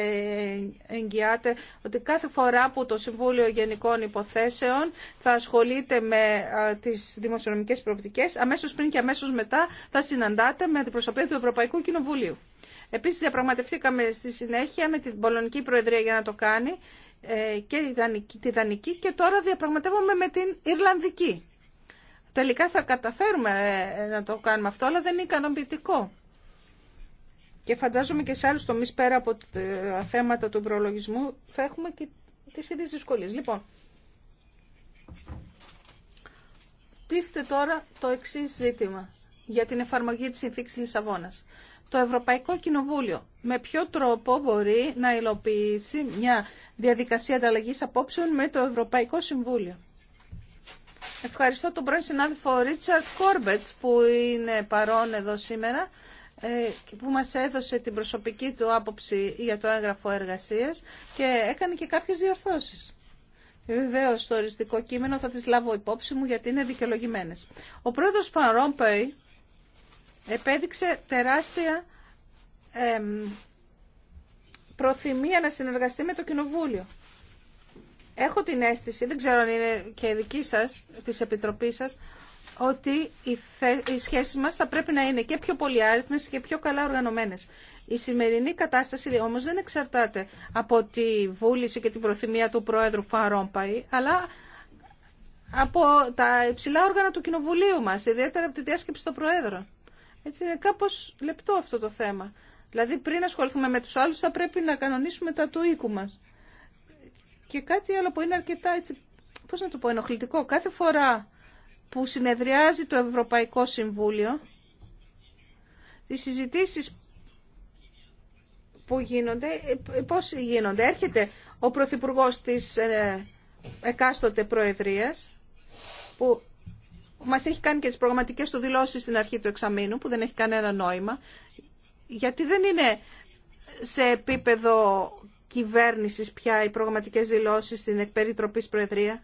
εγγυάται ότι κάθε φορά που το Συμβούλιο Γενικών Υποθέσεων θα ασχολείται με ε, τις δημοσιονομικές προοπτικές, αμέσως πριν και αμέσως μετά θα συναντάτε με αντιπροσωπεία του Ευρωπαϊκού Κοινοβουλίου. Επίσης διαπραγματευτήκαμε στη συνέχεια με την Πολωνική Προεδρία για να το κάνει ε, και τη Δανική και τώρα διαπραγματεύομαι με την Ιρλανδική. Τελικά θα καταφέρουμε ε, να το κάνουμε αυτό, αλλά δεν είναι ικανοποιητικό. Και φαντάζομαι και σε άλλους τομεί πέρα από τα ε, θέματα του προλογισμού θα έχουμε και τις ίδιες δυσκολίε. Λοιπόν, τίθεται τώρα το εξή ζήτημα για την εφαρμογή της συνθήκη Λισαβόνα το Ευρωπαϊκό Κοινοβούλιο με ποιο τρόπο μπορεί να υλοποιήσει μια διαδικασία ανταλλαγής απόψεων με το Ευρωπαϊκό Συμβούλιο. Ευχαριστώ τον πρώην συνάδελφο Ρίτσαρτ Κόρμπετς που είναι παρόν εδώ σήμερα ε, και που μας έδωσε την προσωπική του άποψη για το έγγραφο εργασίας και έκανε και κάποιες διορθώσεις. Βεβαίω το οριστικό κείμενο θα τις λάβω υπόψη μου γιατί είναι δικαιολογημένες. Ο πρόεδρος Φαν επέδειξε τεράστια προθυμία να συνεργαστεί με το Κοινοβούλιο. Έχω την αίσθηση, δεν ξέρω αν είναι και δική σας, της Επιτροπής σας, ότι οι σχέσεις μας θα πρέπει να είναι και πιο πολυάριθμες και πιο καλά οργανωμένες. Η σημερινή κατάσταση όμως δεν εξαρτάται από τη βούληση και την προθυμία του Πρόεδρου Φαρόμπαη, αλλά από τα υψηλά όργανα του Κοινοβουλίου μας, ιδιαίτερα από τη διάσκεψη των Προέδρων. Έτσι είναι κάπως λεπτό αυτό το θέμα. Δηλαδή πριν ασχοληθούμε με τους άλλους θα πρέπει να κανονίσουμε τα του οίκου μας. Και κάτι άλλο που είναι αρκετά έτσι, πώς να το πω, ενοχλητικό. Κάθε φορά που συνεδριάζει το Ευρωπαϊκό Συμβούλιο, οι συζητήσεις που γίνονται, ε, ε, πώς γίνονται. Έρχεται ο Πρωθυπουργός της ε, εκάστοτε Προεδρίας, που μας έχει κάνει και τις προγραμματικές του δηλώσεις στην αρχή του εξαμήνου, που δεν έχει κανένα νόημα, γιατί δεν είναι σε επίπεδο κυβέρνησης πια οι προγραμματικές δηλώσεις στην εκπεριτροπής Προεδρία.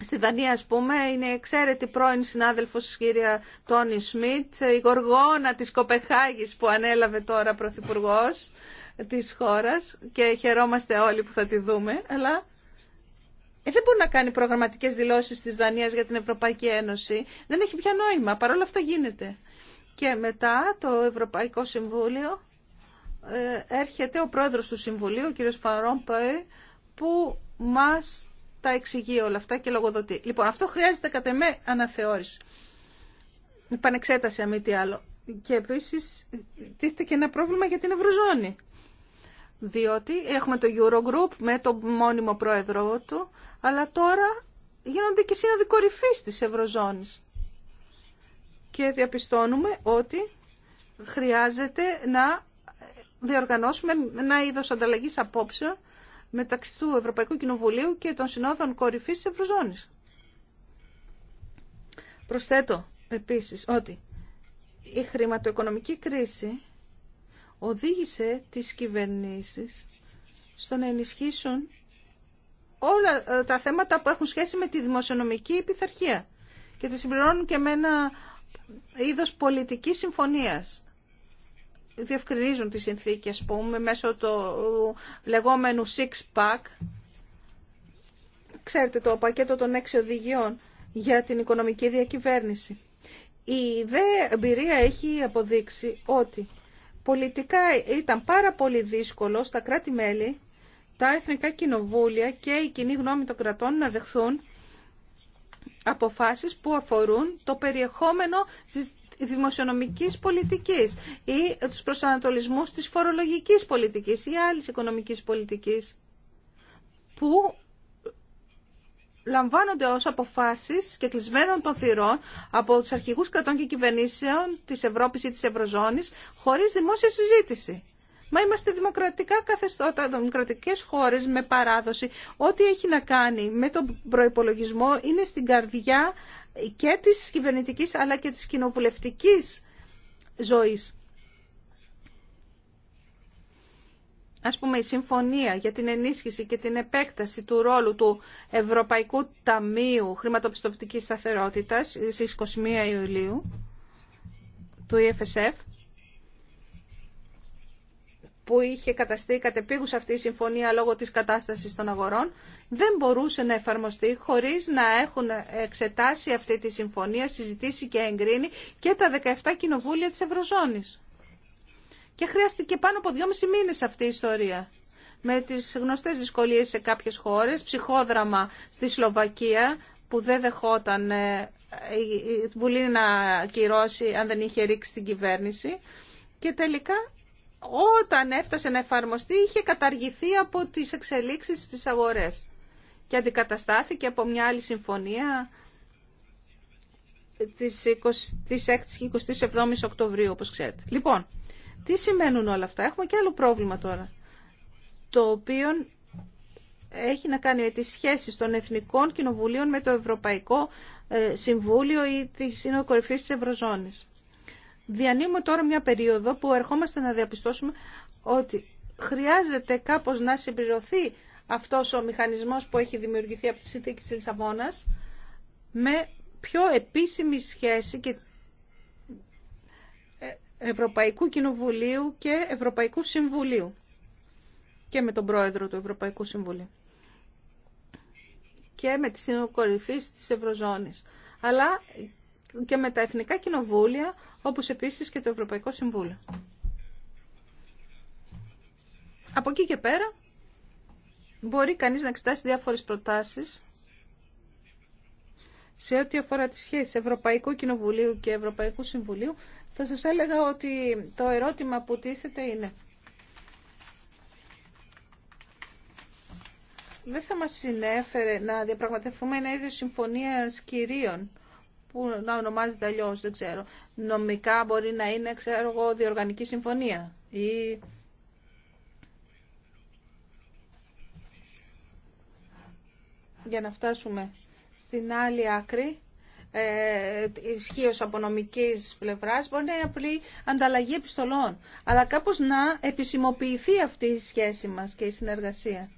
Στη Δανία, ας πούμε, είναι εξαίρετη πρώην συνάδελφος κυρία Τόνι Σμιτ, η γοργόνα της Κοπεχάγης που ανέλαβε τώρα πρωθυπουργό της χώρας και χαιρόμαστε όλοι που θα τη δούμε, αλλά ε, δεν μπορεί να κάνει προγραμματικέ δηλώσει τη Δανία για την Ευρωπαϊκή Ένωση. Δεν έχει πια νόημα. Παρ' όλα αυτά γίνεται. Και μετά το Ευρωπαϊκό Συμβούλιο ε, έρχεται ο πρόεδρος του Συμβουλίου, ο κ. Φαρόμπε, που μας τα εξηγεί όλα αυτά και λογοδοτεί. Λοιπόν, αυτό χρειάζεται κατά με αναθεώρηση. Πανεξέταση, αν μη τι άλλο. Και επίση τίθεται και ένα πρόβλημα για την Ευρωζώνη διότι έχουμε το Eurogroup με τον μόνιμο πρόεδρο του, αλλά τώρα γίνονται και σύνοδοι κορυφή της Ευρωζώνης. Και διαπιστώνουμε ότι χρειάζεται να διοργανώσουμε ένα είδο ανταλλαγή απόψεων μεταξύ του Ευρωπαϊκού Κοινοβουλίου και των συνόδων κορυφής τη Ευρωζώνης. Προσθέτω επίσης ότι η χρηματοοικονομική κρίση οδήγησε τις κυβερνήσεις στο να ενισχύσουν όλα ε, τα θέματα που έχουν σχέση με τη δημοσιονομική επιθαρχία και τη συμπληρώνουν και με ένα είδος πολιτικής συμφωνίας. Διευκρινίζουν τις συνθήκες, ας πούμε, μέσω του λεγόμενου six-pack. Ξέρετε το πακέτο των έξι οδηγιών για την οικονομική διακυβέρνηση. Η δε εμπειρία έχει αποδείξει ότι Πολιτικά ήταν πάρα πολύ δύσκολο στα κράτη-μέλη, τα εθνικά κοινοβούλια και η κοινή γνώμη των κρατών να δεχθούν αποφάσεις που αφορούν το περιεχόμενο της δημοσιονομικής πολιτικής ή τους προσανατολισμούς της φορολογικής πολιτικής ή άλλης οικονομικής πολιτικής λαμβάνονται ως αποφάσεις και κλεισμένων των θυρών από τους αρχηγούς κρατών και κυβερνήσεων της Ευρώπης ή της Ευρωζώνης χωρίς δημόσια συζήτηση. Μα είμαστε δημοκρατικά καθεστώτα, δημοκρατικές χώρες με παράδοση. Ό,τι έχει να κάνει με τον προϋπολογισμό είναι στην καρδιά και της κυβερνητικής αλλά και της κοινοβουλευτικής ζωής. Ας πούμε η συμφωνία για την ενίσχυση και την επέκταση του ρόλου του Ευρωπαϊκού Ταμείου Χρηματοπιστωτικής Σταθερότητας στις 21 Ιουλίου του EFSF που είχε καταστεί κατεπίγουσα αυτή η συμφωνία λόγω της κατάστασης των αγορών, δεν μπορούσε να εφαρμοστεί χωρίς να έχουν εξετάσει αυτή τη συμφωνία, συζητήσει και εγκρίνει και τα 17 κοινοβούλια της Ευρωζώνης. Και χρειάστηκε πάνω από δυόμιση μήνες αυτή η ιστορία. Με τις γνωστές δυσκολίες σε κάποιες χώρες, ψυχόδραμα στη Σλοβακία που δεν δεχόταν ε, η Βουλή να κυρώσει αν δεν είχε ρίξει την κυβέρνηση. Και τελικά όταν έφτασε να εφαρμοστεί είχε καταργηθεί από τις εξελίξεις στις αγορές και αντικαταστάθηκε από μια άλλη συμφωνία της 26 και 27 Οκτωβρίου όπως ξέρετε. Λοιπόν, τι σημαίνουν όλα αυτά. Έχουμε και άλλο πρόβλημα τώρα, το οποίο έχει να κάνει με τις σχέσεις των Εθνικών Κοινοβουλίων με το Ευρωπαϊκό ε, Συμβούλιο ή τη Σύνοδο Κορυφής της Ευρωζώνης. Διανύουμε τώρα μια περίοδο που ερχόμαστε να διαπιστώσουμε ότι χρειάζεται κάπως να συμπληρωθεί αυτός ο μηχανισμός που έχει δημιουργηθεί από τη συνθήκη της Λισαβόνας με πιο επίσημη σχέση και Ευρωπαϊκού Κοινοβουλίου και Ευρωπαϊκού Συμβουλίου και με τον Πρόεδρο του Ευρωπαϊκού Συμβουλίου και με τις συνοκορυφείς της Ευρωζώνης αλλά και με τα Εθνικά Κοινοβούλια όπως επίσης και το Ευρωπαϊκό Συμβούλιο. Από εκεί και πέρα μπορεί κανείς να εξετάσει διάφορες προτάσεις σε ό,τι αφορά τις σχέσεις Ευρωπαϊκού Κοινοβουλίου και Ευρωπαϊκού Συμβουλίου θα σας έλεγα ότι το ερώτημα που τίθεται είναι δεν θα μας συνέφερε να διαπραγματευτούμε ένα είδος συμφωνίας κυρίων που να ονομάζεται αλλιώ, δεν ξέρω. Νομικά μπορεί να είναι, ξέρω εγώ, διοργανική συμφωνία ή για να φτάσουμε στην άλλη άκρη ε, ισχύω από πλευρά μπορεί να είναι απλή ανταλλαγή επιστολών. Αλλά κάπω να επισημοποιηθεί αυτή η σχέση μα και η συνεργασία.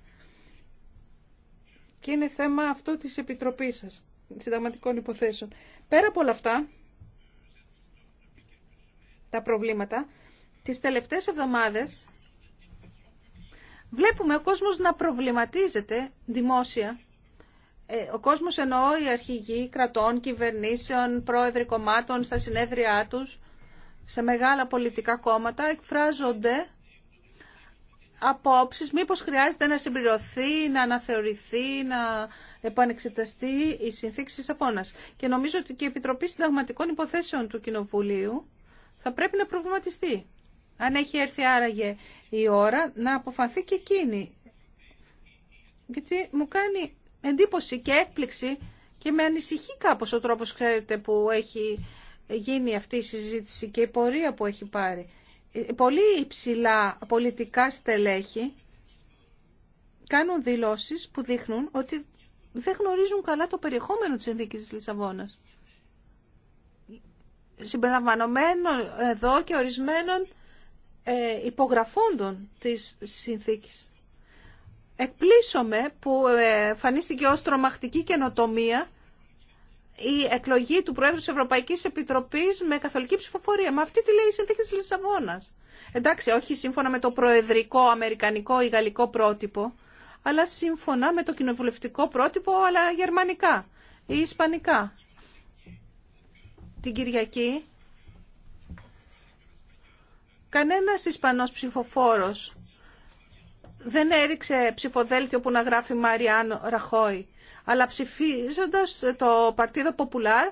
Και είναι θέμα αυτό τη Επιτροπή σα, συνταγματικών υποθέσεων. Πέρα από όλα αυτά, τα προβλήματα, τις τελευταίες εβδομάδες βλέπουμε ο κόσμος να προβληματίζεται δημόσια ε, ο κόσμος εννοώ οι αρχηγοί κρατών, κυβερνήσεων, πρόεδροι κομμάτων στα συνέδριά τους, σε μεγάλα πολιτικά κόμματα, εκφράζονται απόψεις, μήπως χρειάζεται να συμπληρωθεί, να αναθεωρηθεί, να επανεξεταστεί η συνθήκη της Αφώνας. Και νομίζω ότι και η Επιτροπή Συνταγματικών Υποθέσεων του Κοινοβουλίου θα πρέπει να προβληματιστεί. Αν έχει έρθει άραγε η ώρα να αποφανθεί και εκείνη. Γιατί μου κάνει εντύπωση και έκπληξη και με ανησυχεί κάπως ο τρόπος ξέρετε, που έχει γίνει αυτή η συζήτηση και η πορεία που έχει πάρει. Ε, πολύ υψηλά πολιτικά στελέχη κάνουν δηλώσεις που δείχνουν ότι δεν γνωρίζουν καλά το περιεχόμενο της συνθήκης της Λισαβόνας. Συμπεριλαμβανομένων εδώ και ορισμένων ε, υπογραφούντων της συνθήκης. Εκπλήσωμε που ε, φανίστηκε ως τρομακτική καινοτομία η εκλογή του Πρόεδρου της Ευρωπαϊκής Επιτροπής με καθολική ψηφοφορία. Μα αυτή τη λέει η συνθήκη της Λισαβόνας. Εντάξει, όχι σύμφωνα με το προεδρικό, αμερικανικό ή γαλλικό πρότυπο, αλλά σύμφωνα με το κοινοβουλευτικό πρότυπο, αλλά γερμανικά ή ισπανικά. Την Κυριακή, κανένας Ισπανός ψηφοφόρος δεν έριξε ψηφοδέλτιο που να γράφει Μαριάν Ραχόη, αλλά ψηφίζοντας το Παρτίδο Ποπουλάρ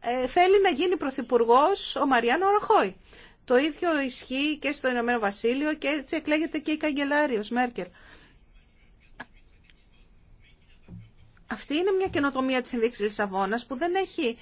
ε, θέλει να γίνει Πρωθυπουργό ο Μαριάν Ραχόη. Το ίδιο ισχύει και στο Ηνωμένο Βασίλειο και έτσι εκλέγεται και η καγκελάριος Μέρκελ. Αυτή είναι μια καινοτομία της ενδείξης της Σαββόνας που δεν έχει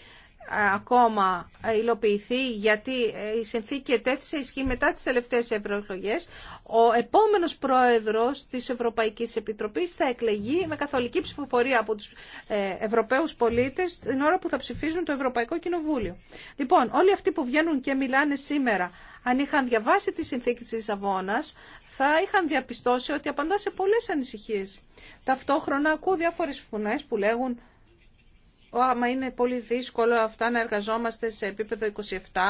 ακόμα υλοποιηθεί γιατί ε, η συνθήκη ετέθησε ισχύ μετά τις τελευταίες ευρωεκλογέ, ο επόμενος πρόεδρος της Ευρωπαϊκής Επιτροπής θα εκλεγεί με καθολική ψηφοφορία από τους ε, Ευρωπαίους πολίτες την ώρα που θα ψηφίζουν το Ευρωπαϊκό Κοινοβούλιο. Λοιπόν, όλοι αυτοί που βγαίνουν και μιλάνε σήμερα αν είχαν διαβάσει τη συνθήκη της Λισαβόνας, θα είχαν διαπιστώσει ότι απαντά σε πολλές ανησυχίες. Ταυτόχρονα ακούω διάφορες φωνές που λέγουν άμα είναι πολύ δύσκολο αυτά να εργαζόμαστε σε επίπεδο 27,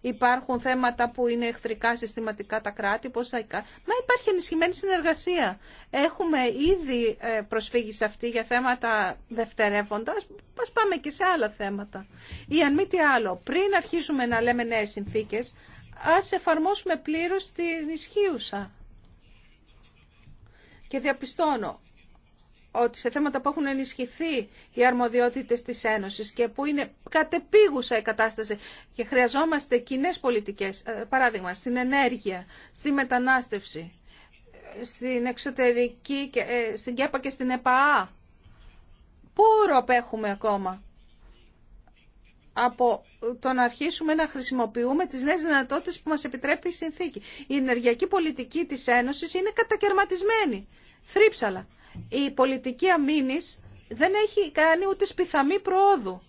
υπάρχουν θέματα που είναι εχθρικά συστηματικά τα κράτη, πώς θα... Μα υπάρχει ενισχυμένη συνεργασία. Έχουμε ήδη ε, προσφύγει σε αυτή για θέματα δευτερεύοντα, ας πάμε και σε άλλα θέματα. Ή αν μη τι άλλο, πριν αρχίσουμε να λέμε νέες συνθήκες, ας εφαρμόσουμε πλήρως την ισχύουσα. Και διαπιστώνω ότι σε θέματα που έχουν ενισχυθεί οι αρμοδιότητες της Ένωσης και που είναι κατεπίγουσα η κατάσταση και χρειαζόμαστε κοινέ πολιτικές, ε, παράδειγμα στην ενέργεια, στη μετανάστευση, στην εξωτερική, ε, στην ΚΕΠΑ και στην ΕΠΑΑ. Πού ροπέχουμε ακόμα από το να αρχίσουμε να χρησιμοποιούμε τις νέες δυνατότητες που μας επιτρέπει η συνθήκη. Η ενεργειακή πολιτική της Ένωσης είναι κατακαιρματισμένη, θρύψαλα η πολιτική αμήνης δεν έχει κάνει ούτε σπιθαμή προόδου.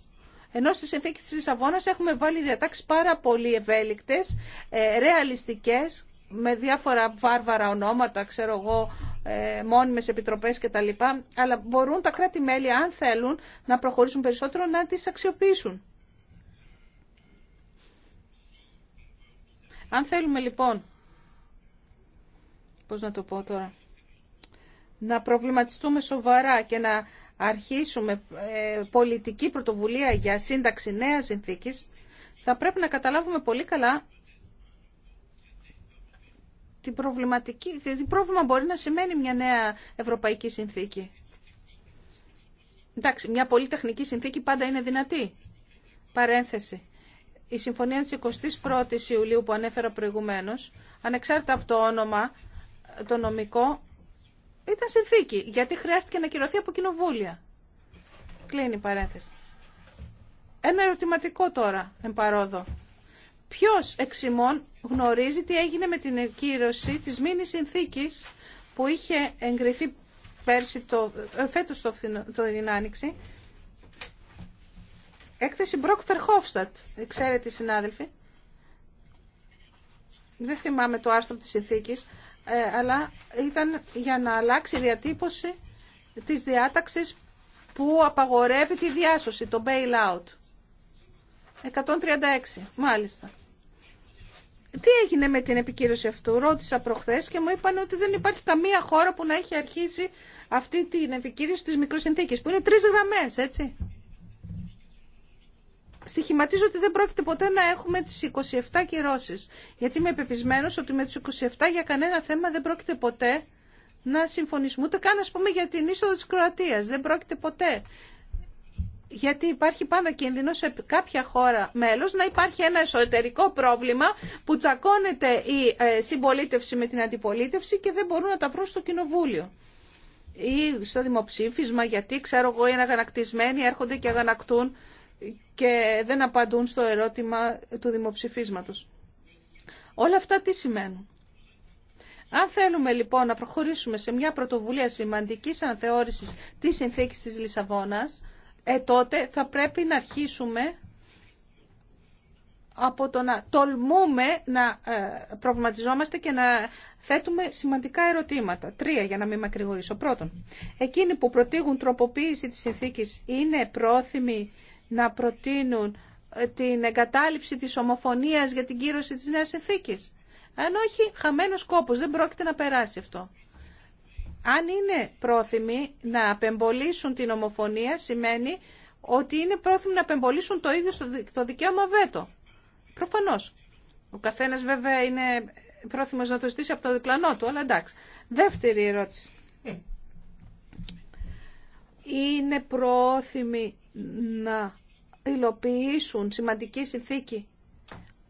Ενώ στη συνθήκη της Λισαβόνα έχουμε βάλει διατάξεις πάρα πολύ ευέλικτες, ε, ρεαλιστικές, με διάφορα βάρβαρα ονόματα, ξέρω εγώ, ε, μόνιμες επιτροπές κτλ. Αλλά μπορούν τα κράτη-μέλη, αν θέλουν, να προχωρήσουν περισσότερο, να τις αξιοποιήσουν. Αν θέλουμε λοιπόν, πώς να το πω τώρα, να προβληματιστούμε σοβαρά και να αρχίσουμε ε, πολιτική πρωτοβουλία για σύνταξη νέας συνθήκης, θα πρέπει να καταλάβουμε πολύ καλά τι, προβληματική, τι πρόβλημα μπορεί να σημαίνει μια νέα ευρωπαϊκή συνθήκη. Εντάξει, μια πολυτεχνική συνθήκη πάντα είναι δυνατή. Παρένθεση. Η συμφωνία της 21ης Ιουλίου που ανέφερα προηγουμένως, ανεξάρτητα από το όνομα, το νομικό, ήταν συνθήκη. Γιατί χρειάστηκε να κυρωθεί από κοινοβούλια. Κλείνει η παρένθεση. Ένα ερωτηματικό τώρα, εν παρόδο. Ποιος ημών γνωρίζει τι έγινε με την κύρωση της μήνης συνθήκης που είχε εγκριθεί πέρσι το, ε, φέτος το, το, την Άνοιξη. Έκθεση Μπροκ Φερχόφστατ, ξέρετε συνάδελφοι. Δεν θυμάμαι το άρθρο της συνθήκης, ε, αλλά ήταν για να αλλάξει η διατύπωση της διάταξης που απαγορεύει τη διάσωση, το bailout. 136, μάλιστα. Τι έγινε με την επικύρωση αυτού, ρώτησα προχθές και μου είπαν ότι δεν υπάρχει καμία χώρα που να έχει αρχίσει αυτή την επικύρωση της μικροσυνθήκης, που είναι τρεις γραμμές, έτσι στοιχηματίζω ότι δεν πρόκειται ποτέ να έχουμε τις 27 κυρώσεις. Γιατί είμαι πεπισμένο ότι με τις 27 για κανένα θέμα δεν πρόκειται ποτέ να συμφωνήσουμε. Ούτε καν, πούμε, για την είσοδο της Κροατίας. Δεν πρόκειται ποτέ. Γιατί υπάρχει πάντα κίνδυνο σε κάποια χώρα μέλος να υπάρχει ένα εσωτερικό πρόβλημα που τσακώνεται η ε, συμπολίτευση με την αντιπολίτευση και δεν μπορούν να τα βρουν στο κοινοβούλιο ή στο δημοψήφισμα γιατί ξέρω εγώ είναι αγανακτισμένοι, έρχονται και αγανακτούν και δεν απαντούν στο ερώτημα του δημοψηφίσματος. Όλα αυτά τι σημαίνουν. Αν θέλουμε λοιπόν να προχωρήσουμε σε μια πρωτοβουλία σημαντικής αναθεώρησης της συνθήκης της Λισαβόνας, ε, τότε θα πρέπει να αρχίσουμε από το να τολμούμε να ε, προβληματιζόμαστε και να θέτουμε σημαντικά ερωτήματα. Τρία για να μην μακρηγορήσω. Πρώτον, εκείνοι που προτείνουν τροποποίηση της συνθήκης είναι πρόθυμοι να προτείνουν ε, την εγκατάλειψη της ομοφωνίας για την κύρωση της νέας συνθήκης. Αν όχι, χαμένος κόπος, δεν πρόκειται να περάσει αυτό. Αν είναι πρόθυμοι να απεμπολίσουν την ομοφωνία, σημαίνει ότι είναι πρόθυμοι να απεμπολίσουν το ίδιο το δικαίωμα βέτο. Προφανώς. Ο καθένας βέβαια είναι πρόθυμος να το ζητήσει από το διπλανό του, αλλά εντάξει. Δεύτερη ερώτηση. Ε. Είναι πρόθυμοι να υλοποιήσουν σημαντική συνθήκη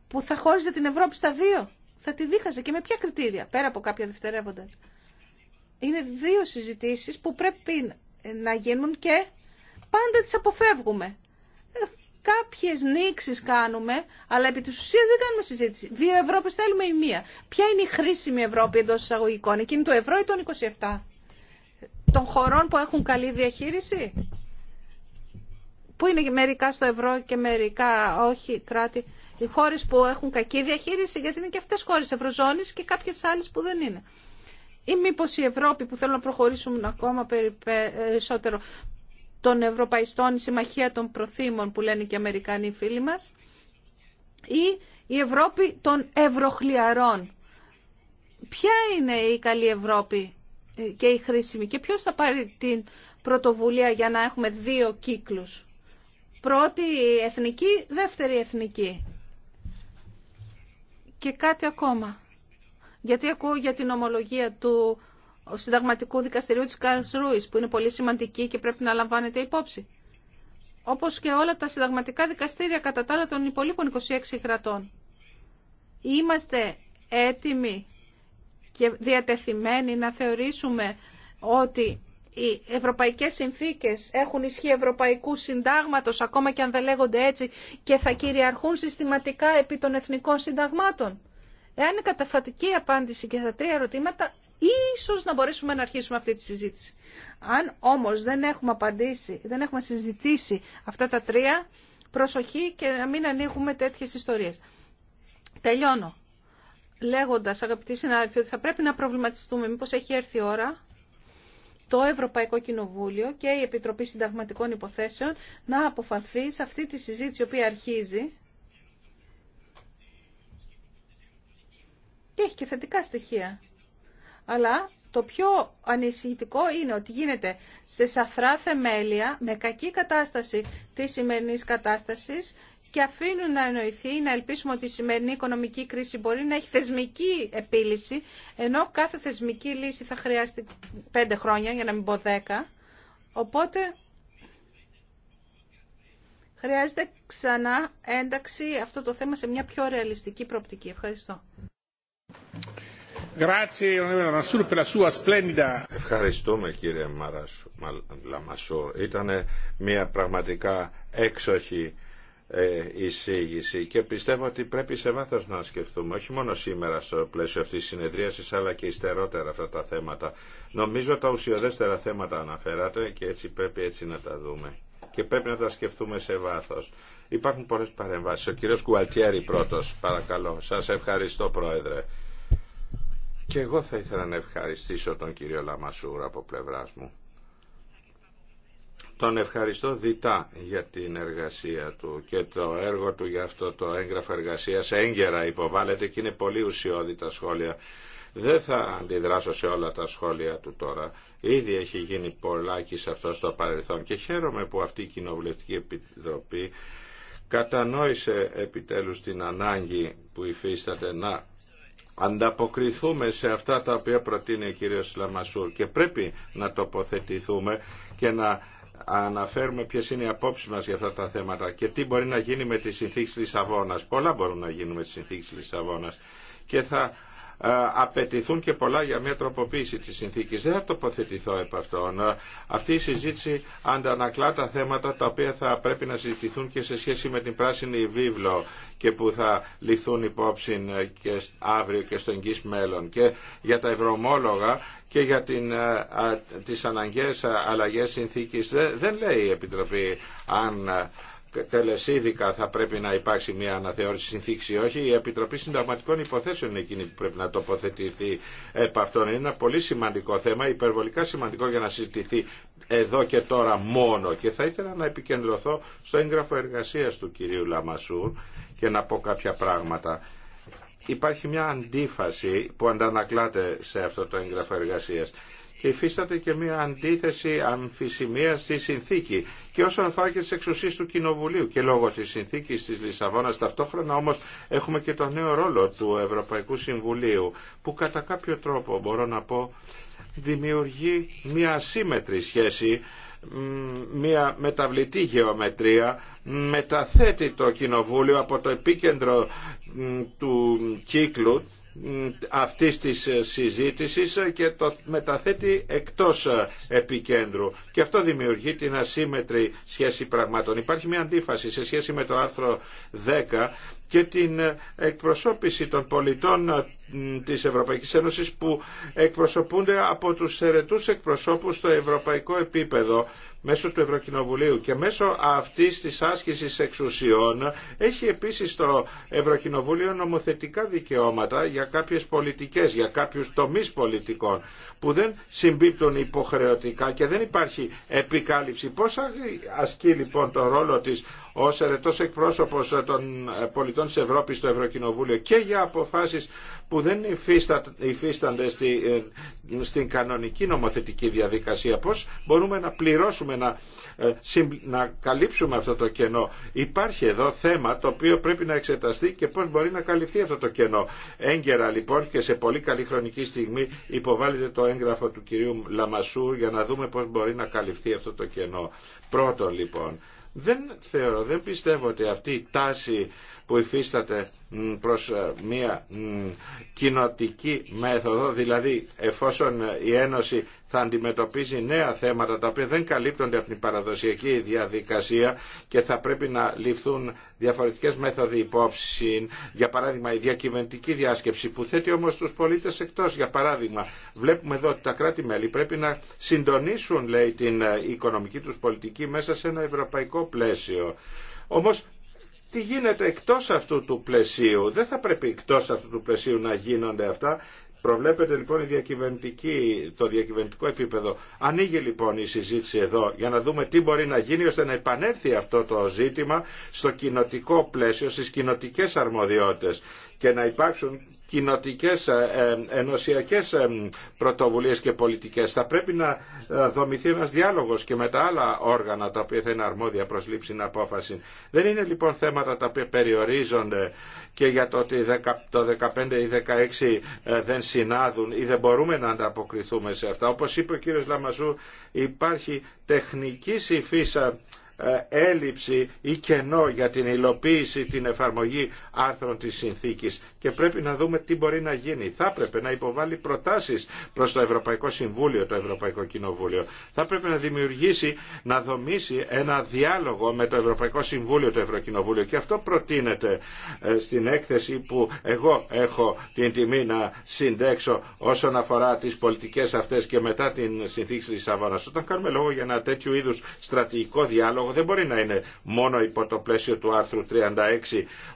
που θα χώριζε την Ευρώπη στα δύο. Θα τη δίχαζε και με ποια κριτήρια, πέρα από κάποια δευτερεύοντα. Είναι δύο συζητήσεις που πρέπει να γίνουν και πάντα τις αποφεύγουμε. Ε, κάποιες νήξεις κάνουμε, αλλά επί της ουσίας δεν κάνουμε συζήτηση. Δύο Ευρώπες θέλουμε η μία. Ποια είναι η χρήσιμη Ευρώπη εντό εισαγωγικών, εκείνη του ευρώ ή των 27 των χωρών που έχουν καλή διαχείριση που είναι μερικά στο ευρώ και μερικά όχι κράτη, οι χωρε που έχουν κακή διαχείριση, γιατί είναι και αυτε χωρε ευρωζώνη και καποιε αλλε που δεν είναι. Ή μήπω η Ευρώπη που θέλουν να προχωρήσουν ακόμα περισσότερο των Ευρωπαϊστών, η Συμμαχία των Προθήμων που λένε και οι Αμερικανοί φίλοι μα ή η Ευρώπη των Ευρωχλιαρών. Ποια είναι η καλή Ευρώπη και η χρήσιμη και ποιος θα πάρει την πρωτοβουλία για να έχουμε δύο κύκλους. Πρώτη εθνική, δεύτερη εθνική. Και κάτι ακόμα. Γιατί ακούω για την ομολογία του Συνταγματικού Δικαστηρίου της Καρσρούης, που είναι πολύ σημαντική και πρέπει να λαμβάνεται υπόψη. Όπως και όλα τα συνταγματικά δικαστήρια κατά τα άλλα των υπολείπων 26 κρατών. Είμαστε έτοιμοι και διατεθειμένοι να θεωρήσουμε ότι οι ευρωπαϊκές συνθήκες έχουν ισχύ ευρωπαϊκού συντάγματος, ακόμα και αν δεν λέγονται έτσι, και θα κυριαρχούν συστηματικά επί των εθνικών συνταγμάτων. Εάν είναι καταφατική απάντηση και στα τρία ερωτήματα, ίσως να μπορέσουμε να αρχίσουμε αυτή τη συζήτηση. Αν όμως δεν έχουμε απαντήσει, δεν έχουμε συζητήσει αυτά τα τρία, προσοχή και να μην ανοίγουμε τέτοιες ιστορίες. Τελειώνω. Λέγοντας, αγαπητοί συνάδελφοι, ότι θα πρέπει να προβληματιστούμε μήπως έχει έρθει η ώρα το Ευρωπαϊκό Κοινοβούλιο και η Επιτροπή Συνταγματικών Υποθέσεων να αποφανθεί σε αυτή τη συζήτηση η οποία αρχίζει και έχει και θετικά στοιχεία. Αλλά το πιο ανησυχητικό είναι ότι γίνεται σε σαφρά θεμέλια, με κακή κατάσταση της σημερινής κατάστασης, και αφήνουν να εννοηθεί, να ελπίσουμε ότι η σημερινή οικονομική κρίση μπορεί να έχει θεσμική επίλυση, ενώ κάθε θεσμική λύση θα χρειάζεται πέντε χρόνια, για να μην πω δέκα. Οπότε χρειάζεται ξανά ένταξη αυτό το θέμα σε μια πιο ρεαλιστική προοπτική. Ευχαριστώ. Ευχαριστούμε κύριε Λαμασούρ. Ήταν μια πραγματικά έξοχη ε, εισήγηση και πιστεύω ότι πρέπει σε βάθος να σκεφτούμε όχι μόνο σήμερα στο πλαίσιο αυτής της συνεδρίασης αλλά και ιστερότερα αυτά τα θέματα. Νομίζω τα ουσιοδέστερα θέματα αναφέρατε και έτσι πρέπει έτσι να τα δούμε και πρέπει να τα σκεφτούμε σε βάθος. Υπάρχουν πολλές παρεμβάσεις. Ο κύριος Κουαλτιέρη πρώτος, παρακαλώ. Σας ευχαριστώ Πρόεδρε. Και εγώ θα ήθελα να ευχαριστήσω τον κύριο Λαμασούρα από πλευράς μου τον ευχαριστώ διτά για την εργασία του και το έργο του για αυτό το έγγραφο εργασίας έγκαιρα υποβάλλεται και είναι πολύ ουσιώδη τα σχόλια. Δεν θα αντιδράσω σε όλα τα σχόλια του τώρα. Ήδη έχει γίνει πολλά και σε αυτό στο παρελθόν και χαίρομαι που αυτή η Κοινοβουλευτική Επιτροπή κατανόησε επιτέλους την ανάγκη που υφίσταται να ανταποκριθούμε σε αυτά τα οποία προτείνει ο κύριος Λαμασούρ και πρέπει να τοποθετηθούμε και να αναφέρουμε ποιες είναι οι απόψεις μας για αυτά τα θέματα και τι μπορεί να γίνει με τις συνθήκες Λισαβόνας. Πολλά μπορούν να γίνουν με τις συνθήκες Λισαβόνας. Και θα ε, απαιτηθούν και πολλά για μια τροποποίηση της συνθήκης. Δεν θα τοποθετηθώ επ' Αυτή η συζήτηση αντανακλά τα θέματα τα οποία θα πρέπει να συζητηθούν και σε σχέση με την πράσινη βίβλο και που θα ληφθούν υπόψη και αύριο και στο εγγύς μέλλον. Και για τα ευρωομόλογα και για την, ε, τις αναγκαίες αλλαγές συνθήκης δεν, δεν λέει η Επιτροπή αν τελεσίδικα θα πρέπει να υπάρξει μια αναθεώρηση συνθήκη ή όχι. Η Επιτροπή Συνταγματικών Υποθέσεων είναι εκείνη που πρέπει να τοποθετηθεί επ' αυτόν. Είναι ένα πολύ σημαντικό θέμα, υπερβολικά σημαντικό για να συζητηθεί εδώ και τώρα μόνο. Και θα ήθελα να επικεντρωθώ στο έγγραφο εργασία του κυρίου Λαμασούρ και να πω κάποια πράγματα. Υπάρχει μια αντίφαση που αντανακλάται σε αυτό το έγγραφο εργασίας υφίσταται και μια αντίθεση αμφισημία στη συνθήκη και όσον αφορά και τι εξουσίε του Κοινοβουλίου και λόγω τη συνθήκη τη Λισαβόνα ταυτόχρονα όμω έχουμε και το νέο ρόλο του Ευρωπαϊκού Συμβουλίου που κατά κάποιο τρόπο μπορώ να πω δημιουργεί μια ασύμετρη σχέση μια μεταβλητή γεωμετρία μεταθέτει το κοινοβούλιο από το επίκεντρο του κύκλου αυτής της ε, συζήτησης και το μεταθέτει εκτός ε, επικέντρου. Και αυτό δημιουργεί την ασύμετρη σχέση πραγμάτων. Υπάρχει μια αντίφαση σε σχέση με το άρθρο 10 και την εκπροσώπηση των πολιτών ε, της Ευρωπαϊκής Ένωσης που εκπροσωπούνται από τους ερετούς εκπροσώπους στο ευρωπαϊκό επίπεδο μέσω του Ευρωκοινοβουλίου και μέσω αυτής της άσκησης εξουσιών έχει επίσης το Ευρωκοινοβούλιο νομοθετικά δικαιώματα για κάποιες πολιτικές, για κάποιους τομείς πολιτικών που δεν συμπίπτουν υποχρεωτικά και δεν υπάρχει επικάλυψη. Πώς ασκεί λοιπόν το ρόλο της ω ερετό εκπρόσωπος ε, των ε, πολιτών τη Ευρώπη στο Ευρωκοινοβούλιο και για αποφάσεις που δεν υφίστανται στη, ε, στην κανονική νομοθετική διαδικασία. Πώς μπορούμε να πληρώσουμε, να, να καλύψουμε αυτό το κενό. Υπάρχει εδώ θέμα το οποίο πρέπει να εξεταστεί και πώς μπορεί να καλυφθεί αυτό το κενό. Έγκαιρα λοιπόν και σε πολύ καλή χρονική στιγμή υποβάλλεται το έγγραφο του κυρίου Λαμασού για να δούμε πώ μπορεί να καλυφθεί αυτό το κενό. Πρώτον λοιπόν, δεν θεωρώ, δεν πιστεύω ότι αυτή η τάση που υφίσταται προς ε, μια κοινοτική μέθοδο, δηλαδή εφόσον η Ένωση θα αντιμετωπίζει νέα θέματα τα οποία δεν καλύπτονται από την παραδοσιακή διαδικασία και θα πρέπει να ληφθούν διαφορετικές μέθοδοι υπόψη. Για παράδειγμα, η διακυβερνητική διάσκεψη που θέτει όμως τους πολίτες εκτός. Για παράδειγμα, βλέπουμε εδώ ότι τα κράτη-μέλη πρέπει να συντονίσουν, λέει, την ε, οικονομική τους πολιτική μέσα σε ένα ευρωπαϊκό πλαίσιο. Όμως τι γίνεται εκτός αυτού του πλαισίου. Δεν θα πρέπει εκτός αυτού του πλαισίου να γίνονται αυτά. Προβλέπεται λοιπόν η διακυβερνητική, το διακυβερνητικό επίπεδο. Ανοίγει λοιπόν η συζήτηση εδώ για να δούμε τι μπορεί να γίνει ώστε να επανέλθει αυτό το ζήτημα στο κοινοτικό πλαίσιο, στις κοινοτικέ αρμοδιότητες και να υπάρξουν κοινοτικές ε, ε, ενωσιακές ε, πρωτοβουλίες και πολιτικές. Θα πρέπει να δομηθεί ένας διάλογος και με τα άλλα όργανα τα οποία θα είναι αρμόδια προς λήψη απόφαση. Δεν είναι λοιπόν θέματα τα οποία περιορίζονται και για το ότι το 15 ή 16 δεν συνάδουν ή δεν μπορούμε να ανταποκριθούμε σε αυτά. Όπως είπε ο κύριος Λαμαζού υπάρχει τεχνική υφή ε, έλλειψη ή κενό για την υλοποίηση την εφαρμογή άρθρων της συνθήκης και πρέπει να δούμε τι μπορεί να γίνει. Θα έπρεπε να υποβάλει προτάσει προ το Ευρωπαϊκό Συμβούλιο, το Ευρωπαϊκό Κοινοβούλιο. Θα έπρεπε να δημιουργήσει, να δομήσει ένα διάλογο με το Ευρωπαϊκό Συμβούλιο, το Ευρωκοινοβούλιο. Και αυτό προτείνεται ε, στην έκθεση που εγώ έχω την τιμή να συντέξω όσον αφορά τι πολιτικέ αυτέ και μετά την συνθήκη τη Λισαβόνας. Όταν κάνουμε λόγο για ένα τέτοιο είδου στρατηγικό διάλογο δεν μπορεί να είναι μόνο υπό το πλαίσιο του άρθρου 36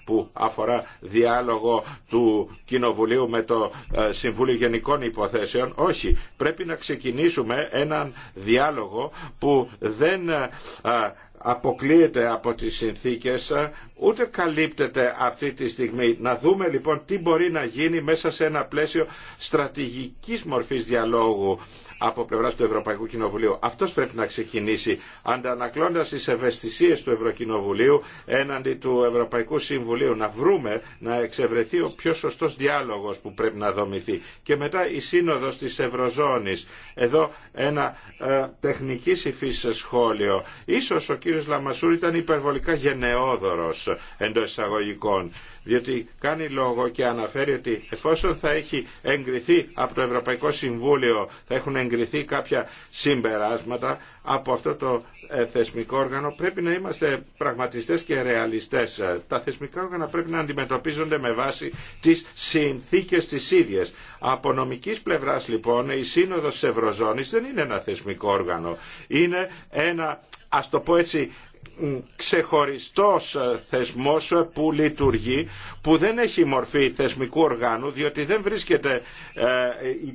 που αφορά διάλογο του Κοινοβουλίου με το ε, Συμβούλιο Γενικών Υποθέσεων. Όχι, πρέπει να ξεκινήσουμε έναν διάλογο που δεν ε, ε, αποκλείεται από τις συνθήκες ούτε καλύπτεται αυτή τη στιγμή. Να δούμε λοιπόν τι μπορεί να γίνει μέσα σε ένα πλαίσιο στρατηγικής μορφής διαλόγου από πλευρά του Ευρωπαϊκού Κοινοβουλίου. Αυτό πρέπει να ξεκινήσει, αντανακλώντα τι ευαισθησίε του Ευρωκοινοβουλίου έναντι του Ευρωπαϊκού Συμβουλίου. Να βρούμε, να εξευρεθεί ο πιο σωστό διάλογο που πρέπει να δομηθεί. Και μετά η Σύνοδο τη Ευρωζώνη. Εδώ ένα ε, τεχνική υφή σχόλιο. Ίσως ο κύριο Λαμασούρ ήταν υπερβολικά γενναιόδωρο εντό εισαγωγικών, διότι κάνει λόγο και αναφέρει ότι εφόσον θα έχει εγκριθεί από το Ευρωπαϊκό Συμβούλιο, θα έχουν εγκριθεί κάποια συμπεράσματα από αυτό το ε, θεσμικό όργανο πρέπει να είμαστε πραγματιστές και ρεαλιστές. Τα θεσμικά όργανα πρέπει να αντιμετωπίζονται με βάση τις συνθήκες τις ίδιες. Από νομική πλευράς λοιπόν η Σύνοδος της Ευρωζώνης δεν είναι ένα θεσμικό όργανο. Είναι ένα ας το πω έτσι ξεχωριστός θεσμός που λειτουργεί, που δεν έχει μορφή θεσμικού οργάνου, διότι δεν βρίσκεται ε,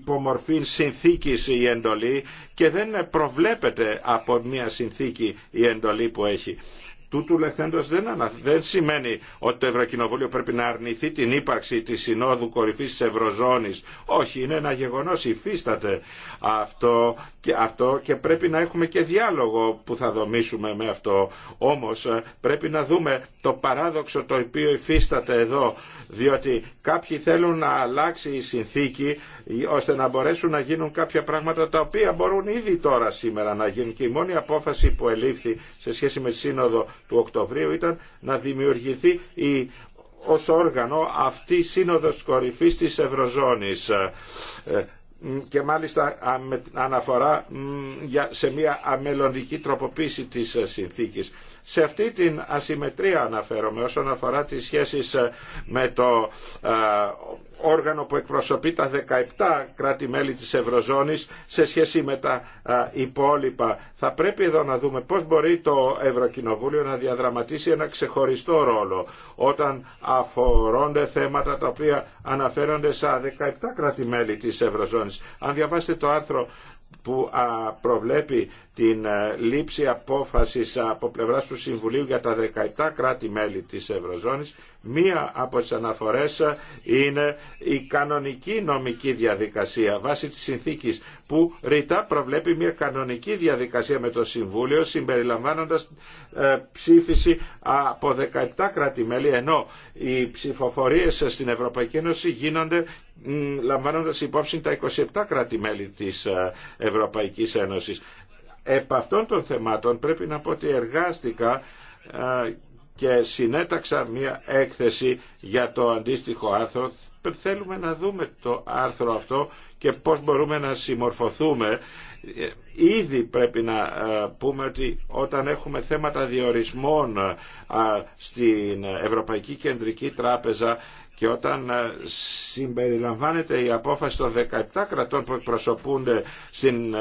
μορφή συνθήκης η εντολή και δεν προβλέπεται από μια συνθήκη η εντολή που έχει. Τούτου λεχθέντος δεν, δεν σημαίνει ότι το Ευρωκοινοβούλιο πρέπει να αρνηθεί την ύπαρξη της Συνόδου Κορυφής της Ευρωζώνης. Όχι, είναι ένα γεγονός, υφίσταται αυτό και, αυτό και πρέπει να έχουμε και διάλογο που θα δομήσουμε με αυτό. Όμως ε, πρέπει να δούμε το παράδοξο το οποίο υφίσταται εδώ, διότι κάποιοι θέλουν να αλλάξει η συνθήκη ώστε να μπορέσουν να γίνουν κάποια πράγματα τα οποία μπορούν ήδη τώρα σήμερα να γίνουν. Και η μόνη απόφαση που ελήφθη σε σχέση με τη Σύνοδο του Οκτωβρίου ήταν να δημιουργηθεί η ως όργανο αυτή η Σύνοδος Κορυφής της Ευρωζώνης ε, και μάλιστα αναφορά σε μια αμελλοντική τροποποίηση της ε, συνθήκης. Σε αυτή την ασυμμετρία αναφέρομαι όσον αφορά τις σχέσεις ε, με το όργανο που εκπροσωπεί τα 17 κράτη-μέλη της Ευρωζώνης σε σχέση με τα υπόλοιπα. Θα πρέπει εδώ να δούμε πώς μπορεί το Ευρωκοινοβούλιο να διαδραματίσει ένα ξεχωριστό ρόλο όταν αφορώνται θέματα τα οποία αναφέρονται στα 17 κράτη-μέλη της Ευρωζώνης. Αν διαβάσετε το άρθρο που προβλέπει την ε, λήψη απόφασης από πλευράς του Συμβουλίου για τα 17 κράτη-μέλη της Ευρωζώνης. Μία από τις αναφορές ε, είναι η κανονική νομική διαδικασία βάσει της συνθήκης που ρητά προβλέπει μια κανονική διαδικασία με το Συμβούλιο συμπεριλαμβάνοντας ε, ψήφιση από 17 κράτη-μέλη ενώ οι ψηφοφορίες στην Ευρωπαϊκή Ένωση γίνονται λαμβάνοντας υπόψη τα 27 κράτη-μέλη της ε, Ευρωπαϊκής Ένωσης. Επ' αυτών των θεμάτων πρέπει να πω ότι εργάστηκα ε, και συνέταξα μια έκθεση για το αντίστοιχο άρθρο. Θέλουμε να δούμε το άρθρο αυτό και πώς μπορούμε να συμμορφωθούμε. Ήδη πρέπει να ε, πούμε ότι όταν έχουμε θέματα διορισμών στην Ευρωπαϊκή Κεντρική Τράπεζα και όταν ε, συμπεριλαμβάνεται η απόφαση των 17 κρατών που εκπροσωπούνται στην ε,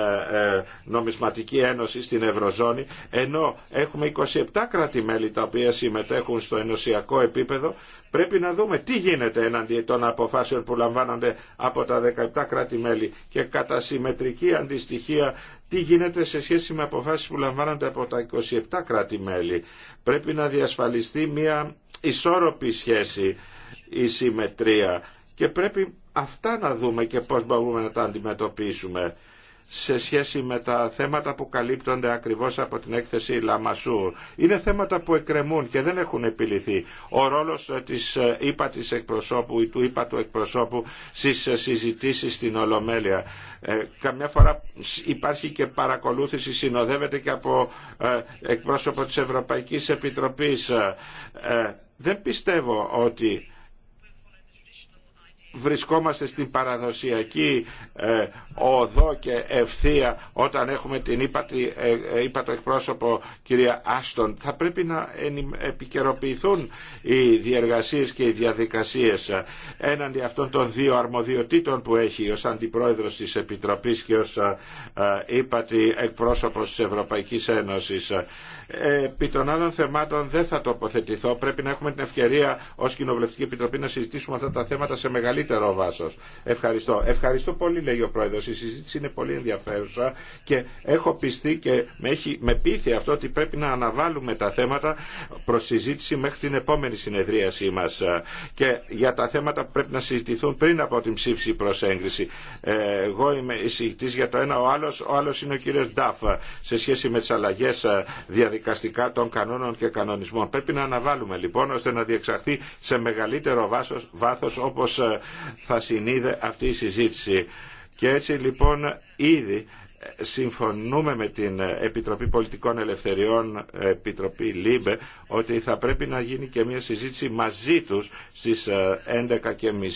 ε, νομισματική ένωση, στην Ευρωζώνη, ενώ έχουμε 27 κράτη-μέλη τα οποία συμμετέχουν στο ενωσιακό επίπεδο, πρέπει να δούμε τι γίνεται εναντί των αποφάσεων που λαμβάνονται από τα 17 κράτη-μέλη και κατά συμμετρική αντιστοιχεία τι γίνεται σε σχέση με αποφάσεις που λαμβάνονται από τα 27 κράτη-μέλη. Πρέπει να διασφαλιστεί μια ισόρροπη σχέση η συμμετρία και πρέπει αυτά να δούμε και πώς μπορούμε να τα αντιμετωπίσουμε σε σχέση με τα θέματα που καλύπτονται ακριβώς από την έκθεση Λαμασού. Είναι θέματα που εκκρεμούν και δεν έχουν επιληθεί. Ο ρόλος ε, της ΥΠΑ ε, της εκπροσώπου ή του ΥΠΑ του εκπροσώπου στις ε, συζητήσεις στην Ολομέλεια. καμιά φορά υπάρχει και παρακολούθηση, συνοδεύεται και από εκπρόσωπο της Ευρωπαϊκής Επιτροπής. δεν πιστεύω ότι βρισκόμαστε στην παραδοσιακή ε, οδό και ευθεία όταν έχουμε την ύπατη, ε, ε, ύπατο εκπρόσωπο κυρία Άστον. Θα πρέπει να επικαιροποιηθούν οι διεργασίες και οι διαδικασίες έναντι αυτών των δύο αρμοδιοτήτων που έχει ως Αντιπρόεδρος της Επιτροπής και ως ύπατη εκπρόσωπος της Ευρωπαϊκής Ένωσης. Επί των άλλων θεμάτων δεν θα τοποθετηθώ. Πρέπει να έχουμε την ευκαιρία ω Κοινοβουλευτική Επιτροπή να συζητήσουμε αυτά τα θέματα σε μεγαλύτερο βάσο. Ευχαριστώ. Ευχαριστώ πολύ, λέει ο Πρόεδρο. Η συζήτηση είναι πολύ ενδιαφέρουσα και έχω πιστεί και με, έχει, με πείθει αυτό ότι πρέπει να αναβάλουμε τα θέματα προ συζήτηση μέχρι την επόμενη συνεδρίασή μα. Και για τα θέματα που πρέπει να συζητηθούν πριν από την ψήφιση προ έγκριση. Ε, εγώ είμαι εισηγητή για το ένα, ο άλλο ο άλλος είναι ο κύριο Ντάφ σε σχέση με τι αλλαγέ ε, διαδικασία διαδικαστικά των κανόνων και κανονισμών. Πρέπει να αναβάλουμε λοιπόν ώστε να διεξαχθεί σε μεγαλύτερο βάσος, βάθος όπως ε, θα συνείδε αυτή η συζήτηση. Και έτσι λοιπόν ήδη ε, συμφωνούμε με την Επιτροπή Πολιτικών Ελευθεριών, ε, Επιτροπή ΛΥΜΠΕ, ότι θα πρέπει να γίνει και μια συζήτηση μαζί τους στις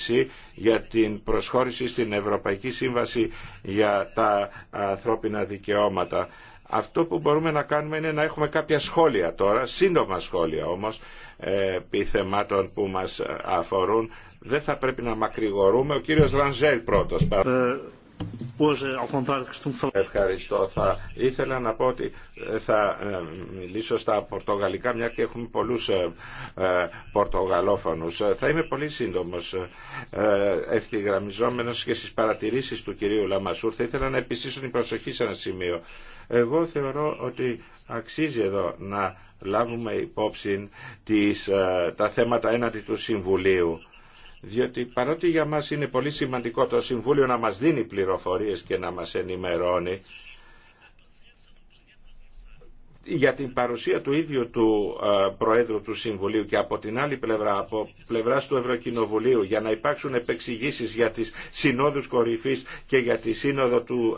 11.30 για την προσχώρηση στην Ευρωπαϊκή Σύμβαση για τα ανθρώπινα δικαιώματα. Αυτό που μπορούμε να κάνουμε είναι να έχουμε κάποια σχόλια τώρα, σύντομα σχόλια όμως, ε, θεμάτων που μας αφορούν. Δεν θα πρέπει να μακρηγορούμε. Ο κύριος Ρανζέλ πρώτος. Ε, ε, Ευχαριστώ. Θα ήθελα να πω ότι θα μιλήσω στα πορτογαλικά, μια και έχουμε πολλούς πορτογαλόφωνους. Θα είμαι πολύ σύντομος, ευθυγραμμιζόμενος και στις παρατηρήσεις του κυρίου Λαμασούρ. Θα ήθελα να επισήσω την προσοχή σε ένα σημείο. Εγώ θεωρώ ότι αξίζει εδώ να λάβουμε υπόψη τις, ε, τα θέματα έναντι του Συμβουλίου. Διότι παρότι για μας είναι πολύ σημαντικό το Συμβούλιο να μας δίνει πληροφορίες και να μας ενημερώνει, για την παρουσία του ίδιου του ε, Προέδρου του Συμβουλίου και από την άλλη πλευρά, από πλευρά του Ευρωκοινοβουλίου, για να υπάρξουν επεξηγήσει για τι συνόδου κορυφή και για τη σύνοδο του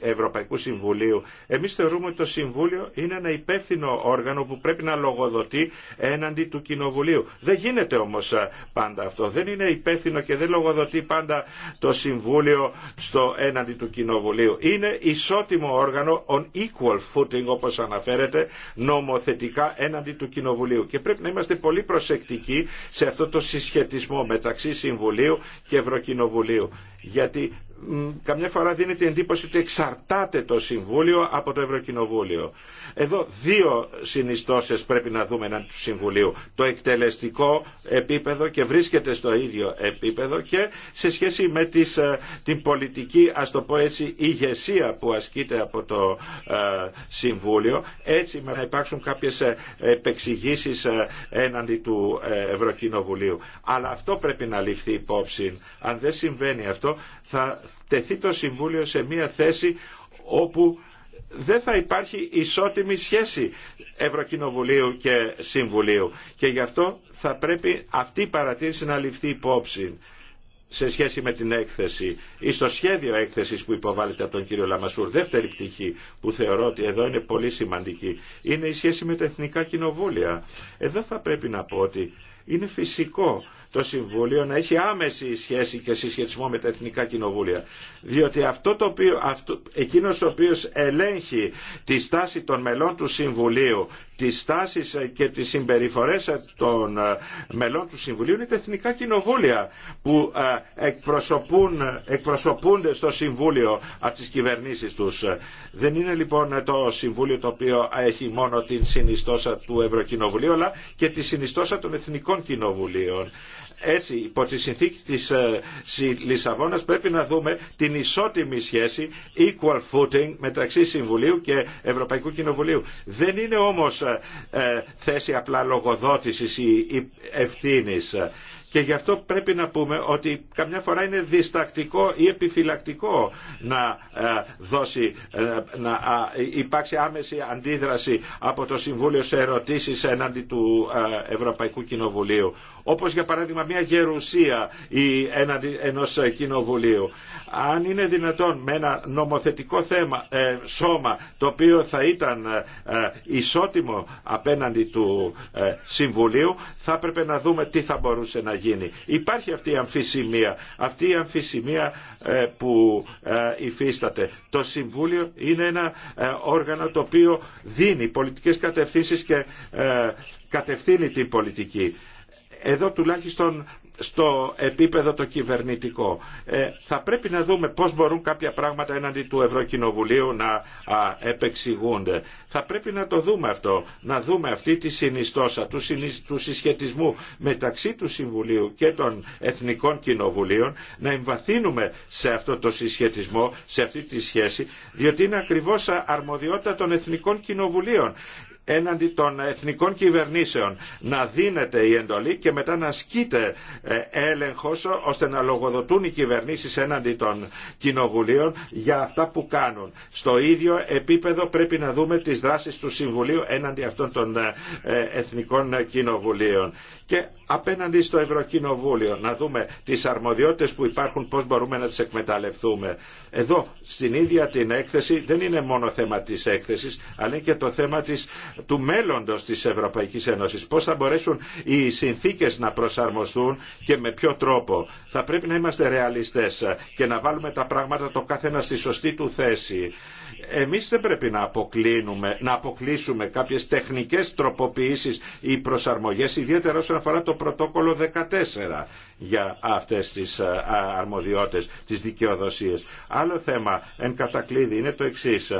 ε, Ευρωπαϊκού Συμβουλίου. Εμεί θεωρούμε ότι το Συμβούλιο είναι ένα υπεύθυνο όργανο που πρέπει να λογοδοτεί έναντι του Κοινοβουλίου. Δεν γίνεται όμω ε, πάντα αυτό. Δεν είναι υπεύθυνο και δεν λογοδοτεί πάντα το Συμβούλιο στο έναντι του Κοινοβουλίου. Είναι ισότιμο όργανο on equal footing όπω αναφέρω αναφέρεται νομοθετικά έναντι του Κοινοβουλίου. Και πρέπει να είμαστε πολύ προσεκτικοί σε αυτό το συσχετισμό μεταξύ Συμβουλίου και Ευρωκοινοβουλίου. Γιατί καμιά φορά δίνει την εντύπωση ότι εξαρτάται το Συμβούλιο από το Ευρωκοινοβούλιο. Εδώ δύο συνιστώσεις πρέπει να δούμε έναν του Συμβουλίου. Το εκτελεστικό επίπεδο και βρίσκεται στο ίδιο επίπεδο και σε σχέση με τις, ε, την πολιτική, ας το πω έτσι, ηγεσία που ασκείται από το ε, Συμβούλιο, έτσι να υπάρξουν κάποιες ε, επεξηγήσεις έναντι του ε, Ευρωκοινοβουλίου. Αλλά αυτό πρέπει να ληφθεί υπόψη. Αν δεν συμβαίνει αυτό, θα τεθεί το Συμβούλιο σε μια θέση όπου δεν θα υπάρχει ισότιμη σχέση Ευρωκοινοβουλίου και Συμβουλίου. Και γι' αυτό θα πρέπει αυτή η παρατήρηση να ληφθεί υπόψη σε σχέση με την έκθεση ή στο σχέδιο έκθεσης που υποβάλλεται από τον κύριο Λαμασούρ. Δεύτερη πτυχή που θεωρώ ότι εδώ είναι πολύ σημαντική είναι η σχέση με τα εθνικά κοινοβούλια. Εδώ θα πρέπει να πω ότι είναι φυσικό το Συμβούλιο να έχει άμεση σχέση και συσχετισμό με τα Εθνικά Κοινοβούλια. Διότι αυτό το οποίο, αυτό, εκείνος ο οποίος ελέγχει τη στάση των μελών του Συμβουλίου, τη στάση και τις συμπεριφορές των ε, μελών του Συμβουλίου είναι τα Εθνικά Κοινοβούλια που ε, εκπροσωπούν, εκπροσωπούνται στο Συμβούλιο από τις κυβερνήσεις τους. Δεν είναι λοιπόν το Συμβούλιο το οποίο έχει μόνο την συνιστόσα του Ευρωκοινοβουλίου αλλά και τη συνιστόσα των Εθνικών Κοινοβουλίων έτσι υπό τη συνθήκη της ε, Λισαβόνας πρέπει να δούμε την ισότιμη σχέση equal footing μεταξύ Συμβουλίου και Ευρωπαϊκού Κοινοβουλίου. Δεν είναι όμως ε, ε, θέση απλά λογοδότησης ή ευθύνης. Και γι' αυτό πρέπει να πούμε ότι καμιά φορά είναι διστακτικό ή επιφυλακτικό να ε, δώσει, ε, να υπάρξει άμεση αντίδραση από το Συμβούλιο σε ερωτήσεις εναντί του ε, Ευρωπαϊκού Κοινοβουλίου. Όπως για παράδειγμα μια γερουσία ή εναντί ενός κοινοβουλίου. Αν είναι δυνατόν με ένα νομοθετικό θέμα, σώμα το οποίο θα ήταν ισότιμο απέναντι του Συμβουλίου θα έπρεπε να δούμε τι θα μπορούσε να γίνει γίνει. Υπάρχει αυτή η αμφισημία. Αυτή η αμφισημία ε, που ε, υφίσταται. Το Συμβούλιο είναι ένα ε, όργανο το οποίο δίνει πολιτικές κατευθύνσεις και κατευθύνει την πολιτική. Εδώ τουλάχιστον στο επίπεδο το κυβερνητικό. Ε, θα πρέπει να δούμε πώς μπορούν κάποια πράγματα έναντι του Ευρωκοινοβουλίου να α, επεξηγούνται. Θα πρέπει να το δούμε αυτό, να δούμε αυτή τη συνιστόσα του, του συσχετισμού μεταξύ του Συμβουλίου και των Εθνικών Κοινοβουλίων, να εμβαθύνουμε σε αυτό το συσχετισμό, σε αυτή τη σχέση, διότι είναι ακριβώς αρμοδιότητα των Εθνικών Κοινοβουλίων έναντι των εθνικών κυβερνήσεων να δίνεται η εντολή και μετά να ασκείται ε, έλεγχος ώστε να λογοδοτούν οι κυβερνήσεις έναντι των κοινοβουλίων για αυτά που κάνουν. Στο ίδιο επίπεδο πρέπει να δούμε τις δράσεις του Συμβουλίου έναντι αυτών των ε, εθνικών κοινοβουλίων. Και απέναντι στο Ευρωκοινοβούλιο, να δούμε τις αρμοδιότητες που υπάρχουν, πώς μπορούμε να τις εκμεταλλευτούμε. Εδώ, στην ίδια την έκθεση, δεν είναι μόνο θέμα της έκθεσης, αλλά είναι και το θέμα της, του μέλλοντος της Ευρωπαϊκής Ένωσης. Πώς θα μπορέσουν οι συνθήκες να προσαρμοστούν και με ποιο τρόπο. Θα πρέπει να είμαστε ρεαλιστές και να βάλουμε τα πράγματα το κάθε ένα στη σωστή του θέση. Εμείς δεν πρέπει να, αποκλίνουμε, να αποκλείσουμε κάποιες τεχνικές τροποποιήσεις ή προσαρμογές, ιδιαίτερα όσον αφορά το πρωτόκολλο 14 για αυτές τις αρμοδιότητες, τις δικαιοδοσίες. Άλλο θέμα εν κατακλείδη είναι το εξής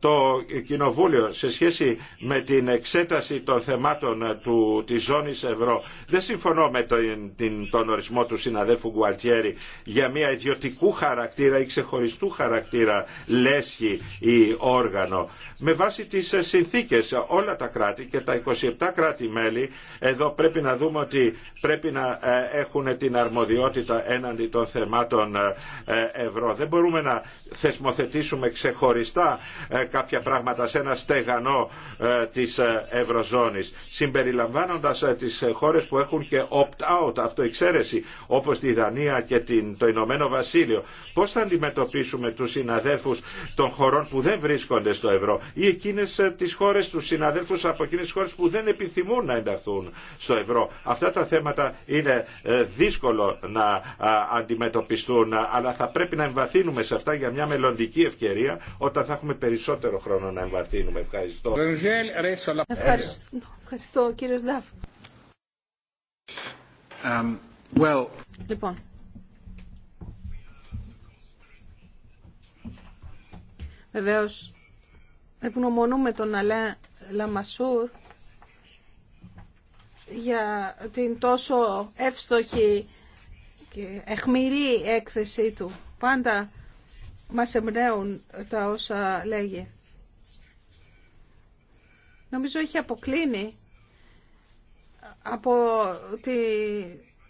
το Κοινοβούλιο σε σχέση με την εξέταση των θεμάτων του, της ζώνης ευρώ. Δεν συμφωνώ με τον, τον ορισμό του συναδέφου Γκουαλτιέρη για μια ιδιωτικού χαρακτήρα ή ξεχωριστού χαρακτήρα λέσχη ή όργανο. Με βάση τις συνθήκες όλα τα κράτη και τα 27 κράτη-μέλη εδώ πρέπει να δούμε ότι πρέπει να ε, έχουν την αρμοδιότητα έναντι των θεμάτων ε, ευρώ. Δεν μπορούμε να θεσμοθετήσουμε ξεχωριστά ε, κάποια πράγματα σε ένα στεγανό ε, της ε, Ευρωζώνης συμπεριλαμβάνοντας ε, τις χώρες που έχουν και opt-out αυτοεξαίρεση όπως τη Δανία και το Ηνωμένο Βασίλειο πώς θα αντιμετωπίσουμε τους συναδέλφους των χωρών που δεν βρίσκονται στο ευρώ ή εκείνες τις χώρες τους συναδέλφους από εκείνες τις χώρες που δεν επιθυμούν να ενταχθούν στο ευρώ αυτά τα θέματα είναι δύσκολο να αντιμετωπιστούν αλλά θα πρέπει να εμβαθύνουμε σε αυτά για μια μελλοντική ευκαιρία όταν θα έχουμε περισσότερο περισσότερο χρόνο να εμβαθύνουμε. Ευχαριστώ. Ευχαριστώ, Ευχαριστώ κύριε Σδάφ. Um, well... Λοιπόν, βεβαίως ευγνωμονούμε τον Αλέ Λαμασούρ για την τόσο εύστοχη και εχμηρή έκθεσή του. Πάντα μας εμπνέουν τα όσα λέγει. Νομίζω έχει αποκλίνει από τη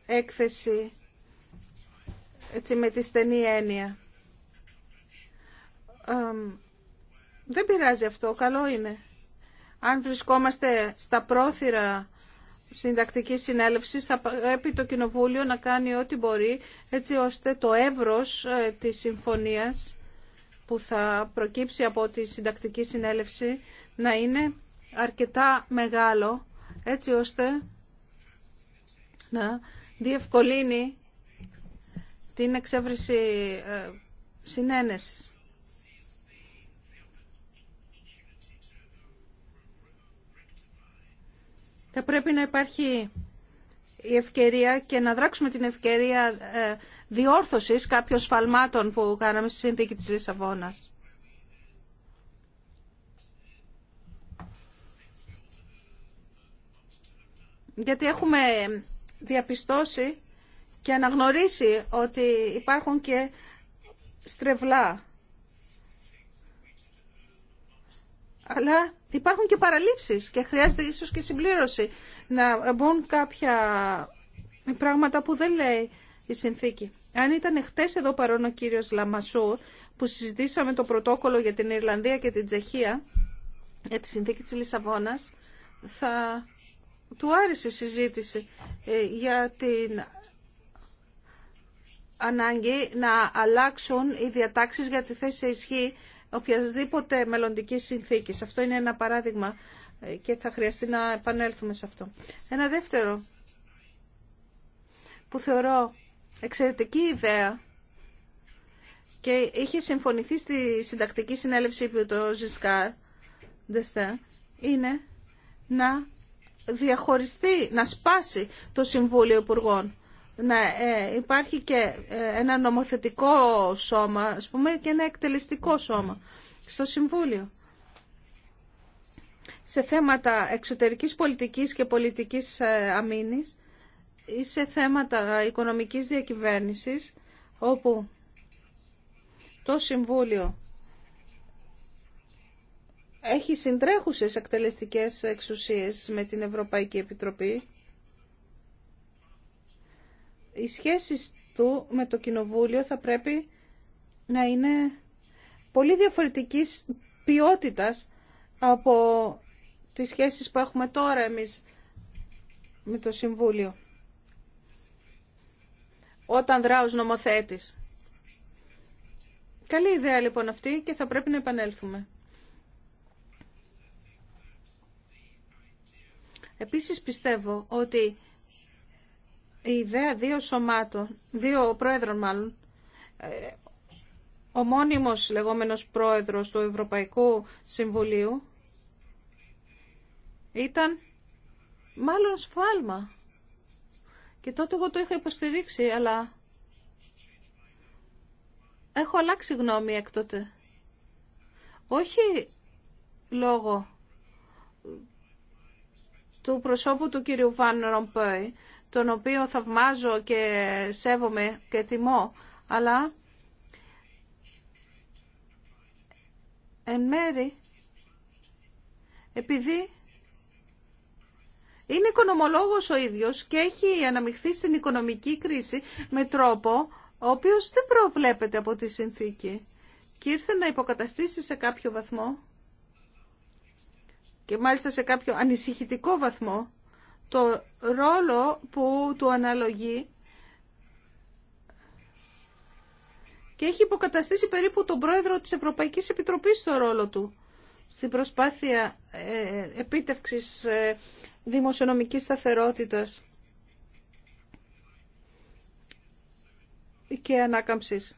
έκθεση έτσι, με τη στενή έννοια. δεν πειράζει αυτό, καλό είναι. Αν βρισκόμαστε στα πρόθυρα συντακτική συνέλευση θα πρέπει το Κοινοβούλιο να κάνει ό,τι μπορεί έτσι ώστε το εύρος ε, της συμφωνίας που θα προκύψει από τη συντακτική συνέλευση να είναι αρκετά μεγάλο έτσι ώστε να διευκολύνει την εξέβριση ε, συνένεσης. θα πρέπει να υπάρχει η ευκαιρία και να δράξουμε την ευκαιρία ε, διόρθωσης κάποιων σφαλμάτων που κάναμε στη συνθήκη της Λισαβόνας. Γιατί έχουμε διαπιστώσει και αναγνωρίσει ότι υπάρχουν και στρεβλά. Αλλά υπάρχουν και παραλήψεις και χρειάζεται ίσως και συμπλήρωση να μπουν κάποια πράγματα που δεν λέει η συνθήκη. Αν ήταν χτες εδώ παρόν ο κύριος Λαμασούρ που συζητήσαμε το πρωτόκολλο για την Ιρλανδία και την Τσεχία για τη συνθήκη της Λισαβόνας θα του άρεσε η συζήτηση ε, για την ανάγκη να αλλάξουν οι διατάξεις για τη θέση σε ισχύ οποιασδήποτε μελλοντική συνθήκη. Αυτό είναι ένα παράδειγμα ε, και θα χρειαστεί να επανέλθουμε σε αυτό. Ένα δεύτερο που θεωρώ εξαιρετική ιδέα και είχε συμφωνηθεί στη συντακτική συνέλευση του το Ζισκάρ είναι να διαχωριστεί, να σπάσει το Συμβούλιο Υπουργών να ε, υπάρχει και ε, ένα νομοθετικό σώμα, ας πούμε, και ένα εκτελεστικό σώμα στο Συμβούλιο. Σε θέματα εξωτερικής πολιτικής και πολιτικής ε, αμήνης ή σε θέματα οικονομικής διακυβέρνησης, όπου το Συμβούλιο έχει συντρέχουσες εκτελεστικές εξουσίες με την Ευρωπαϊκή Επιτροπή οι σχέσεις του με το Κοινοβούλιο θα πρέπει να είναι πολύ διαφορετικής ποιότητας από τις σχέσεις που έχουμε τώρα εμείς με το Συμβούλιο. Όταν ως νομοθέτης. Καλή ιδέα λοιπόν αυτή και θα πρέπει να επανέλθουμε. Επίσης πιστεύω ότι η ιδέα δύο σωμάτων, δύο πρόεδρων μάλλον, ε, ο μόνιμος λεγόμενος πρόεδρος του Ευρωπαϊκού Συμβουλίου ήταν μάλλον σφάλμα. Και τότε εγώ το είχα υποστηρίξει, αλλά έχω αλλάξει γνώμη εκ τότε. Όχι λόγω του προσώπου του κύριου Βαν Ρομπέι, τον οποίο θαυμάζω και σέβομαι και τιμώ, αλλά εν μέρη επειδή είναι οικονομολόγος ο ίδιος και έχει αναμειχθεί στην οικονομική κρίση με τρόπο ο οποίος δεν προβλέπεται από τη συνθήκη και ήρθε να υποκαταστήσει σε κάποιο βαθμό και μάλιστα σε κάποιο ανησυχητικό βαθμό το ρόλο που του αναλογεί και έχει υποκαταστήσει περίπου τον πρόεδρο της Ευρωπαϊκής Επιτροπής στο ρόλο του στην προσπάθεια ε, επίτευξης ε, δημοσιονομικής σταθερότητας και ανάκαμψης.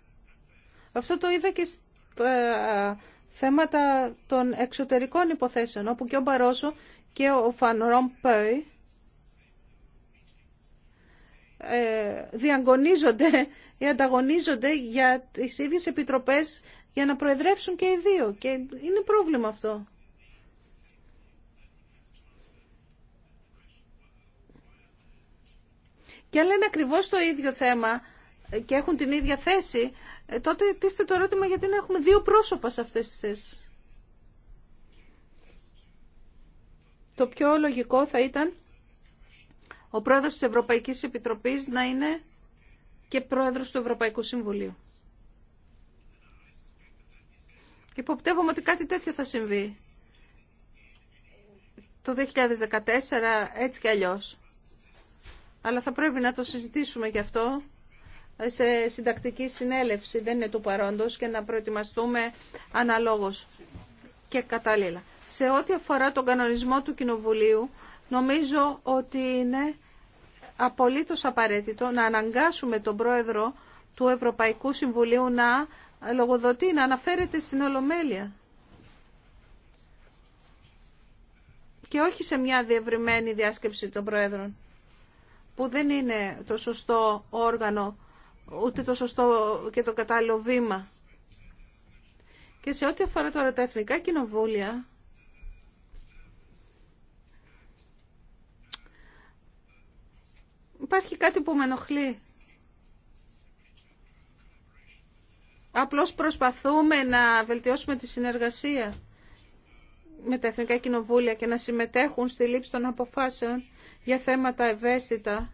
Αυτό το είδα και στα θέματα των εξωτερικών υποθέσεων, όπου και ο Μπαρόσο και ο Φαν Ρομπέι ε, διαγωνίζονται ή ε, ανταγωνίζονται για τις ίδιες επιτροπές για να προεδρεύσουν και οι δύο. Και είναι πρόβλημα αυτό. Και αν λένε ακριβώς το ίδιο θέμα και έχουν την ίδια θέση, ε, τότε τίθεται το ερώτημα γιατί να έχουμε δύο πρόσωπα σε αυτές τις θέσεις. Το πιο λογικό θα ήταν ο πρόεδρος της Ευρωπαϊκής Επιτροπής να είναι και πρόεδρος του Ευρωπαϊκού Συμβουλίου. Υποπτεύομαι ότι κάτι τέτοιο θα συμβεί το 2014 έτσι και αλλιώς. Αλλά θα πρέπει να το συζητήσουμε γι' αυτό σε συντακτική συνέλευση, δεν είναι του παρόντος, και να προετοιμαστούμε αναλόγως και κατάλληλα. Σε ό,τι αφορά τον κανονισμό του Κοινοβουλίου, Νομίζω ότι είναι απολύτως απαραίτητο να αναγκάσουμε τον πρόεδρο του Ευρωπαϊκού Συμβουλίου να λογοδοτεί, να αναφέρεται στην Ολομέλεια. Και όχι σε μια διευρυμένη διάσκεψη των Προέδρων, που δεν είναι το σωστό όργανο, ούτε το σωστό και το κατάλληλο βήμα. Και σε ό,τι αφορά τώρα τα εθνικά κοινοβούλια, Υπάρχει κάτι που με ενοχλεί. Απλώς προσπαθούμε να βελτιώσουμε τη συνεργασία με τα Εθνικά Κοινοβούλια και να συμμετέχουν στη λήψη των αποφάσεων για θέματα ευαίσθητα.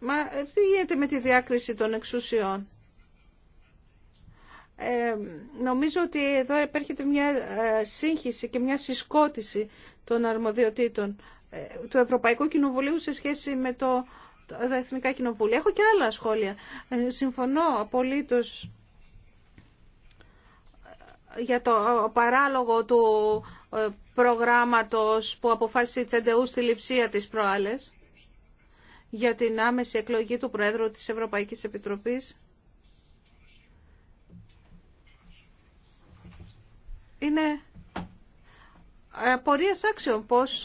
Μα τι γίνεται με τη διάκριση των εξουσιών. Ε, νομίζω ότι εδώ υπέρχεται μια ε, σύγχυση και μια συσκότηση των αρμοδιοτήτων. Ε, του Ευρωπαϊκού Κοινοβουλίου σε σχέση με το, τα Εθνικά Κοινοβούλια. Έχω και άλλα σχόλια. Ε, συμφωνώ απολύτως ε, για το παράλογο του προγράμματος που αποφάσισε η Τσεντεού στη λειψία της προάλλες για την άμεση εκλογή του Προέδρου της Ευρωπαϊκής Επιτροπής. Είναι πορείας άξιων πώς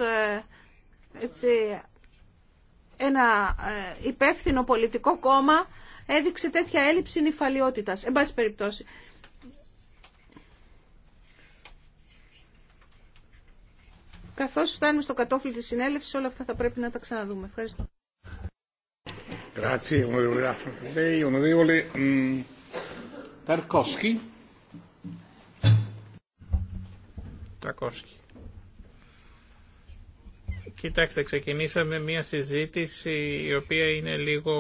έτσι, ένα ε, υπεύθυνο πολιτικό κόμμα έδειξε τέτοια έλλειψη νυφαλιότητας. Εν πάση περιπτώσει. Καθώς φτάνουμε στο κατόφλι της συνέλευσης, όλα αυτά θα πρέπει να τα ξαναδούμε. Ευχαριστώ. Grazie, Κοιτάξτε, ξεκινήσαμε μια συζήτηση η οποία είναι λίγο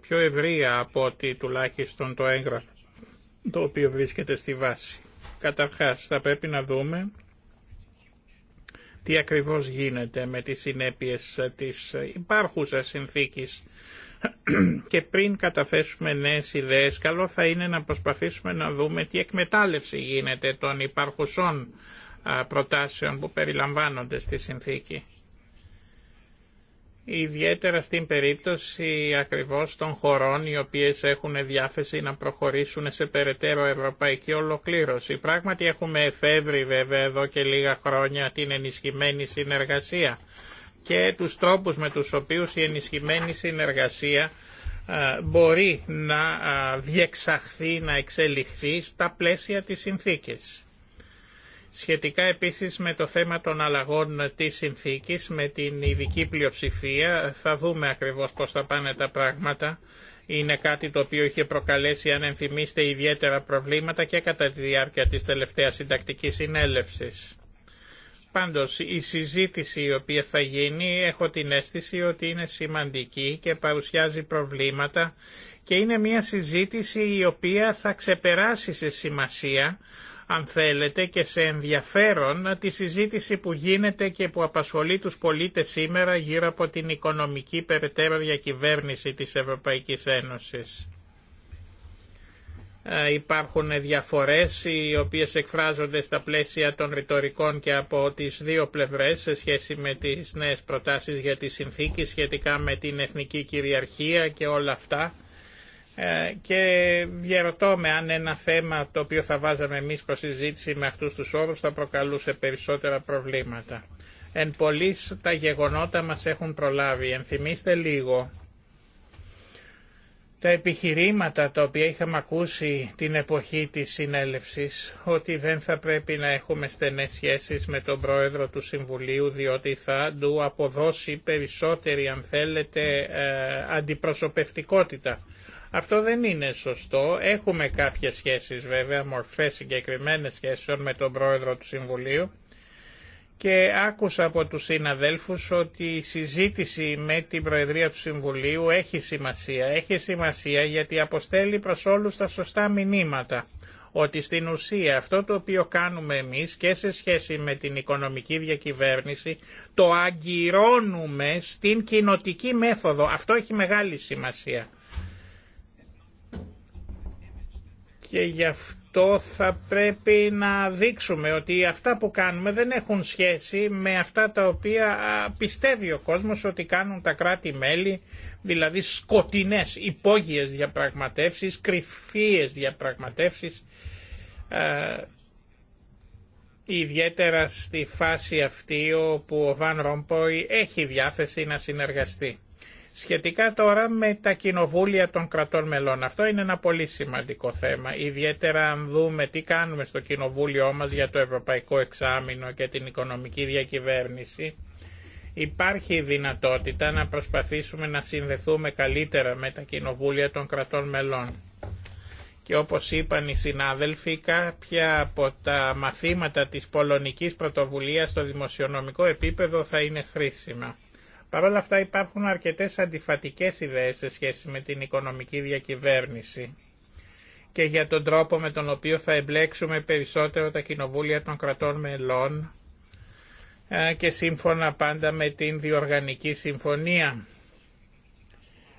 πιο ευρεία από ότι τουλάχιστον το έγγραφο το οποίο βρίσκεται στη βάση. Καταρχάς θα πρέπει να δούμε τι ακριβώς γίνεται με τις συνέπειες της υπάρχουσας συνθήκης και πριν καταφέσουμε νέες ιδέες καλό θα είναι να προσπαθήσουμε να δούμε τι εκμετάλλευση γίνεται των υπαρχουσών προτάσεων που περιλαμβάνονται στη συνθήκη ιδιαίτερα στην περίπτωση ακριβώς των χωρών οι οποίες έχουν διάθεση να προχωρήσουν σε περαιτέρω ευρωπαϊκή ολοκλήρωση. Πράγματι έχουμε εφεύρει βέβαια εδώ και λίγα χρόνια την ενισχυμένη συνεργασία και τους τρόπους με τους οποίους η ενισχυμένη συνεργασία μπορεί να διεξαχθεί, να εξελιχθεί στα πλαίσια της συνθήκης. Σχετικά επίσης με το θέμα των αλλαγών της συνθήκης, με την ειδική πλειοψηφία, θα δούμε ακριβώς πώς θα πάνε τα πράγματα. Είναι κάτι το οποίο είχε προκαλέσει, αν ενθυμίστε, ιδιαίτερα προβλήματα και κατά τη διάρκεια της τελευταίας συντακτικής συνέλευσης. Πάντως, η συζήτηση η οποία θα γίνει, έχω την αίσθηση ότι είναι σημαντική και παρουσιάζει προβλήματα και είναι μια συζήτηση η οποία θα ξεπεράσει σε σημασία αν θέλετε και σε ενδιαφέρον τη συζήτηση που γίνεται και που απασχολεί τους πολίτες σήμερα γύρω από την οικονομική περαιτέρω διακυβέρνηση της Ευρωπαϊκής Ένωσης. Ε, υπάρχουν διαφορές οι οποίες εκφράζονται στα πλαίσια των ρητορικών και από τις δύο πλευρές σε σχέση με τις νέες προτάσεις για τη συνθήκη σχετικά με την εθνική κυριαρχία και όλα αυτά ε, και διαρωτώ με αν ένα θέμα το οποίο θα βάζαμε εμείς προς συζήτηση με αυτούς τους όρους θα προκαλούσε περισσότερα προβλήματα. Εν πολλής τα γεγονότα μας έχουν προλάβει. Ενθυμίστε λίγο τα επιχειρήματα τα οποία είχαμε ακούσει την εποχή της συνέλευσης ότι δεν θα πρέπει να έχουμε στενές σχέσεις με τον πρόεδρο του Συμβουλίου διότι θα του αποδώσει περισσότερη αν θέλετε ε, αντιπροσωπευτικότητα αυτό δεν είναι σωστό. Έχουμε κάποιες σχέσεις βέβαια, μορφές συγκεκριμένες σχέσεων με τον πρόεδρο του Συμβουλίου και άκουσα από τους συναδέλφους ότι η συζήτηση με την Προεδρία του Συμβουλίου έχει σημασία. Έχει σημασία γιατί αποστέλει προς όλους τα σωστά μηνύματα ότι στην ουσία αυτό το οποίο κάνουμε εμείς και σε σχέση με την οικονομική διακυβέρνηση το αγκυρώνουμε στην κοινοτική μέθοδο. Αυτό έχει μεγάλη σημασία. και γι' αυτό θα πρέπει να δείξουμε ότι αυτά που κάνουμε δεν έχουν σχέση με αυτά τα οποία πιστεύει ο κόσμος ότι κάνουν τα κράτη-μέλη, δηλαδή σκοτεινές, υπόγειες διαπραγματεύσεις, κρυφίες διαπραγματεύσεις, ιδιαίτερα στη φάση αυτή όπου ο Βαν Ρομπόι έχει διάθεση να συνεργαστεί. Σχετικά τώρα με τα κοινοβούλια των κρατών μελών. Αυτό είναι ένα πολύ σημαντικό θέμα. Ιδιαίτερα αν δούμε τι κάνουμε στο κοινοβούλιο μας για το Ευρωπαϊκό Εξάμεινο και την οικονομική διακυβέρνηση. Υπάρχει δυνατότητα να προσπαθήσουμε να συνδεθούμε καλύτερα με τα κοινοβούλια των κρατών μελών. Και όπως είπαν οι συνάδελφοι, κάποια από τα μαθήματα της πολωνικής πρωτοβουλίας στο δημοσιονομικό επίπεδο θα είναι χρήσιμα. Παρ' όλα αυτά υπάρχουν αρκετές αντιφατικές ιδέες σε σχέση με την οικονομική διακυβέρνηση και για τον τρόπο με τον οποίο θα εμπλέξουμε περισσότερο τα κοινοβούλια των κρατών μελών ε, και σύμφωνα πάντα με την διοργανική συμφωνία.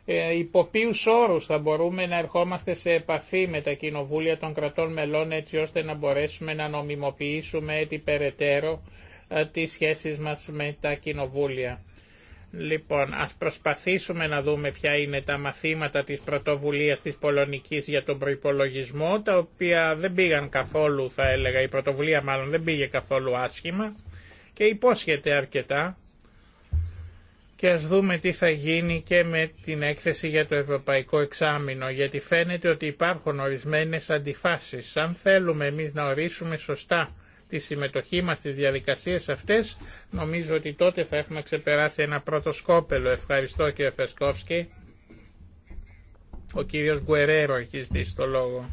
Ε, υπό ποιους όρους θα μπορούμε να ερχόμαστε σε επαφή με τα κοινοβούλια των κρατών μελών έτσι ώστε να μπορέσουμε να νομιμοποιήσουμε έτσι περαιτέρω ε, τις σχέσεις μας με τα κοινοβούλια. Λοιπόν, ας προσπαθήσουμε να δούμε ποια είναι τα μαθήματα της πρωτοβουλίας της Πολωνικής για τον προϋπολογισμό, τα οποία δεν πήγαν καθόλου, θα έλεγα, η πρωτοβουλία μάλλον δεν πήγε καθόλου άσχημα και υπόσχεται αρκετά. Και ας δούμε τι θα γίνει και με την έκθεση για το Ευρωπαϊκό Εξάμεινο, γιατί φαίνεται ότι υπάρχουν ορισμένες αντιφάσεις. Αν θέλουμε εμείς να ορίσουμε σωστά τη συμμετοχή μας στις διαδικασίες αυτές, νομίζω ότι τότε θα έχουμε ξεπεράσει ένα πρώτο σκόπελο. Ευχαριστώ κύριε Φεσκόφσκι. Ο κύριος Γκουερέρο έχει ζητήσει το λόγο.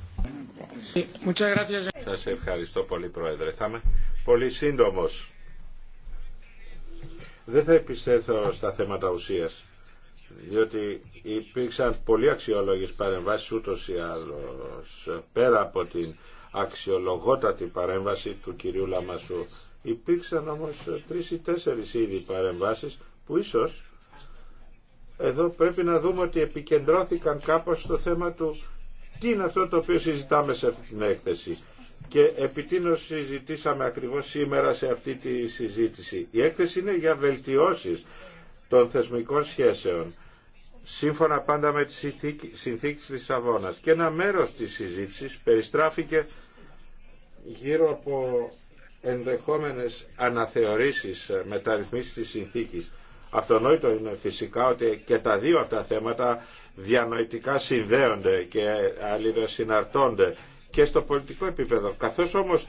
Σας ευχαριστώ πολύ Πρόεδρε. Θα είμαι πολύ σύντομος. Δεν θα επιστρέψω στα θέματα ουσίας, διότι υπήρξαν πολύ αξιόλογες παρεμβάσεις ούτως ή άλλως, πέρα από την αξιολογότατη παρέμβαση του κυρίου Λαμασού. Υπήρξαν όμως τρεις ή τέσσερις ήδη παρεμβάσεις που ίσως εδώ πρέπει να δούμε ότι επικεντρώθηκαν κάπως στο θέμα του τι είναι αυτό το οποίο συζητάμε σε αυτή την έκθεση. Και επιτείνω συζητήσαμε ακριβώς σήμερα σε αυτή τη συζήτηση. Η έκθεση είναι για βελτιώσεις των θεσμικών σχέσεων σύμφωνα πάντα με τις συνθήκες της Λισαβόνας. Και ένα μέρος της συζήτησης περιστράφηκε γύρω από ενδεχόμενες αναθεωρήσεις ε, μεταρρυθμίσεις της συνθήκης. Αυτονόητο είναι φυσικά ότι και τα δύο αυτά θέματα διανοητικά συνδέονται και αλληλοσυναρτώνται και στο πολιτικό επίπεδο. Καθώς όμως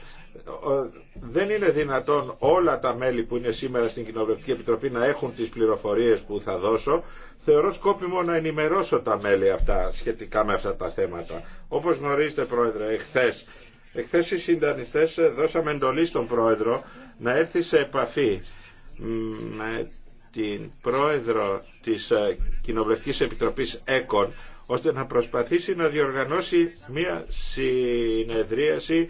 δεν είναι δυνατόν όλα τα μέλη που είναι σήμερα στην Κοινοβουλευτική Επιτροπή να έχουν τις πληροφορίες που θα δώσω, θεωρώ σκόπιμο να ενημερώσω τα μέλη αυτά σχετικά με αυτά τα θέματα. Όπως γνωρίζετε Πρόεδρε, εχθές, εχθές οι συντανιστές δώσαμε εντολή στον Πρόεδρο να έρθει σε επαφή με την Πρόεδρο της ε, Κοινοβουλευτικής Επιτροπής ΕΚΟΝ ώστε να προσπαθήσει να διοργανώσει μία συνεδρίαση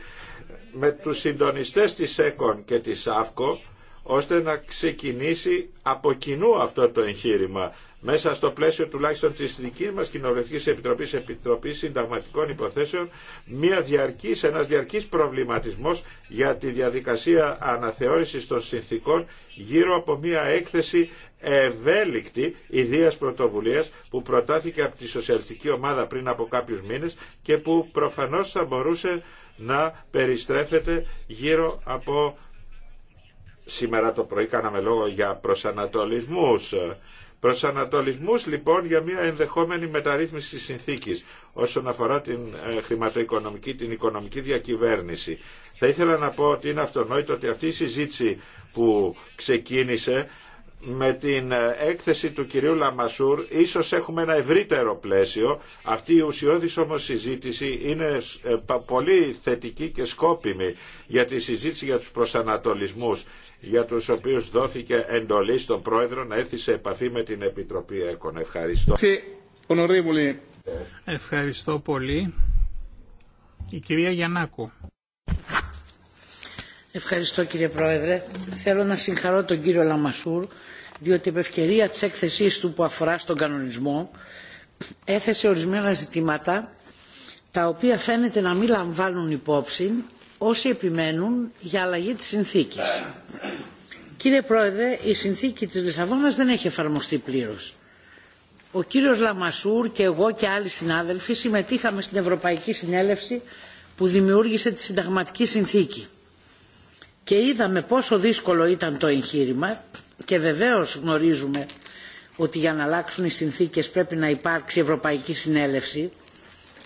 με τους συντονιστές της ΕΚΟΝ και της ΑΦΚΟ ώστε να ξεκινήσει από κοινού αυτό το εγχείρημα μέσα στο πλαίσιο τουλάχιστον της δικής μας Κοινοβουλευτικής Επιτροπής Επιτροπής Συνταγματικών Υποθέσεων μια διαρκής, ένας διαρκής προβληματισμός για τη διαδικασία αναθεώρησης των συνθήκων γύρω από μια έκθεση ευέλικτη ιδέα πρωτοβουλία που προτάθηκε από τη σοσιαλιστική ομάδα πριν από κάποιου μήνε και που προφανώ θα μπορούσε να περιστρέφεται γύρω από σήμερα το πρωί κάναμε λόγο για προσανατολισμούς Προσανατολισμούς λοιπόν για μια ενδεχόμενη μεταρρύθμιση της συνθήκης όσον αφορά την ε, χρηματοοικονομική, την οικονομική διακυβέρνηση. Θα ήθελα να πω ότι είναι αυτονόητο ότι αυτή η συζήτηση που ξεκίνησε με την έκθεση του κυρίου Λαμασούρ ίσως έχουμε ένα ευρύτερο πλαίσιο. Αυτή η ουσιώδης όμως συζήτηση είναι ε, πολύ θετική και σκόπιμη για τη συζήτηση για τους προσανατολισμούς για τους οποίους δόθηκε εντολή στον πρόεδρο να έρθει σε επαφή με την Επιτροπή ΕΚΟΝ. Ευχαριστώ. Ευχαριστώ πολύ. Η κυρία Γιαννάκου. Ευχαριστώ κύριε Πρόεδρε. Θέλω να συγχαρώ τον κύριο Λαμασούρ διότι η ευκαιρία της έκθεσής του που αφορά στον κανονισμό έθεσε ορισμένα ζητήματα τα οποία φαίνεται να μην λαμβάνουν υπόψη όσοι επιμένουν για αλλαγή της συνθήκης. Κύριε Πρόεδρε, η συνθήκη της Λισαβόνας δεν έχει εφαρμοστεί πλήρως. Ο κύριος Λαμασούρ και εγώ και άλλοι συνάδελφοι συμμετείχαμε στην Ευρωπαϊκή Συνέλευση που δημιούργησε τη Συνταγματική Συνθήκη και είδαμε πόσο δύσκολο ήταν το εγχείρημα και βεβαίως γνωρίζουμε ότι για να αλλάξουν οι συνθήκες πρέπει να υπάρξει Ευρωπαϊκή Συνέλευση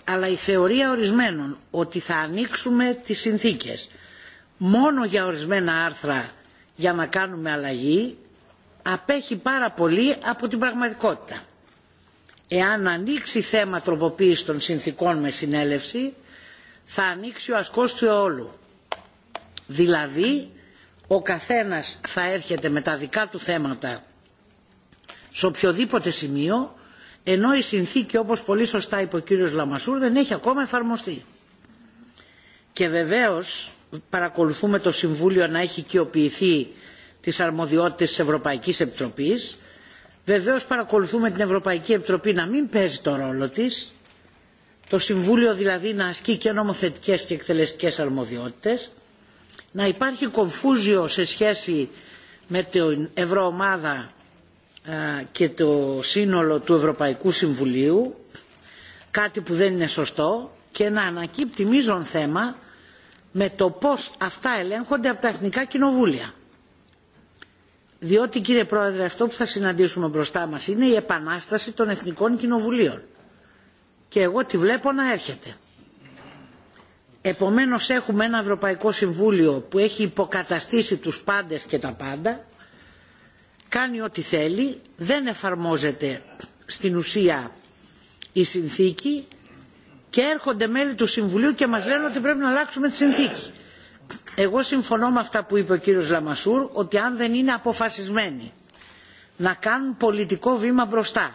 αλλά η θεωρία ορισμένων ότι θα ανοίξουμε τις συνθήκες μόνο για ορισμένα άρθρα για να κάνουμε αλλαγή απέχει πάρα πολύ από την πραγματικότητα. Εάν ανοίξει θέμα τροποποίηση των συνθήκων με συνέλευση θα ανοίξει ο ασκός του αιώλου Δηλαδή ο καθένας θα έρχεται με τα δικά του θέματα σε οποιοδήποτε σημείο ενώ η συνθήκη όπως πολύ σωστά είπε ο κύριος Λαμασούρ δεν έχει ακόμα εφαρμοστεί. Και βεβαίως παρακολουθούμε το Συμβούλιο να έχει οικειοποιηθεί τις αρμοδιότητες της Ευρωπαϊκής Επιτροπής. Βεβαίως παρακολουθούμε την Ευρωπαϊκή Επιτροπή να μην παίζει το ρόλο της. Το Συμβούλιο δηλαδή να ασκεί και νομοθετικές και εκτελεστικές αρμοδιότητες να υπάρχει κομφούζιο σε σχέση με την Ευρωομάδα ε, και το σύνολο του Ευρωπαϊκού Συμβουλίου, κάτι που δεν είναι σωστό και να ανακύπτει μείζον θέμα με το πώς αυτά ελέγχονται από τα Εθνικά Κοινοβούλια. Διότι κύριε Πρόεδρε αυτό που θα συναντήσουμε μπροστά μας είναι η επανάσταση των Εθνικών Κοινοβουλίων. Και εγώ τη βλέπω να έρχεται. Επομένως έχουμε ένα Ευρωπαϊκό Συμβούλιο που έχει υποκαταστήσει τους πάντες και τα πάντα, κάνει ό,τι θέλει, δεν εφαρμόζεται στην ουσία η συνθήκη και έρχονται μέλη του Συμβουλίου και μας λένε ότι πρέπει να αλλάξουμε τη συνθήκη. Εγώ συμφωνώ με αυτά που είπε ο κύριος Λαμασούρ ότι αν δεν είναι αποφασισμένοι να κάνουν πολιτικό βήμα μπροστά,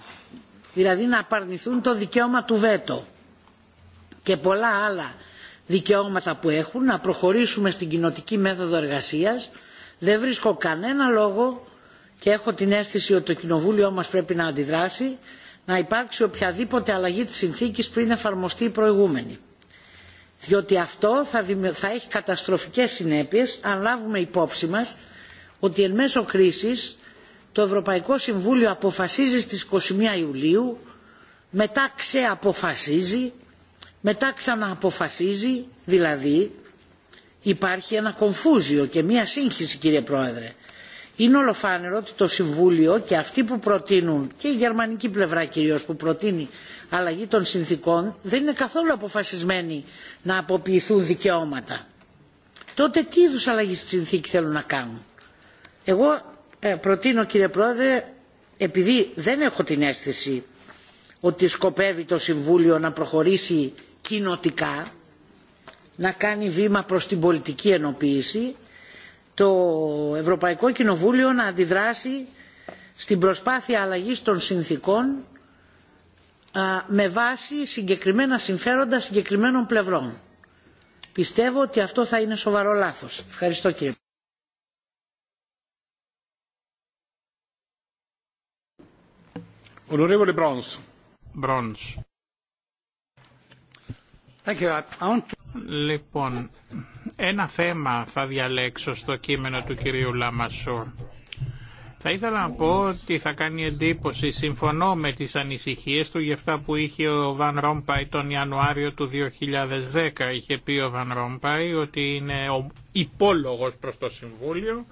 δηλαδή να απαρνηθούν το δικαίωμα του βέτο και πολλά άλλα δικαιώματα που έχουν, να προχωρήσουμε στην κοινοτική μέθοδο εργασίας. Δεν βρίσκω κανένα λόγο και έχω την αίσθηση ότι το Κοινοβούλιο μας πρέπει να αντιδράσει να υπάρξει οποιαδήποτε αλλαγή της συνθήκης πριν εφαρμοστεί η προηγούμενη. Διότι αυτό θα, έχει καταστροφικές συνέπειες αν λάβουμε υπόψη μας ότι εν μέσω κρίσης το Ευρωπαϊκό Συμβούλιο αποφασίζει στις 21 Ιουλίου μετά ξεαποφασίζει μετά ξανααποφασίζει, δηλαδή υπάρχει ένα κομφούζιο και μία σύγχυση κύριε Πρόεδρε. Είναι ολοφάνερο ότι το Συμβούλιο και αυτοί που προτείνουν και η γερμανική πλευρά κυρίως που προτείνει αλλαγή των συνθήκων δεν είναι καθόλου αποφασισμένοι να αποποιηθούν δικαιώματα. Τότε τι είδου αλλαγή στη συνθήκη θέλουν να κάνουν. Εγώ ε, προτείνω κύριε Πρόεδρε επειδή δεν έχω την αίσθηση ότι σκοπεύει το Συμβούλιο να προχωρήσει κοινοτικά να κάνει βήμα προς την πολιτική ενοποίηση το Ευρωπαϊκό Κοινοβούλιο να αντιδράσει στην προσπάθεια αλλαγής των συνθήκων με βάση συγκεκριμένα συμφέροντα συγκεκριμένων πλευρών. Πιστεύω ότι αυτό θα είναι σοβαρό λάθος. Ευχαριστώ κύριε. Λοιπόν, ένα θέμα θα διαλέξω στο κείμενο του κυρίου Λαμασού. Θα ήθελα να πω ότι θα κάνει εντύπωση, συμφωνώ με τις ανησυχίες του για αυτά που είχε ο Βαν Ρόμπαϊ τον Ιανουάριο του 2010. Είχε πει ο Βαν Ρόμπαϊ ότι είναι ο υπόλογος προς το Συμβούλιο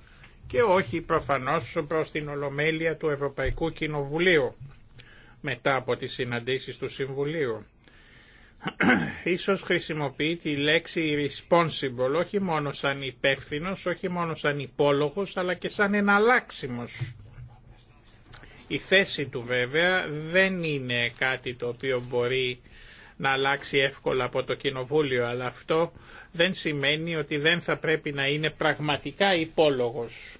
και όχι προφανώς προς την Ολομέλεια του Ευρωπαϊκού Κοινοβουλίου μετά από τις συναντήσεις του Συμβουλίου. [CLEARS THROAT] ίσως χρησιμοποιεί τη λέξη responsible όχι μόνο σαν υπεύθυνο, όχι μόνο σαν υπόλογο, αλλά και σαν εναλλάξιμος. Η θέση του βέβαια δεν είναι κάτι το οποίο μπορεί να αλλάξει εύκολα από το Κοινοβούλιο, αλλά αυτό δεν σημαίνει ότι δεν θα πρέπει να είναι πραγματικά υπόλογος.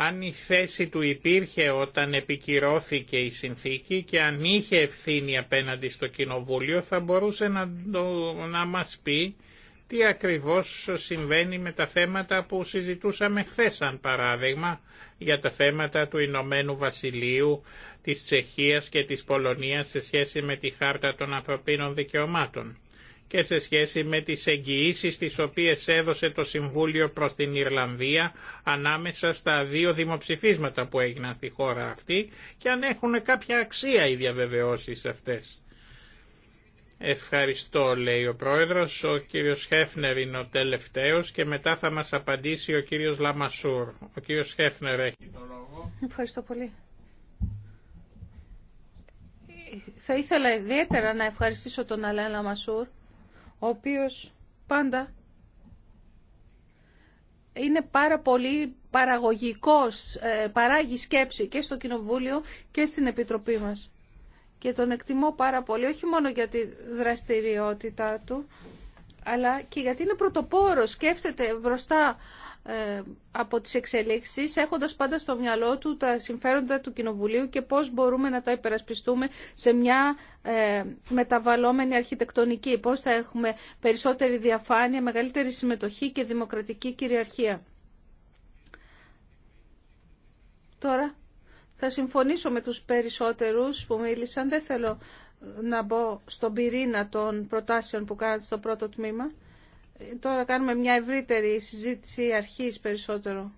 αν η θέση του υπήρχε όταν επικυρώθηκε η συνθήκη και αν είχε ευθύνη απέναντι στο Κοινοβούλιο θα μπορούσε να, το, μας πει τι ακριβώς συμβαίνει με τα θέματα που συζητούσαμε χθε σαν παράδειγμα για τα θέματα του Ηνωμένου Βασιλείου, της Τσεχίας και της Πολωνίας σε σχέση με τη Χάρτα των Ανθρωπίνων Δικαιωμάτων και σε σχέση με τις εγγυήσεις τις οποίες έδωσε το Συμβούλιο προς την Ιρλανδία ανάμεσα στα δύο δημοψηφίσματα που έγιναν στη χώρα αυτή και αν έχουν κάποια αξία οι διαβεβαιώσεις αυτές. Ευχαριστώ λέει ο Πρόεδρος, ο κύριος Χέφνερ είναι ο τελευταίος και μετά θα μας απαντήσει ο κύριος Λαμασούρ. Ο κύριος Χέφνερ έχει το λόγο. Ευχαριστώ πολύ. Θα ήθελα ιδιαίτερα να ευχαριστήσω τον Αλένα Μασούρ ο οποίος πάντα είναι πάρα πολύ παραγωγικός, ε, παράγει σκέψη και στο Κοινοβούλιο και στην Επιτροπή μας. Και τον εκτιμώ πάρα πολύ, όχι μόνο για τη δραστηριότητά του, αλλά και γιατί είναι πρωτοπόρο, σκέφτεται μπροστά ε, από τις εξελίξεις, έχοντας πάντα στο μυαλό του τα συμφέροντα του Κοινοβουλίου και πώς μπορούμε να τα υπερασπιστούμε σε μια ε, μεταβαλλόμενη αρχιτεκτονική, πώς θα έχουμε περισσότερη διαφάνεια, μεγαλύτερη συμμετοχή και δημοκρατική κυριαρχία. Τώρα θα συμφωνήσω με τους περισσότερους που μίλησαν. Δεν θέλω να μπω στον πυρήνα των προτάσεων που κάνατε στο πρώτο τμήμα. Τώρα κάνουμε μια ευρύτερη συζήτηση αρχής περισσότερο.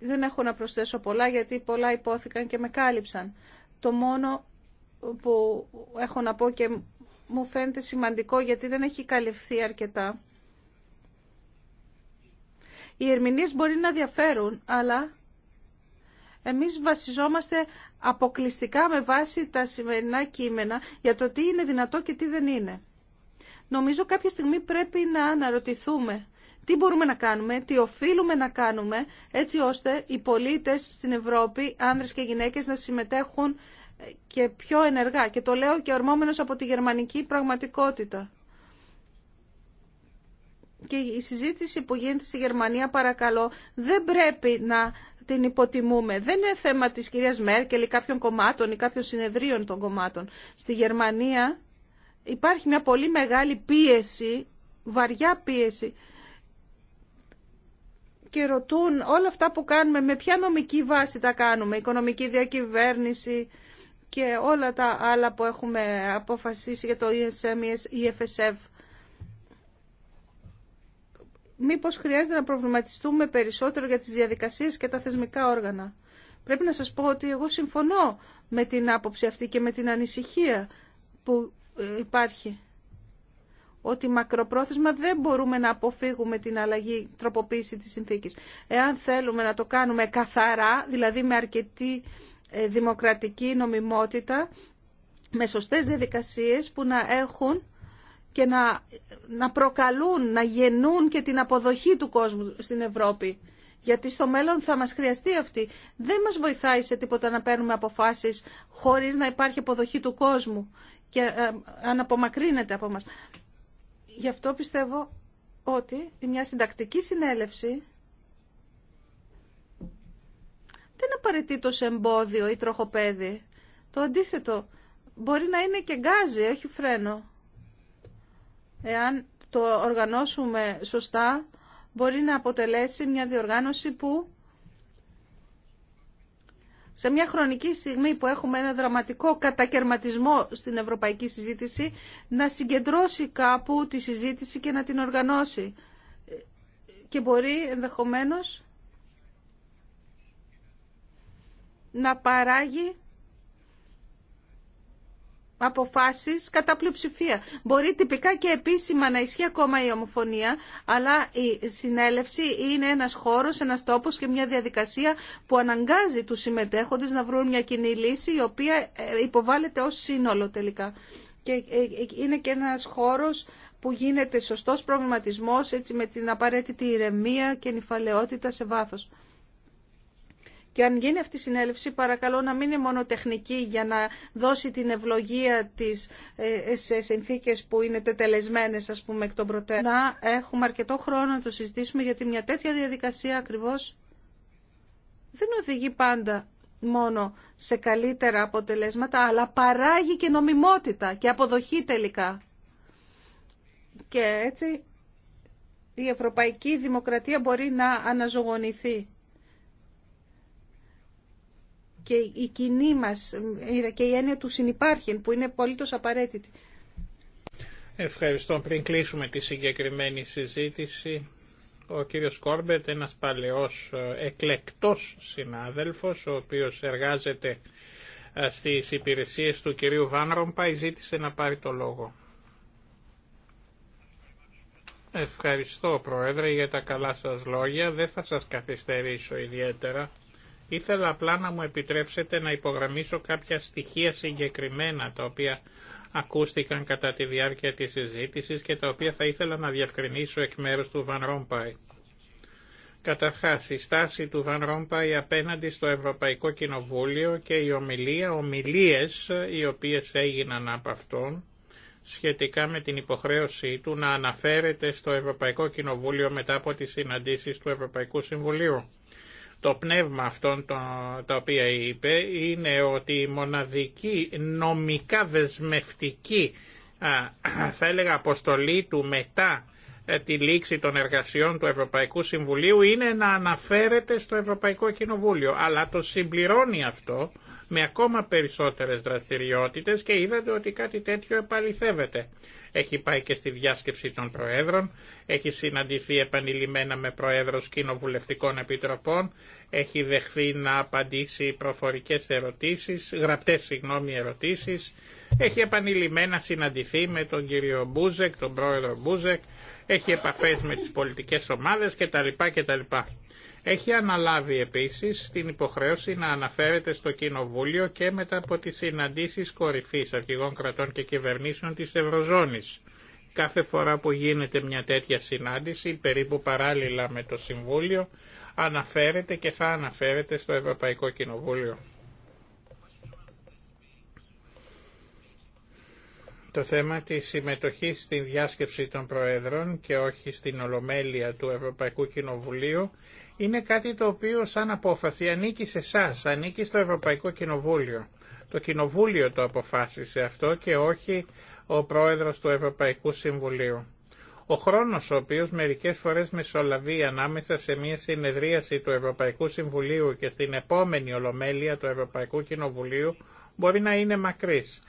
Δεν έχω να προσθέσω πολλά γιατί πολλά υπόθηκαν και με κάλυψαν. Το μόνο που έχω να πω και μου φαίνεται σημαντικό γιατί δεν έχει καλυφθεί αρκετά. Οι ερμηνείς μπορεί να διαφέρουν, αλλά εμείς βασιζόμαστε αποκλειστικά με βάση τα σημερινά κείμενα για το τι είναι δυνατό και τι δεν είναι. Νομίζω κάποια στιγμή πρέπει να αναρωτηθούμε τι μπορούμε να κάνουμε, τι οφείλουμε να κάνουμε, έτσι ώστε οι πολίτες στην Ευρώπη, άνδρες και γυναίκες, να συμμετέχουν ε, και πιο ενεργά. Και το λέω και ορμόμενος από τη γερμανική πραγματικότητα. Και η συζήτηση που γίνεται στη Γερμανία, παρακαλώ, δεν πρέπει να την υποτιμούμε. Δεν είναι θέμα της κυρίας Μέρκελ ή κάποιων κομμάτων ή κάποιων συνεδρίων των κομμάτων. Στη Γερμανία υπάρχει μια πολύ μεγάλη πίεση, βαριά πίεση και ρωτούν όλα αυτά που κάνουμε, με ποια νομική βάση τα κάνουμε, οικονομική διακυβέρνηση και όλα τα άλλα που έχουμε αποφασίσει για το ESM, EFSF. Μήπως χρειάζεται να προβληματιστούμε περισσότερο για τις διαδικασίες και τα θεσμικά όργανα. Πρέπει να σας πω ότι εγώ συμφωνώ με την άποψη αυτή και με την ανησυχία που υπάρχει ότι μακροπρόθεσμα δεν μπορούμε να αποφύγουμε την αλλαγή τροποποίηση της συνθήκης. Εάν θέλουμε να το κάνουμε καθαρά, δηλαδή με αρκετή ε, δημοκρατική νομιμότητα, με σωστές διαδικασίες που να έχουν και να, να προκαλούν, να γεννούν και την αποδοχή του κόσμου στην Ευρώπη. Γιατί στο μέλλον θα μας χρειαστεί αυτή. Δεν μας βοηθάει σε τίποτα να παίρνουμε αποφάσεις χωρίς να υπάρχει αποδοχή του κόσμου και ε, αναπομακρύνεται από μας. Γι' αυτό πιστεύω ότι μια συντακτική συνέλευση δεν απαραίτητο εμπόδιο ή τροχοπέδι. Το αντίθετο, μπορεί να είναι και γκάζι, όχι φρένο. Εάν το οργανώσουμε σωστά, μπορεί να αποτελέσει μια διοργάνωση που σε μια χρονική στιγμή που έχουμε ένα δραματικό κατακαιρματισμό στην ευρωπαϊκή συζήτηση, να συγκεντρώσει κάπου τη συζήτηση και να την οργανώσει. Και μπορεί ενδεχομένως να παράγει αποφάσεις κατά πλειοψηφία. Μπορεί τυπικά και επίσημα να ισχύει ακόμα η ομοφωνία, αλλά η συνέλευση είναι ένας χώρος, ένας τόπος και μια διαδικασία που αναγκάζει τους συμμετέχοντες να βρουν μια κοινή λύση, η οποία ε, υποβάλλεται ως σύνολο τελικά. Και ε, ε, είναι και ένας χώρος που γίνεται σωστός προβληματισμός, έτσι με την απαραίτητη ηρεμία και νυφαλαιότητα σε βάθος. Και αν γίνει αυτή η συνέλευση, παρακαλώ να μην είναι μόνο τεχνική για να δώσει την ευλογία της ε, ε, σε συνθήκες που είναι τετελεσμένες, ας πούμε, εκ των προτέρων. Να έχουμε αρκετό χρόνο να το συζητήσουμε, γιατί μια τέτοια διαδικασία ακριβώς δεν οδηγεί πάντα μόνο σε καλύτερα αποτελέσματα, αλλά παράγει και νομιμότητα και αποδοχή τελικά. Και έτσι η ευρωπαϊκή δημοκρατία μπορεί να αναζωογονηθεί και η κοινή μας και η έννοια του συνυπάρχειν που είναι τόσο απαραίτητη. Ευχαριστώ. Πριν κλείσουμε τη συγκεκριμένη συζήτηση, ο κύριος Κόρμπετ, ένας παλαιός ε, εκλεκτός συνάδελφος, ο οποίος εργάζεται ε, στις υπηρεσίες του κυρίου Βάνρομπα, ζήτησε να πάρει το λόγο. Ευχαριστώ Πρόεδρε για τα καλά σας λόγια. Δεν θα σας καθυστερήσω ιδιαίτερα. Ήθελα απλά να μου επιτρέψετε να υπογραμμίσω κάποια στοιχεία συγκεκριμένα τα οποία ακούστηκαν κατά τη διάρκεια της συζήτησης και τα οποία θα ήθελα να διευκρινίσω εκ μέρους του Βαν Ρόμπαϊ. Καταρχάς, η στάση του Βαν Ρόμπαϊ απέναντι στο Ευρωπαϊκό Κοινοβούλιο και η ομιλία, ομιλίες οι οποίες έγιναν από αυτόν σχετικά με την υποχρέωσή του να αναφέρεται στο Ευρωπαϊκό Κοινοβούλιο μετά από τις συναντήσεις του Ευρωπαϊκού Συμβουλίου. Το πνεύμα αυτών το, τα οποία είπε είναι ότι η μοναδική νομικά δεσμευτική θα έλεγα αποστολή του μετά ε, τη λήξη των εργασιών του Ευρωπαϊκού Συμβουλίου είναι να αναφέρεται στο Ευρωπαϊκό Κοινοβούλιο. Αλλά το συμπληρώνει αυτό με ακόμα περισσότερες δραστηριότητες και είδατε ότι κάτι τέτοιο επαληθεύεται. Έχει πάει και στη διάσκεψη των Προέδρων, έχει συναντηθεί επανειλημμένα με Προέδρους Κοινοβουλευτικών Επιτροπών, έχει δεχθεί να απαντήσει προφορικές ερωτήσεις, γραπτές συγγνώμη ερωτήσεις, έχει επανειλημμένα συναντηθεί με τον κύριο Μπούζεκ, τον Πρόεδρο Μπούζεκ, έχει επαφές με τις πολιτικές ομάδες κτλ. κτλ. Έχει αναλάβει επίσης την υποχρέωση να αναφέρεται στο Κοινοβούλιο και μετά από τις συναντήσεις κορυφής αρχηγών κρατών και κυβερνήσεων της Ευρωζώνης. Κάθε φορά που γίνεται μια τέτοια συνάντηση, περίπου παράλληλα με το Συμβούλιο, αναφέρεται και θα αναφέρεται στο Ευρωπαϊκό Κοινοβούλιο. το θέμα της συμμετοχής στην διάσκεψη των Προέδρων και όχι στην Ολομέλεια του Ευρωπαϊκού Κοινοβουλίου είναι κάτι το οποίο σαν απόφαση ανήκει σε εσά, ανήκει στο Ευρωπαϊκό Κοινοβούλιο. Το Κοινοβούλιο το αποφάσισε αυτό και όχι ο Πρόεδρος του Ευρωπαϊκού Συμβουλίου. Ο χρόνος ο οποίος μερικές φορές μεσολαβεί ανάμεσα σε μια συνεδρίαση του Ευρωπαϊκού Συμβουλίου και στην επόμενη Ολομέλεια του Ευρωπαϊκού Κοινοβουλίου μπορεί να είναι μακρύς.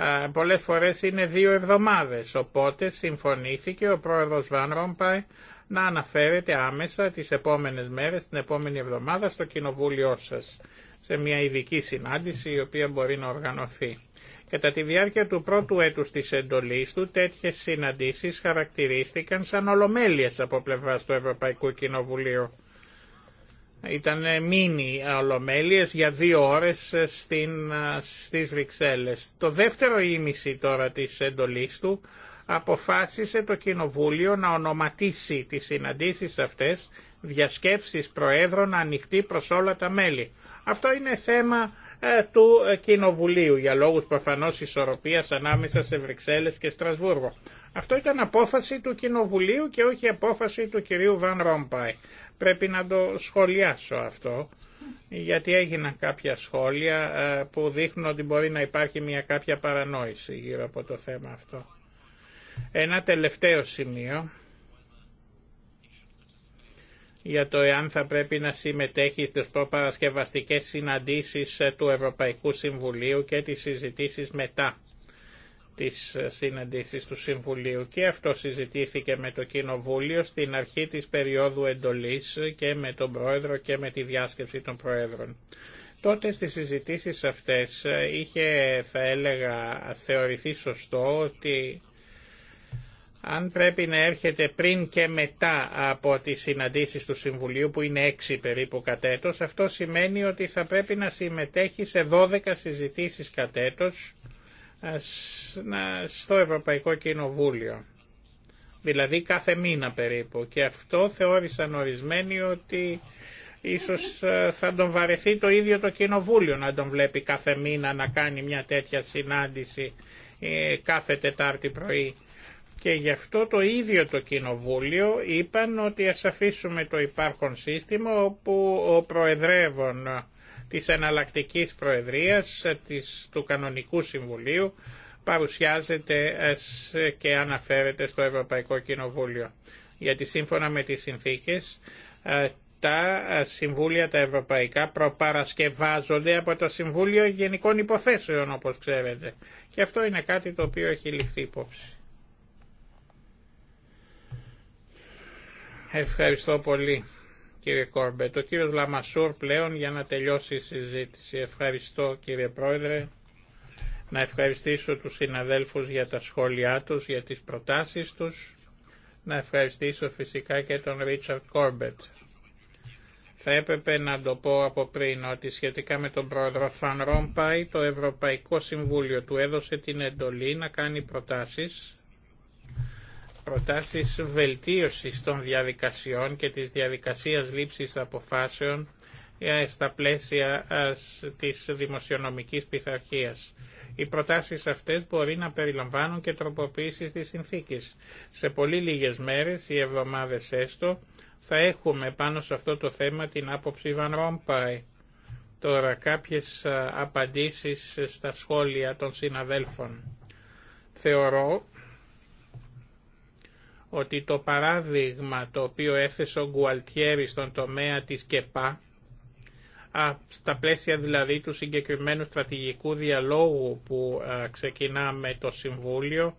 Ε, πολλές φορές είναι δύο εβδομάδες, οπότε συμφωνήθηκε ο πρόεδρος Βαν Ρομπάι να αναφέρεται άμεσα τις επόμενες μέρες, την επόμενη εβδομάδα στο κοινοβούλιο σας, σε μια ειδική συνάντηση η οποία μπορεί να οργανωθεί. Κατά τη διάρκεια του πρώτου έτους της εντολής του, τέτοιες συναντήσεις χαρακτηρίστηκαν σαν ολομέλειες από πλευράς του Ευρωπαϊκού Κοινοβουλίου. Ήταν μίνι ολομέλειες για δύο ώρες στην, στις Βρυξέλλες. Το δεύτερο ήμιση τώρα της εντολής του αποφάσισε το Κοινοβούλιο να ονοματίσει τις συναντήσεις αυτές διασκέψεις προέδρων ανοιχτή προς όλα τα μέλη. Αυτό είναι θέμα ε, του Κοινοβουλίου για λόγους προφανώς ισορροπίας ανάμεσα σε Βρυξέλλες και Στρασβούργο. Αυτό ήταν απόφαση του Κοινοβουλίου και όχι απόφαση του κυρίου Βαν Ρόμπαϊ πρέπει να το σχολιάσω αυτό, γιατί έγιναν κάποια σχόλια ε, που δείχνουν ότι μπορεί να υπάρχει μια κάποια παρανόηση γύρω από το θέμα αυτό. Ένα τελευταίο σημείο για το εάν θα πρέπει να συμμετέχει στις προπαρασκευαστικές συναντήσεις ε, του Ευρωπαϊκού Συμβουλίου και τις συζητήσεις μετά της ε, συναντήσεις του Συμβουλίου και αυτό συζητήθηκε με το Κοινοβούλιο στην αρχή της περίοδου εντολής και με τον Πρόεδρο και με τη διάσκεψη των Προέδρων. Τότε στις συζητήσεις αυτές ε, είχε, θα έλεγα, θεωρηθεί σωστό ότι αν πρέπει να έρχεται πριν και μετά από τις συναντήσεις του Συμβουλίου που είναι έξι περίπου κατέτος, αυτό σημαίνει ότι θα πρέπει να συμμετέχει σε 12 συζητήσεις κατέτος στο Ευρωπαϊκό Κοινοβούλιο. Δηλαδή κάθε μήνα περίπου. Και αυτό θεώρησαν ορισμένοι ότι ίσως ε, θα τον βαρεθεί το ίδιο το Κοινοβούλιο να τον βλέπει κάθε μήνα να κάνει μια τέτοια συνάντηση ε, κάθε Τετάρτη πρωί. Και γι' αυτό το ίδιο το Κοινοβούλιο είπαν ότι ας αφήσουμε το υπάρχον σύστημα όπου ο Προεδρεύων της εναλλακτικής προεδρίας ε, της, του Κανονικού Συμβουλίου παρουσιάζεται ε, και αναφέρεται στο Ευρωπαϊκό Κοινοβούλιο. Γιατί σύμφωνα με τις συνθήκες ε, τα συμβούλια τα ευρωπαϊκά προπαρασκευάζονται από το Συμβούλιο Γενικών Υποθέσεων όπως ξέρετε. Και αυτό είναι κάτι το οποίο έχει ληφθεί υπόψη. Ευχαριστώ πολύ κύριε Κόρμπετ. Ο κύριος Λαμασούρ πλέον για να τελειώσει η συζήτηση. Ευχαριστώ κύριε Πρόεδρε. Να ευχαριστήσω τους συναδέλφους για τα σχόλιά τους, για τις προτάσεις τους. Να ευχαριστήσω φυσικά και τον Ρίτσαρτ Κόρμπετ. Θα έπρεπε να το πω από πριν ότι σχετικά με τον πρόεδρο Φαν Ρόμπαϊ το Ευρωπαϊκό Συμβούλιο του έδωσε την εντολή να κάνει προτάσεις προτάσεις βελτίωσης των διαδικασιών και της διαδικασίας λήψης αποφάσεων ε, στα πλαίσια ε, της δημοσιονομικής πειθαρχίας. Οι προτάσεις αυτές μπορεί να περιλαμβάνουν και τροποποίησης της συνθήκης. Σε πολύ λίγες μέρες ή εβδομάδες έστω θα έχουμε πάνω σε αυτό το θέμα την άποψη Βαν Τώρα κάποιες ε, απαντήσεις στα σχόλια των συναδέλφων. Θεωρώ ότι το παράδειγμα το οποίο έθεσε ο Γκουαλτιέρη στον τομέα της ΚΕΠΑ, στα πλαίσια δηλαδή του συγκεκριμένου στρατηγικού διαλόγου που ξεκινά με το Συμβούλιο,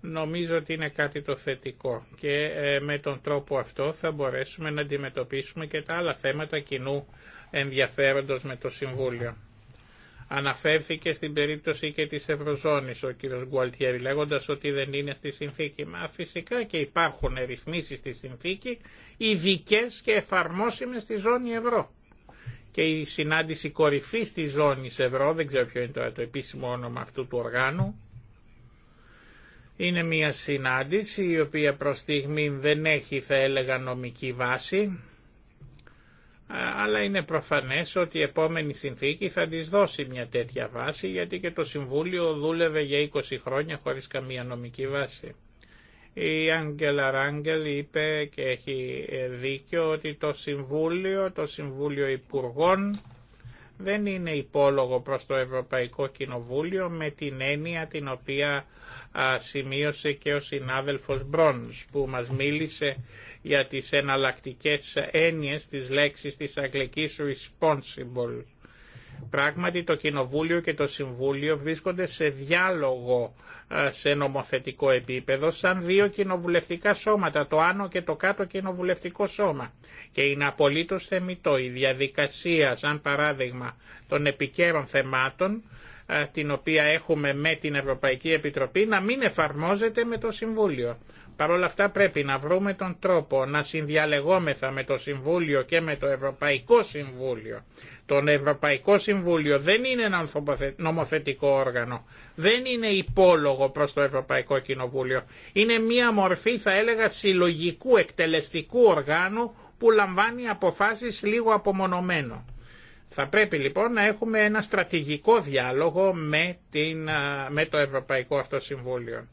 νομίζω ότι είναι κάτι το θετικό και ε, με τον τρόπο αυτό θα μπορέσουμε να αντιμετωπίσουμε και τα άλλα θέματα κοινού ενδιαφέροντος με το Συμβούλιο. Αναφέρθηκε στην περίπτωση και της Ευρωζώνης ο κύριος Γκουαλτιέρη λέγοντας ότι δεν είναι στη συνθήκη. Μα φυσικά και υπάρχουν ρυθμίσεις στη συνθήκη ειδικέ και εφαρμόσιμες στη ζώνη ευρώ. Και η συνάντηση κορυφής της ζώνη ευρώ, δεν ξέρω ποιο είναι τώρα το επίσημο όνομα αυτού του οργάνου, είναι μια συνάντηση η οποία προς στιγμή δεν έχει θα έλεγα νομική βάση αλλά είναι προφανές ότι η επόμενη συνθήκη θα της δώσει μια τέτοια βάση γιατί και το Συμβούλιο δούλευε για 20 χρόνια χωρίς καμία νομική βάση. Η Άγγελα Ράγγελ είπε και έχει ε, δίκιο ότι το Συμβούλιο, το Συμβούλιο Υπουργών δεν είναι υπόλογο προς το Ευρωπαϊκό Κοινοβούλιο με την έννοια την οποία σημείωσε και ο συνάδελφος Μπρόνς που μας μίλησε για τις εναλλακτικές έννοιες της λέξης της αγγλικής responsible. Πράγματι το Κοινοβούλιο και το Συμβούλιο βρίσκονται σε διάλογο ε, σε νομοθετικό επίπεδο σαν δύο κοινοβουλευτικά σώματα, το Άνω και το Κάτω Κοινοβουλευτικό Σώμα. Και είναι απολύτως θεμητό η διαδικασία, σαν παράδειγμα, των επικαίρων θεμάτων, ε, την οποία έχουμε με την Ευρωπαϊκή Επιτροπή, να μην εφαρμόζεται με το Συμβούλιο. Παρ' όλα αυτά πρέπει να βρούμε τον τρόπο να συνδιαλεγόμεθα με το Συμβούλιο και με το Ευρωπαϊκό Συμβούλιο. Το Ευρωπαϊκό Συμβούλιο δεν είναι ένα νομοθετικό όργανο, δεν είναι υπόλογο προς το Ευρωπαϊκό Κοινοβούλιο. Είναι μία μορφή θα έλεγα συλλογικού εκτελεστικού οργάνου που λαμβάνει αποφάσεις λίγο απομονωμένο. Θα πρέπει λοιπόν να έχουμε ένα στρατηγικό διάλογο με, την, με το Ευρωπαϊκό Αυτοσυμβούλιο.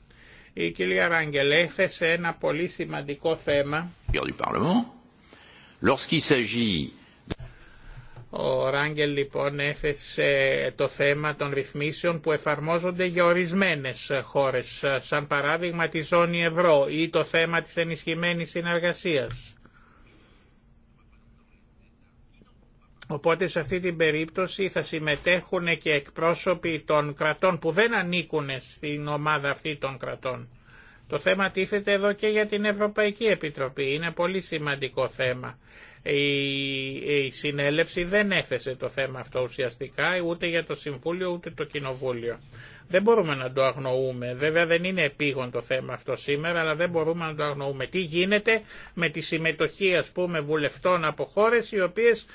Η κυρία Ράγκελ έθεσε ένα πολύ σημαντικό θέμα. Ο Ράγκελ λοιπόν έθεσε το θέμα των ρυθμίσεων που εφαρμόζονται για ορισμένες χώρες, σαν παράδειγμα τη ζώνη ευρώ ή το θέμα της ενισχυμένης συνεργασίας. Οπότε σε αυτή την περίπτωση θα συμμετέχουν και εκπρόσωποι των κρατών που δεν ανήκουν στην ομάδα αυτή των κρατών. Το θέμα τίθεται εδώ και για την Ευρωπαϊκή Επιτροπή. Είναι πολύ σημαντικό θέμα. Η, συνέλευση δεν έθεσε το θέμα αυτό ουσιαστικά ούτε για το Συμβούλιο ούτε το Κοινοβούλιο. Δεν μπορούμε να το αγνοούμε. Βέβαια δεν είναι επίγον το θέμα αυτό σήμερα, αλλά δεν μπορούμε να το αγνοούμε. Τι γίνεται με τη συμμετοχή ας πούμε βουλευτών από χώρε οι οποίες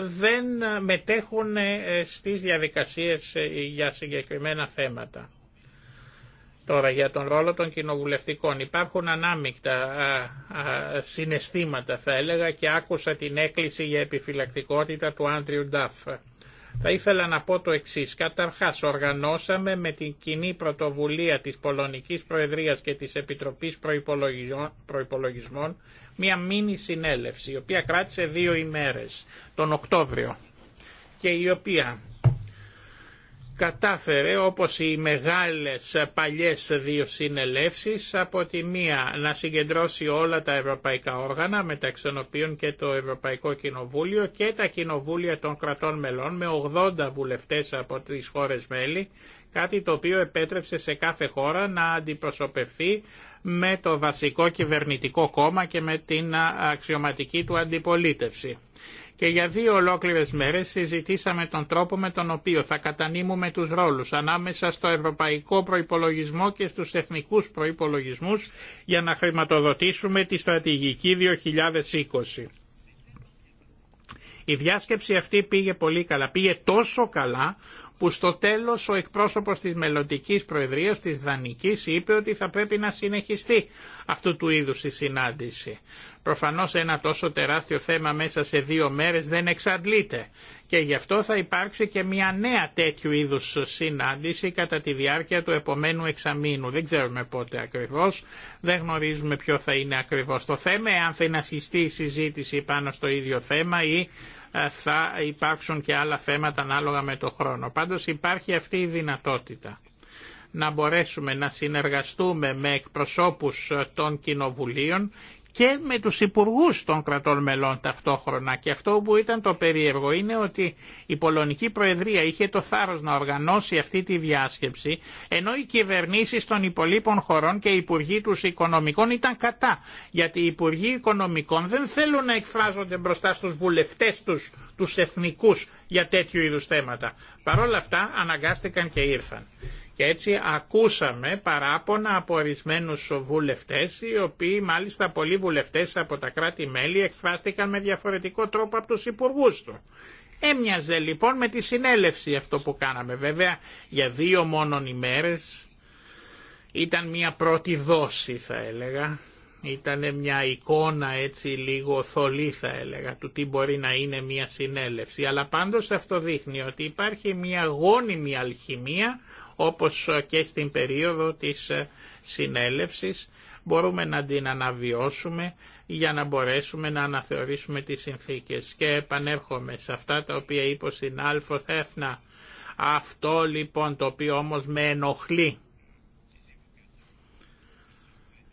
δεν μετέχουν ε, στις διαδικασίες ε, για συγκεκριμένα θέματα. Τώρα για τον ρόλο των κοινοβουλευτικών υπάρχουν ανάμεικτα συναισθήματα θα έλεγα και άκουσα την έκκληση για επιφυλακτικότητα του Άντριου Ντάφ. Θα ήθελα να πω το εξή Καταρχάς, οργανώσαμε με την κοινή πρωτοβουλία της Πολωνικής Προεδρίας και της Επιτροπής προπολογισμών μια μήνυ συνέλευση, η οποία κράτησε δύο ημέρες, τον Οκτώβριο, και η οποία κατάφερε όπως οι μεγάλες παλιές δύο συνελεύσεις από τη μία να συγκεντρώσει όλα τα ευρωπαϊκά όργανα μεταξύ των οποίων και το Ευρωπαϊκό Κοινοβούλιο και τα κοινοβούλια των κρατών μελών με 80 βουλευτές από τις χώρες μέλη Κάτι το οποίο επέτρεψε σε κάθε χώρα να αντιπροσωπευθεί με το βασικό κυβερνητικό κόμμα και με την αξιωματική του αντιπολίτευση. Και για δύο ολόκληρες μέρες συζητήσαμε τον τρόπο με τον οποίο θα κατανείμουμε τους ρόλους ανάμεσα στο ευρωπαϊκό προϋπολογισμό και στους εθνικούς προϋπολογισμούς για να χρηματοδοτήσουμε τη στρατηγική 2020. Η διάσκεψη αυτή πήγε πολύ καλά. Πήγε τόσο καλά που στο τέλος ο εκπρόσωπος της μελλοντική προεδρίας της Δανικής είπε ότι θα πρέπει να συνεχιστεί αυτού του είδους η συνάντηση. Προφανώς ένα τόσο τεράστιο θέμα μέσα σε δύο μέρες δεν εξαντλείται και γι' αυτό θα υπάρξει και μια νέα τέτοιου είδους συνάντηση κατά τη διάρκεια του επομένου εξαμήνου. Δεν ξέρουμε πότε ακριβώς, δεν γνωρίζουμε ποιο θα είναι ακριβώς το θέμα, αν θα είναι η συζήτηση πάνω στο ίδιο θέμα ή θα υπάρξουν και άλλα θέματα ανάλογα με το χρόνο. Πάντως υπάρχει αυτή η δυνατότητα να μπορέσουμε να συνεργαστούμε με εκπροσώπους των κοινοβουλίων και με τους υπουργούς των κρατών μελών ταυτόχρονα. Και αυτό που ήταν το περίεργο είναι ότι η Πολωνική Προεδρία είχε το θάρρος να οργανώσει αυτή τη διάσκεψη, ενώ οι κυβερνήσεις των υπολείπων χωρών και οι υπουργοί τους οικονομικών ήταν κατά. Γιατί οι υπουργοί οικονομικών δεν θέλουν να εκφράζονται μπροστά στους βουλευτές τους, τους εθνικούς, για τέτοιου είδους θέματα. Παρ' όλα αυτά αναγκάστηκαν και ήρθαν. Και έτσι ακούσαμε παράπονα από ορισμένου βουλευτέ, οι οποίοι μάλιστα πολλοί βουλευτέ από τα κράτη-μέλη εκφράστηκαν με διαφορετικό τρόπο από του υπουργού του. Έμοιαζε λοιπόν με τη συνέλευση αυτό που κάναμε. Βέβαια για δύο μόνον ημέρες ήταν μια πρώτη δόση θα έλεγα. Ήταν μια εικόνα έτσι λίγο θολή θα έλεγα του τι μπορεί να είναι μια συνέλευση. Αλλά πάντως αυτό δείχνει ότι υπάρχει μια γόνιμη αλχημία όπως ε, και στην περίοδο της ε, συνέλευσης μπορούμε να την αναβιώσουμε για να μπορέσουμε να αναθεωρήσουμε τις συνθήκες. Και επανέρχομαι σε αυτά τα οποία είπε στην άλφο θεύνα Αυτό λοιπόν το οποίο όμως με ενοχλεί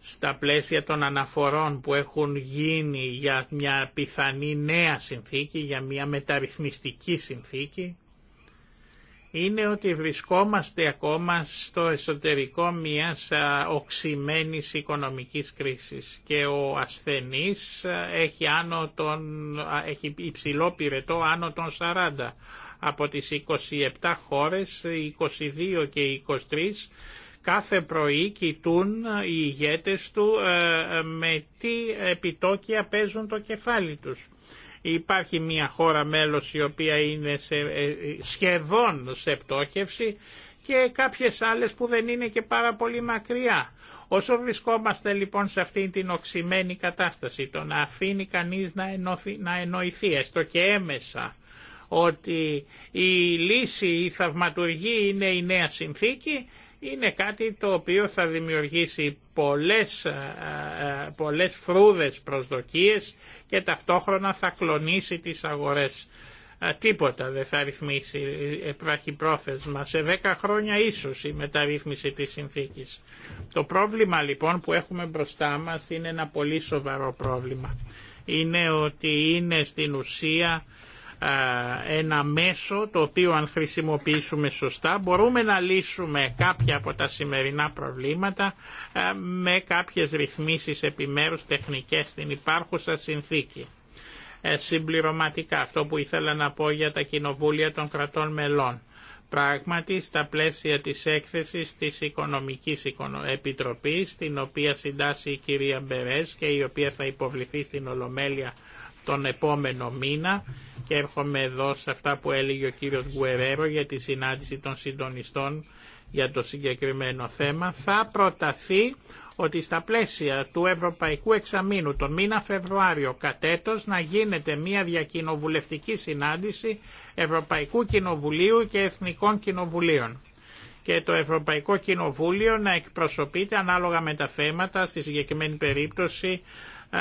στα πλαίσια των αναφορών που έχουν γίνει για μια πιθανή νέα συνθήκη, για μια μεταρρυθμιστική συνθήκη, είναι ότι βρισκόμαστε ακόμα στο εσωτερικό μιας οξυμένης οικονομικής κρίσης και ο ασθενής έχει, άνω των, έχει υψηλό πυρετό άνω των 40. Από τις 27 χώρες, 22 και 23, κάθε πρωί κοιτούν οι ηγέτες του ε, ε, με τι επιτόκια παίζουν το κεφάλι τους. Υπάρχει μια χώρα μέλος η οποία είναι σε, ε, σχεδόν σε πτώχευση και κάποιες άλλες που δεν είναι και πάρα πολύ μακριά. Όσο βρισκόμαστε λοιπόν σε αυτή την οξυμένη κατάσταση, το να αφήνει κανείς να, να εννοηθεί, έστω και έμεσα, ότι η λύση, η θαυματουργή είναι η νέα συνθήκη, είναι κάτι το οποίο θα δημιουργήσει πολλές, ε, ε, πολλές φρούδες προσδοκίες και ταυτόχρονα θα κλονίσει τις αγορές. Ε, τίποτα δεν θα ρυθμίσει πρόθεσμα Σε 10 χρόνια ίσως η μεταρρύθμιση της συνθήκης. Το πρόβλημα λοιπόν που έχουμε μπροστά μας είναι ένα πολύ σοβαρό πρόβλημα. Είναι ότι είναι στην ουσία ένα μέσο το οποίο αν χρησιμοποιήσουμε σωστά μπορούμε να λύσουμε κάποια από τα σημερινά προβλήματα με κάποιες ρυθμίσεις επιμέρους τεχνικές στην υπάρχουσα συνθήκη. Ε, συμπληρωματικά αυτό που ήθελα να πω για τα κοινοβούλια των κρατών μελών. Πράγματι, στα πλαίσια της έκθεσης της Οικονομικής Επιτροπής, την οποία συντάσσει η κυρία Μπερές και η οποία θα υποβληθεί στην Ολομέλεια τον επόμενο μήνα και έρχομαι εδώ σε αυτά που έλεγε ο κύριος Γκουερέρο για τη συνάντηση των συντονιστών για το συγκεκριμένο θέμα, θα προταθεί ότι στα πλαίσια του Ευρωπαϊκού Εξαμήνου τον μήνα Φεβρουάριο κατέτος να γίνεται μια διακοινοβουλευτική συνάντηση Ευρωπαϊκού Κοινοβουλίου και Εθνικών Κοινοβουλίων και το Ευρωπαϊκό Κοινοβούλιο να εκπροσωπείται ανάλογα με τα θέματα στη συγκεκριμένη περίπτωση ε,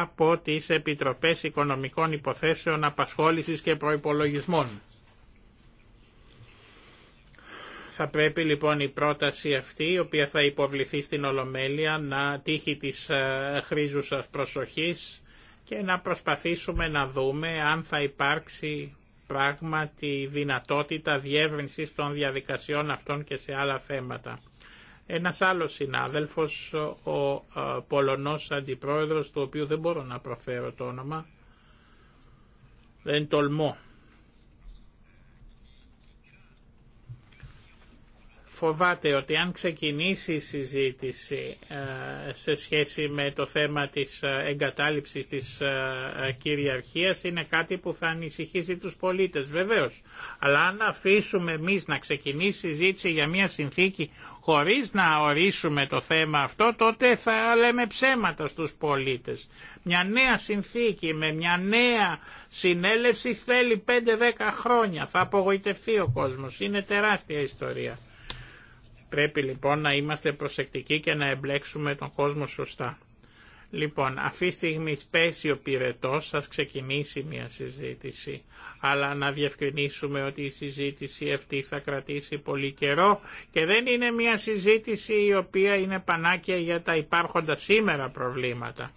από τις Επιτροπές Οικονομικών Υποθέσεων Απασχόλησης και Προϋπολογισμών. Θα πρέπει λοιπόν η πρόταση αυτή, η οποία θα υποβληθεί στην Ολομέλεια, να τύχει της ε, χρήζουσας προσοχής και να προσπαθήσουμε να δούμε αν θα υπάρξει πράγματι δυνατότητα διεύρυνσης των διαδικασιών αυτών και σε άλλα θέματα. Ένας άλλος συνάδελφος, ο ε, Πολωνός Αντιπρόεδρος, του οποίου δεν μπορώ να προφέρω το όνομα, δεν τολμώ φοβάται ότι αν ξεκινήσει η συζήτηση ε, σε σχέση με το θέμα της ε, εγκατάλειψης της ε, κυριαρχίας είναι κάτι που θα ανησυχήσει τους πολίτες βεβαίως. Αλλά αν αφήσουμε εμείς να ξεκινήσει η συζήτηση για μια συνθήκη χωρίς να ορίσουμε το θέμα αυτό τότε θα λέμε ψέματα στους πολίτες. Μια νέα συνθήκη με μια νέα συνέλευση θέλει 5-10 χρόνια. Θα απογοητευτεί ο κόσμος. Είναι τεράστια ιστορία. Πρέπει λοιπόν να είμαστε προσεκτικοί και να εμπλέξουμε τον κόσμο σωστά. Λοιπόν, αυτή τη στιγμή πέσει ο πυρετό, θα ξεκινήσει μια συζήτηση. Αλλά να διευκρινίσουμε ότι η συζήτηση αυτή θα κρατήσει πολύ καιρό και δεν είναι μια συζήτηση η οποία είναι πανάκια για τα υπάρχοντα σήμερα προβλήματα.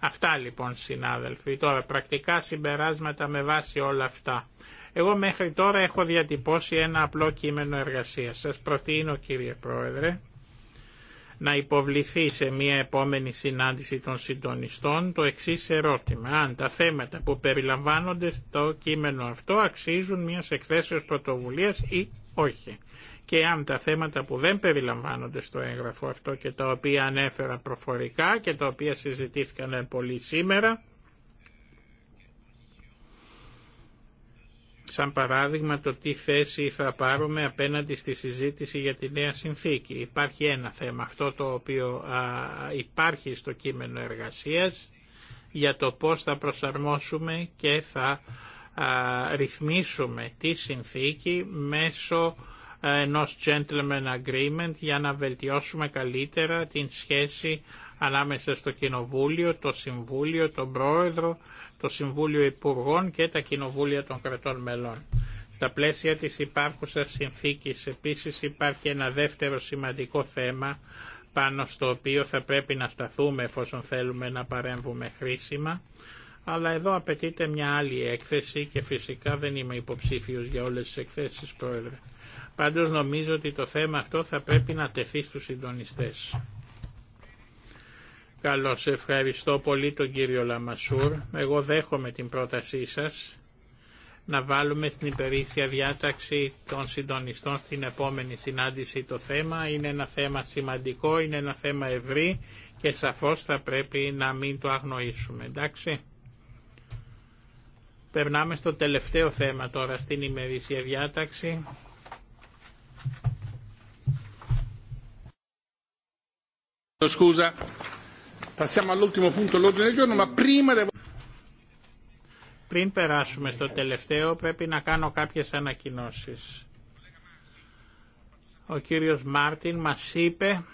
Αυτά λοιπόν συνάδελφοι. Τώρα πρακτικά συμπεράσματα με βάση όλα αυτά. Εγώ μέχρι τώρα έχω διατυπώσει ένα απλό κείμενο εργασίας. Σας προτείνω κύριε Πρόεδρε να υποβληθεί σε μια επόμενη συνάντηση των συντονιστών το εξής ερώτημα. Αν τα θέματα που περιλαμβάνονται στο κείμενο αυτό αξίζουν μια εκθέσεως πρωτοβουλία ή όχι. Και αν τα θέματα που δεν περιλαμβάνονται στο έγγραφο αυτό και τα οποία ανέφερα προφορικά και τα οποία συζητήθηκαν πολύ σήμερα σαν παράδειγμα το τι θέση θα πάρουμε απέναντι στη συζήτηση για τη νέα συνθήκη. Υπάρχει ένα θέμα, αυτό το οποίο υπάρχει στο κείμενο εργασίας, για το πώς θα προσαρμόσουμε και θα ρυθμίσουμε τη συνθήκη μέσω ενός gentleman agreement για να βελτιώσουμε καλύτερα την σχέση ανάμεσα στο Κοινοβούλιο, το Συμβούλιο, τον Πρόεδρο το Συμβούλιο Υπουργών και τα Κοινοβούλια των Κρατών Μελών. Στα πλαίσια της υπάρχουσας συνθήκης επίσης υπάρχει ένα δεύτερο σημαντικό θέμα πάνω στο οποίο θα πρέπει να σταθούμε εφόσον θέλουμε να παρέμβουμε χρήσιμα, αλλά εδώ απαιτείται μια άλλη έκθεση και φυσικά δεν είμαι υποψήφιος για όλες τις εκθέσεις, Πρόεδρε. Πάντως νομίζω ότι το θέμα αυτό θα πρέπει να τεθεί στους συντονιστές. Καλώς ευχαριστώ πολύ τον κύριο Λαμασούρ. Εγώ δέχομαι την πρότασή σας να βάλουμε στην υπερήσια διάταξη των συντονιστών στην επόμενη συνάντηση το θέμα. Είναι ένα θέμα σημαντικό, είναι ένα θέμα ευρύ και σαφώς θα πρέπει να μην το αγνοήσουμε. Εντάξει. Περνάμε στο τελευταίο θέμα τώρα στην ημερήσια διάταξη. Πριν περάσουμε στο τελευταίο πρέπει να κάνω κάποιες ανακοινώσεις. Ο κύριος Μάρτιν μας είπε,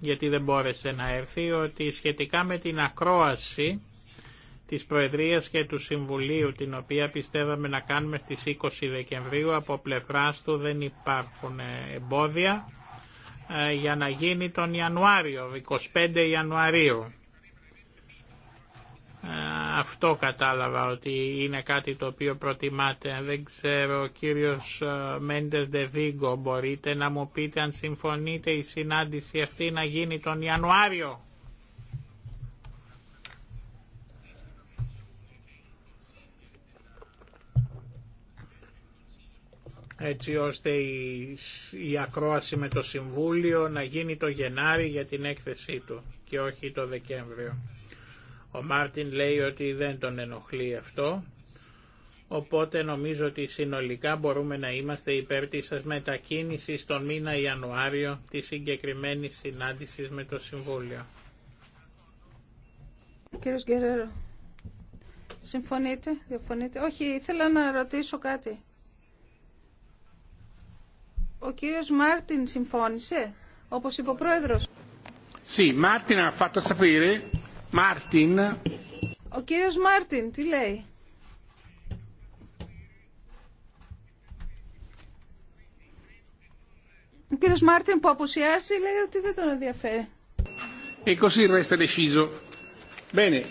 γιατί δεν μπόρεσε να έρθει, ότι σχετικά με την ακρόαση της Προεδρίας και του Συμβουλίου, την οποία πιστεύαμε να κάνουμε στις 20 Δεκεμβρίου, από πλευράς του δεν υπάρχουν εμπόδια ε, για να γίνει τον Ιανουάριο, 25 Ιανουαρίου. Ε, αυτό κατάλαβα ότι είναι κάτι το οποίο προτιμάτε. Δεν ξέρω, ο κύριος ε, Μέντες Δεβίγκο, μπορείτε να μου πείτε αν συμφωνείτε η συνάντηση αυτή να γίνει τον Ιανουάριο. έτσι ώστε η, ακρόαση με το Συμβούλιο να γίνει το Γενάρη για την έκθεσή του και όχι το Δεκέμβριο. Ο Μάρτιν λέει ότι δεν τον ενοχλεί αυτό, οπότε νομίζω ότι συνολικά μπορούμε να είμαστε υπέρ της μετακίνησης τον μήνα Ιανουάριο της συγκεκριμένη συνάντησης με το Συμβούλιο. Κύριος Γκερέρο, συμφωνείτε, διαφωνείτε. Όχι, ήθελα να ρωτήσω κάτι. Ο κύριος Μάρτιν συμφώνησε, όπως είπε ο πρόεδρος. Sì, Μάρτιν ha fatto Μάρτιν. Ο κύριος Μάρτιν, τι λέει. Ο κύριος Μάρτιν που αποσιάσει λέει ότι δεν τον ενδιαφέρει. E così resta Eh,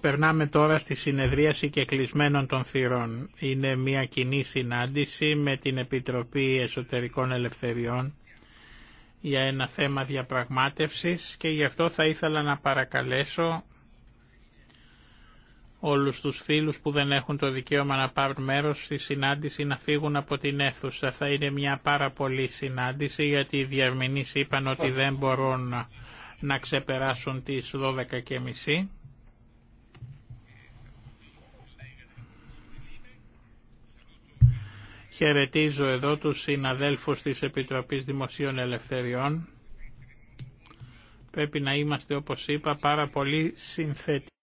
Περνάμε τώρα στη συνεδρίαση και κλεισμένων των θυρών. Είναι μια κοινή συνάντηση με την Επιτροπή Εσωτερικών Ελευθεριών για ένα θέμα διαπραγμάτευσης και γι' αυτό θα ήθελα να παρακαλέσω όλους τους φίλους που δεν έχουν το δικαίωμα να πάρουν μέρος στη συνάντηση να φύγουν από την αίθουσα. Θα είναι μια πάρα πολύ συνάντηση γιατί οι διαρμηνείς είπαν ότι δεν μπορούν να ξεπεράσουν τις 12.30. Χαιρετίζω εδώ τους συναδέλφους της Επιτροπής Δημοσίων Ελευθεριών. Πρέπει να είμαστε, όπως είπα, πάρα πολύ συνθετικοί.